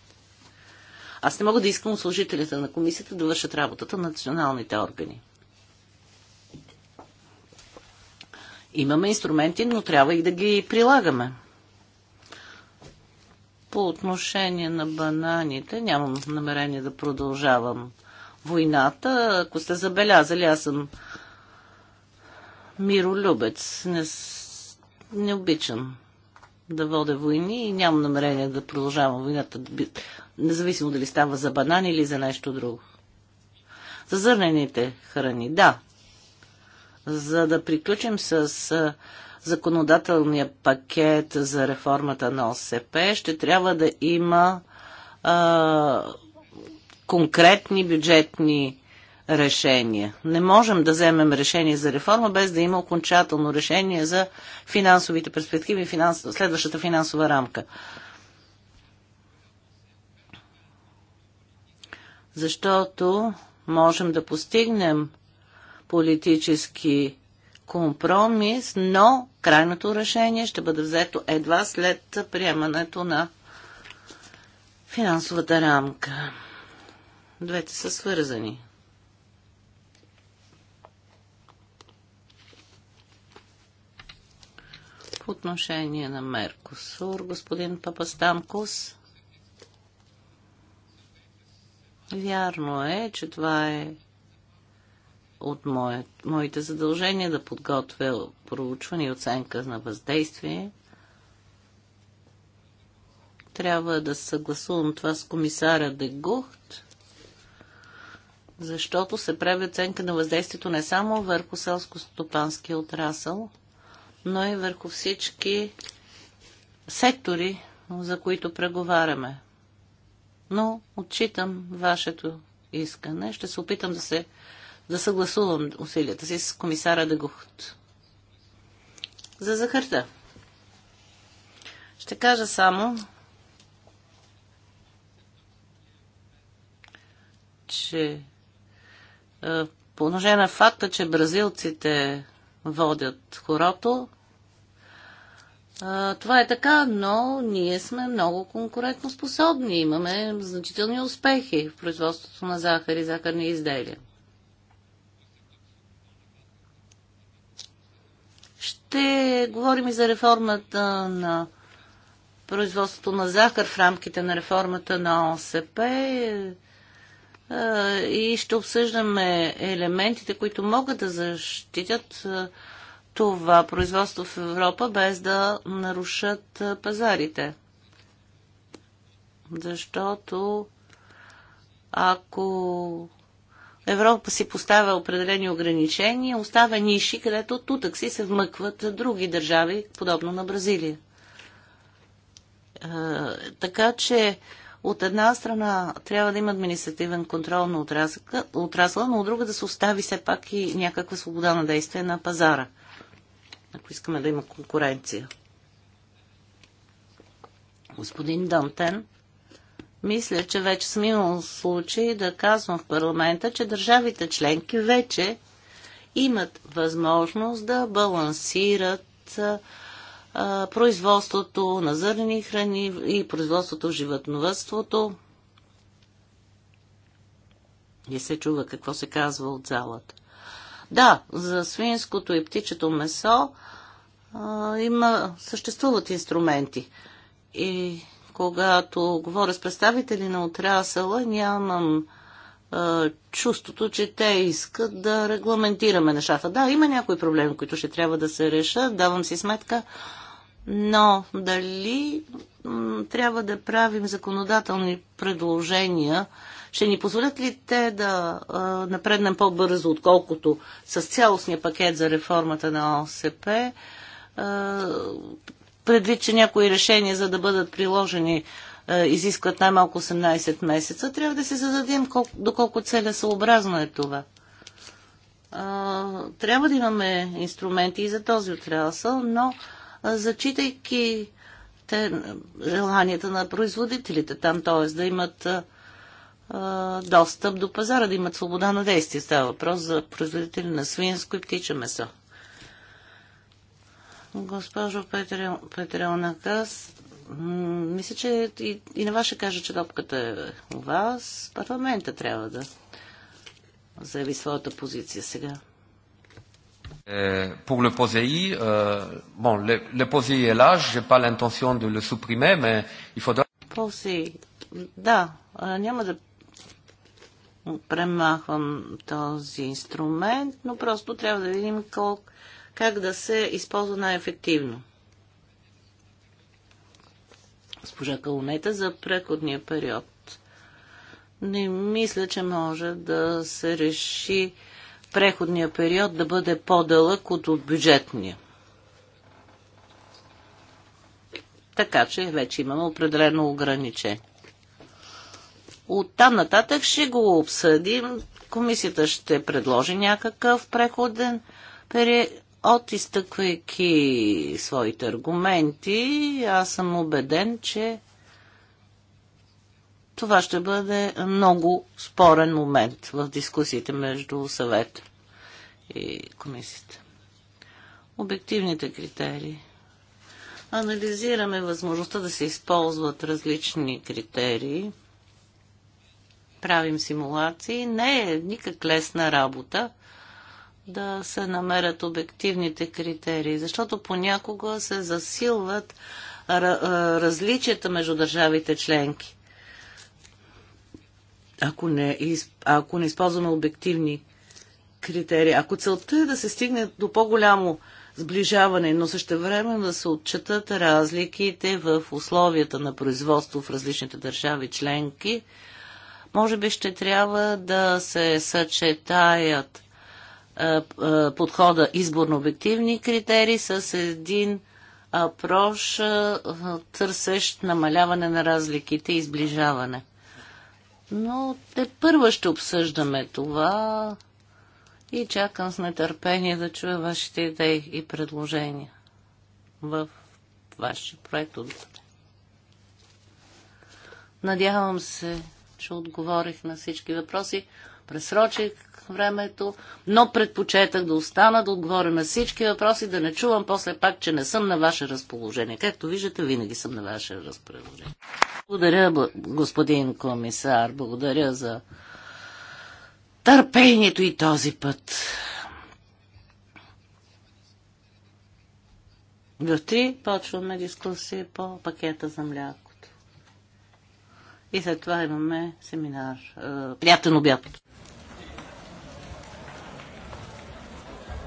A: Аз не мога да искам служителите на комисията да вършат работата на националните органи. Имаме инструменти, но трябва и да ги прилагаме. По отношение на бананите, нямам намерение да продължавам войната. Ако сте забелязали, аз съм миролюбец. Не, не обичам да водя войни и нямам намерение да продължавам войната, независимо дали става за банани или за нещо друго. За зърнените храни, да. За да приключим с законодателния пакет за реформата на ОСП, ще трябва да има а, конкретни бюджетни решения. Не можем да вземем решение за реформа без да има окончателно решение за финансовите перспективи, финанс... следващата финансова рамка. Защото можем да постигнем политически компромис, но крайното решение ще бъде взето едва след приемането на финансовата рамка. Двете са свързани. По отношение на Меркосур, господин Папастамкос, вярно е, че това е от мое, моите задължения да подготвя проучване и оценка на въздействие. Трябва да съгласувам това с комисара Дегухт, защото се прави оценка на въздействието не само върху селско-стопанския отрасъл, но и върху всички сектори, за които преговаряме. Но отчитам вашето искане. Ще се опитам да се да съгласувам усилията си с комисара Дегухт. За захарта. Ще кажа само, че е, по на факта, че бразилците водят хорото. Това е така, но ние сме много конкурентно способни. Имаме значителни успехи в производството на захар и захарни изделия. Ще говорим и за реформата на производството на захар в рамките на реформата на ОСП и ще обсъждаме елементите, които могат да защитят това производство в Европа, без да нарушат пазарите. Защото ако Европа си поставя определени ограничения, оставя ниши, където тутък си се вмъкват други държави, подобно на Бразилия. Така че от една страна трябва да има административен контрол на отрасъла, но от друга да се остави все пак и някаква свобода на действие на пазара, ако искаме да има конкуренция. Господин Дантен, мисля, че вече съм имал случай да казвам в парламента, че държавите членки вече имат възможност да балансират производството на зърнени храни и производството в животновътството. Не се чува какво се казва от залата. Да, за свинското и птичето месо а, има, съществуват инструменти. И когато говоря с представители на отрасъла, нямам а, чувството, че те искат да регламентираме нещата. Да, има някои проблеми, които ще трябва да се решат, давам си сметка, но дали трябва да правим законодателни предложения, ще ни позволят ли те да а, напреднем по-бързо, отколкото с цялостния пакет за реформата на ОСП, а, предвид, че някои решения, за да бъдат приложени, а, изискват най-малко 18 месеца, трябва да се зададем колко, доколко целесообразно е това. А, трябва да имаме инструменти и за този отрасъл, но зачитайки те, желанията на производителите там, т.е. да имат а, достъп до пазара, да имат свобода на действие. Става въпрос за производители на свинско и птиче месо. Госпожо Петрелна Кас, мисля, че и, и на ваше ще кажа, че топката е у вас. Парламента трябва да заяви своята позиция сега. Euh, pour le POSEI, euh, bon, le, le POSEI est là, je n'ai pas l'intention de le supprimer, mais il faudra... POSEI, да, няма да премахвам този инструмент, но просто трябва да видим колко, как да се използва най-ефективно. Госпожа Калунета за преходния период. Не мисля, че може да се реши преходния период да бъде по-дълъг от, бюджетния. Така че вече имаме определено ограничение. От там нататък ще го обсъдим. Комисията ще предложи някакъв преходен период, изтъквайки своите аргументи. Аз съм убеден, че това ще бъде много спорен момент в дискусиите между съвет и комисията. Обективните критерии. Анализираме възможността да се използват различни критерии. Правим симулации. Не е никак лесна работа да се намерят обективните критерии, защото понякога се засилват различията между държавите членки ако не, е ако не използваме обективни критерии. Ако целта е да се стигне до по-голямо сближаване, но същевременно да се отчетат разликите в условията на производство в различните държави членки, може би ще трябва да се съчетаят е, е, подхода изборно-обективни критерии с един апрош, търсещ намаляване на разликите и сближаване. Но те първа ще обсъждаме това и чакам с нетърпение да чуя вашите идеи и предложения в вашия проект. Надявам се, че отговорих на всички въпроси. Пресрочих времето, но предпочетах да остана, да отговоря на всички въпроси, да не чувам после пак, че не съм на ваше разположение. Както виждате, винаги съм на ваше разположение. Благодаря, господин комисар. Благодаря за търпението и този път. В три почваме дискусия по пакета за млякото. И след това имаме семинар. Приятен обяд!